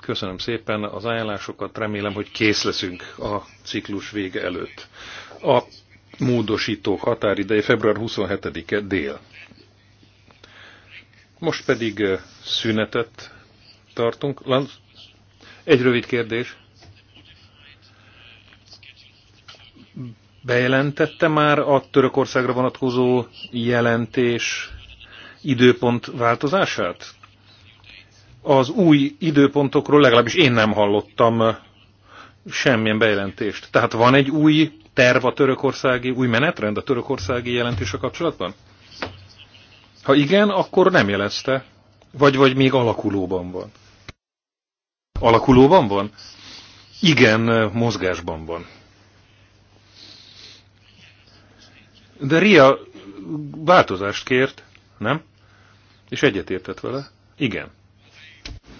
Köszönöm szépen az ajánlásokat, remélem, hogy kész leszünk a ciklus vége előtt. A módosítók határideje február 27-e dél. Most pedig szünetet tartunk. Egy rövid kérdés. Bejelentette már a Törökországra vonatkozó jelentés időpont változását? Az új időpontokról legalábbis én nem hallottam semmilyen bejelentést. Tehát van egy új terv a törökországi, új menetrend a törökországi jelentése kapcsolatban? Ha igen, akkor nem jelezte. Vagy, vagy még alakulóban van. Alakulóban van? Igen, mozgásban van. De Ria változást kért, nem? És egyetértett vele? Igen.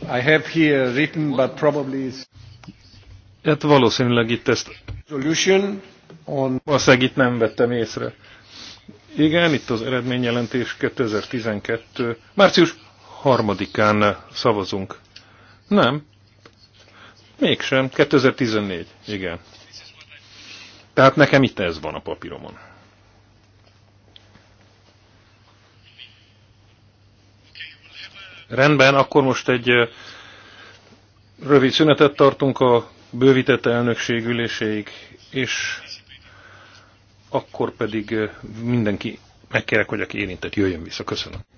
I have here written, but probably Hát valószínűleg itt ezt resolution on... Valószínűleg itt nem vettem észre. Igen, itt az eredményjelentés 2012. március harmadikán szavazunk. Nem, Mégsem. 2014. Igen. Tehát nekem itt ez van a papíromon. Rendben, akkor most egy rövid szünetet tartunk a bővített elnökség üléséig, és akkor pedig mindenki megkérek, hogy aki érintett, jöjjön vissza. Köszönöm.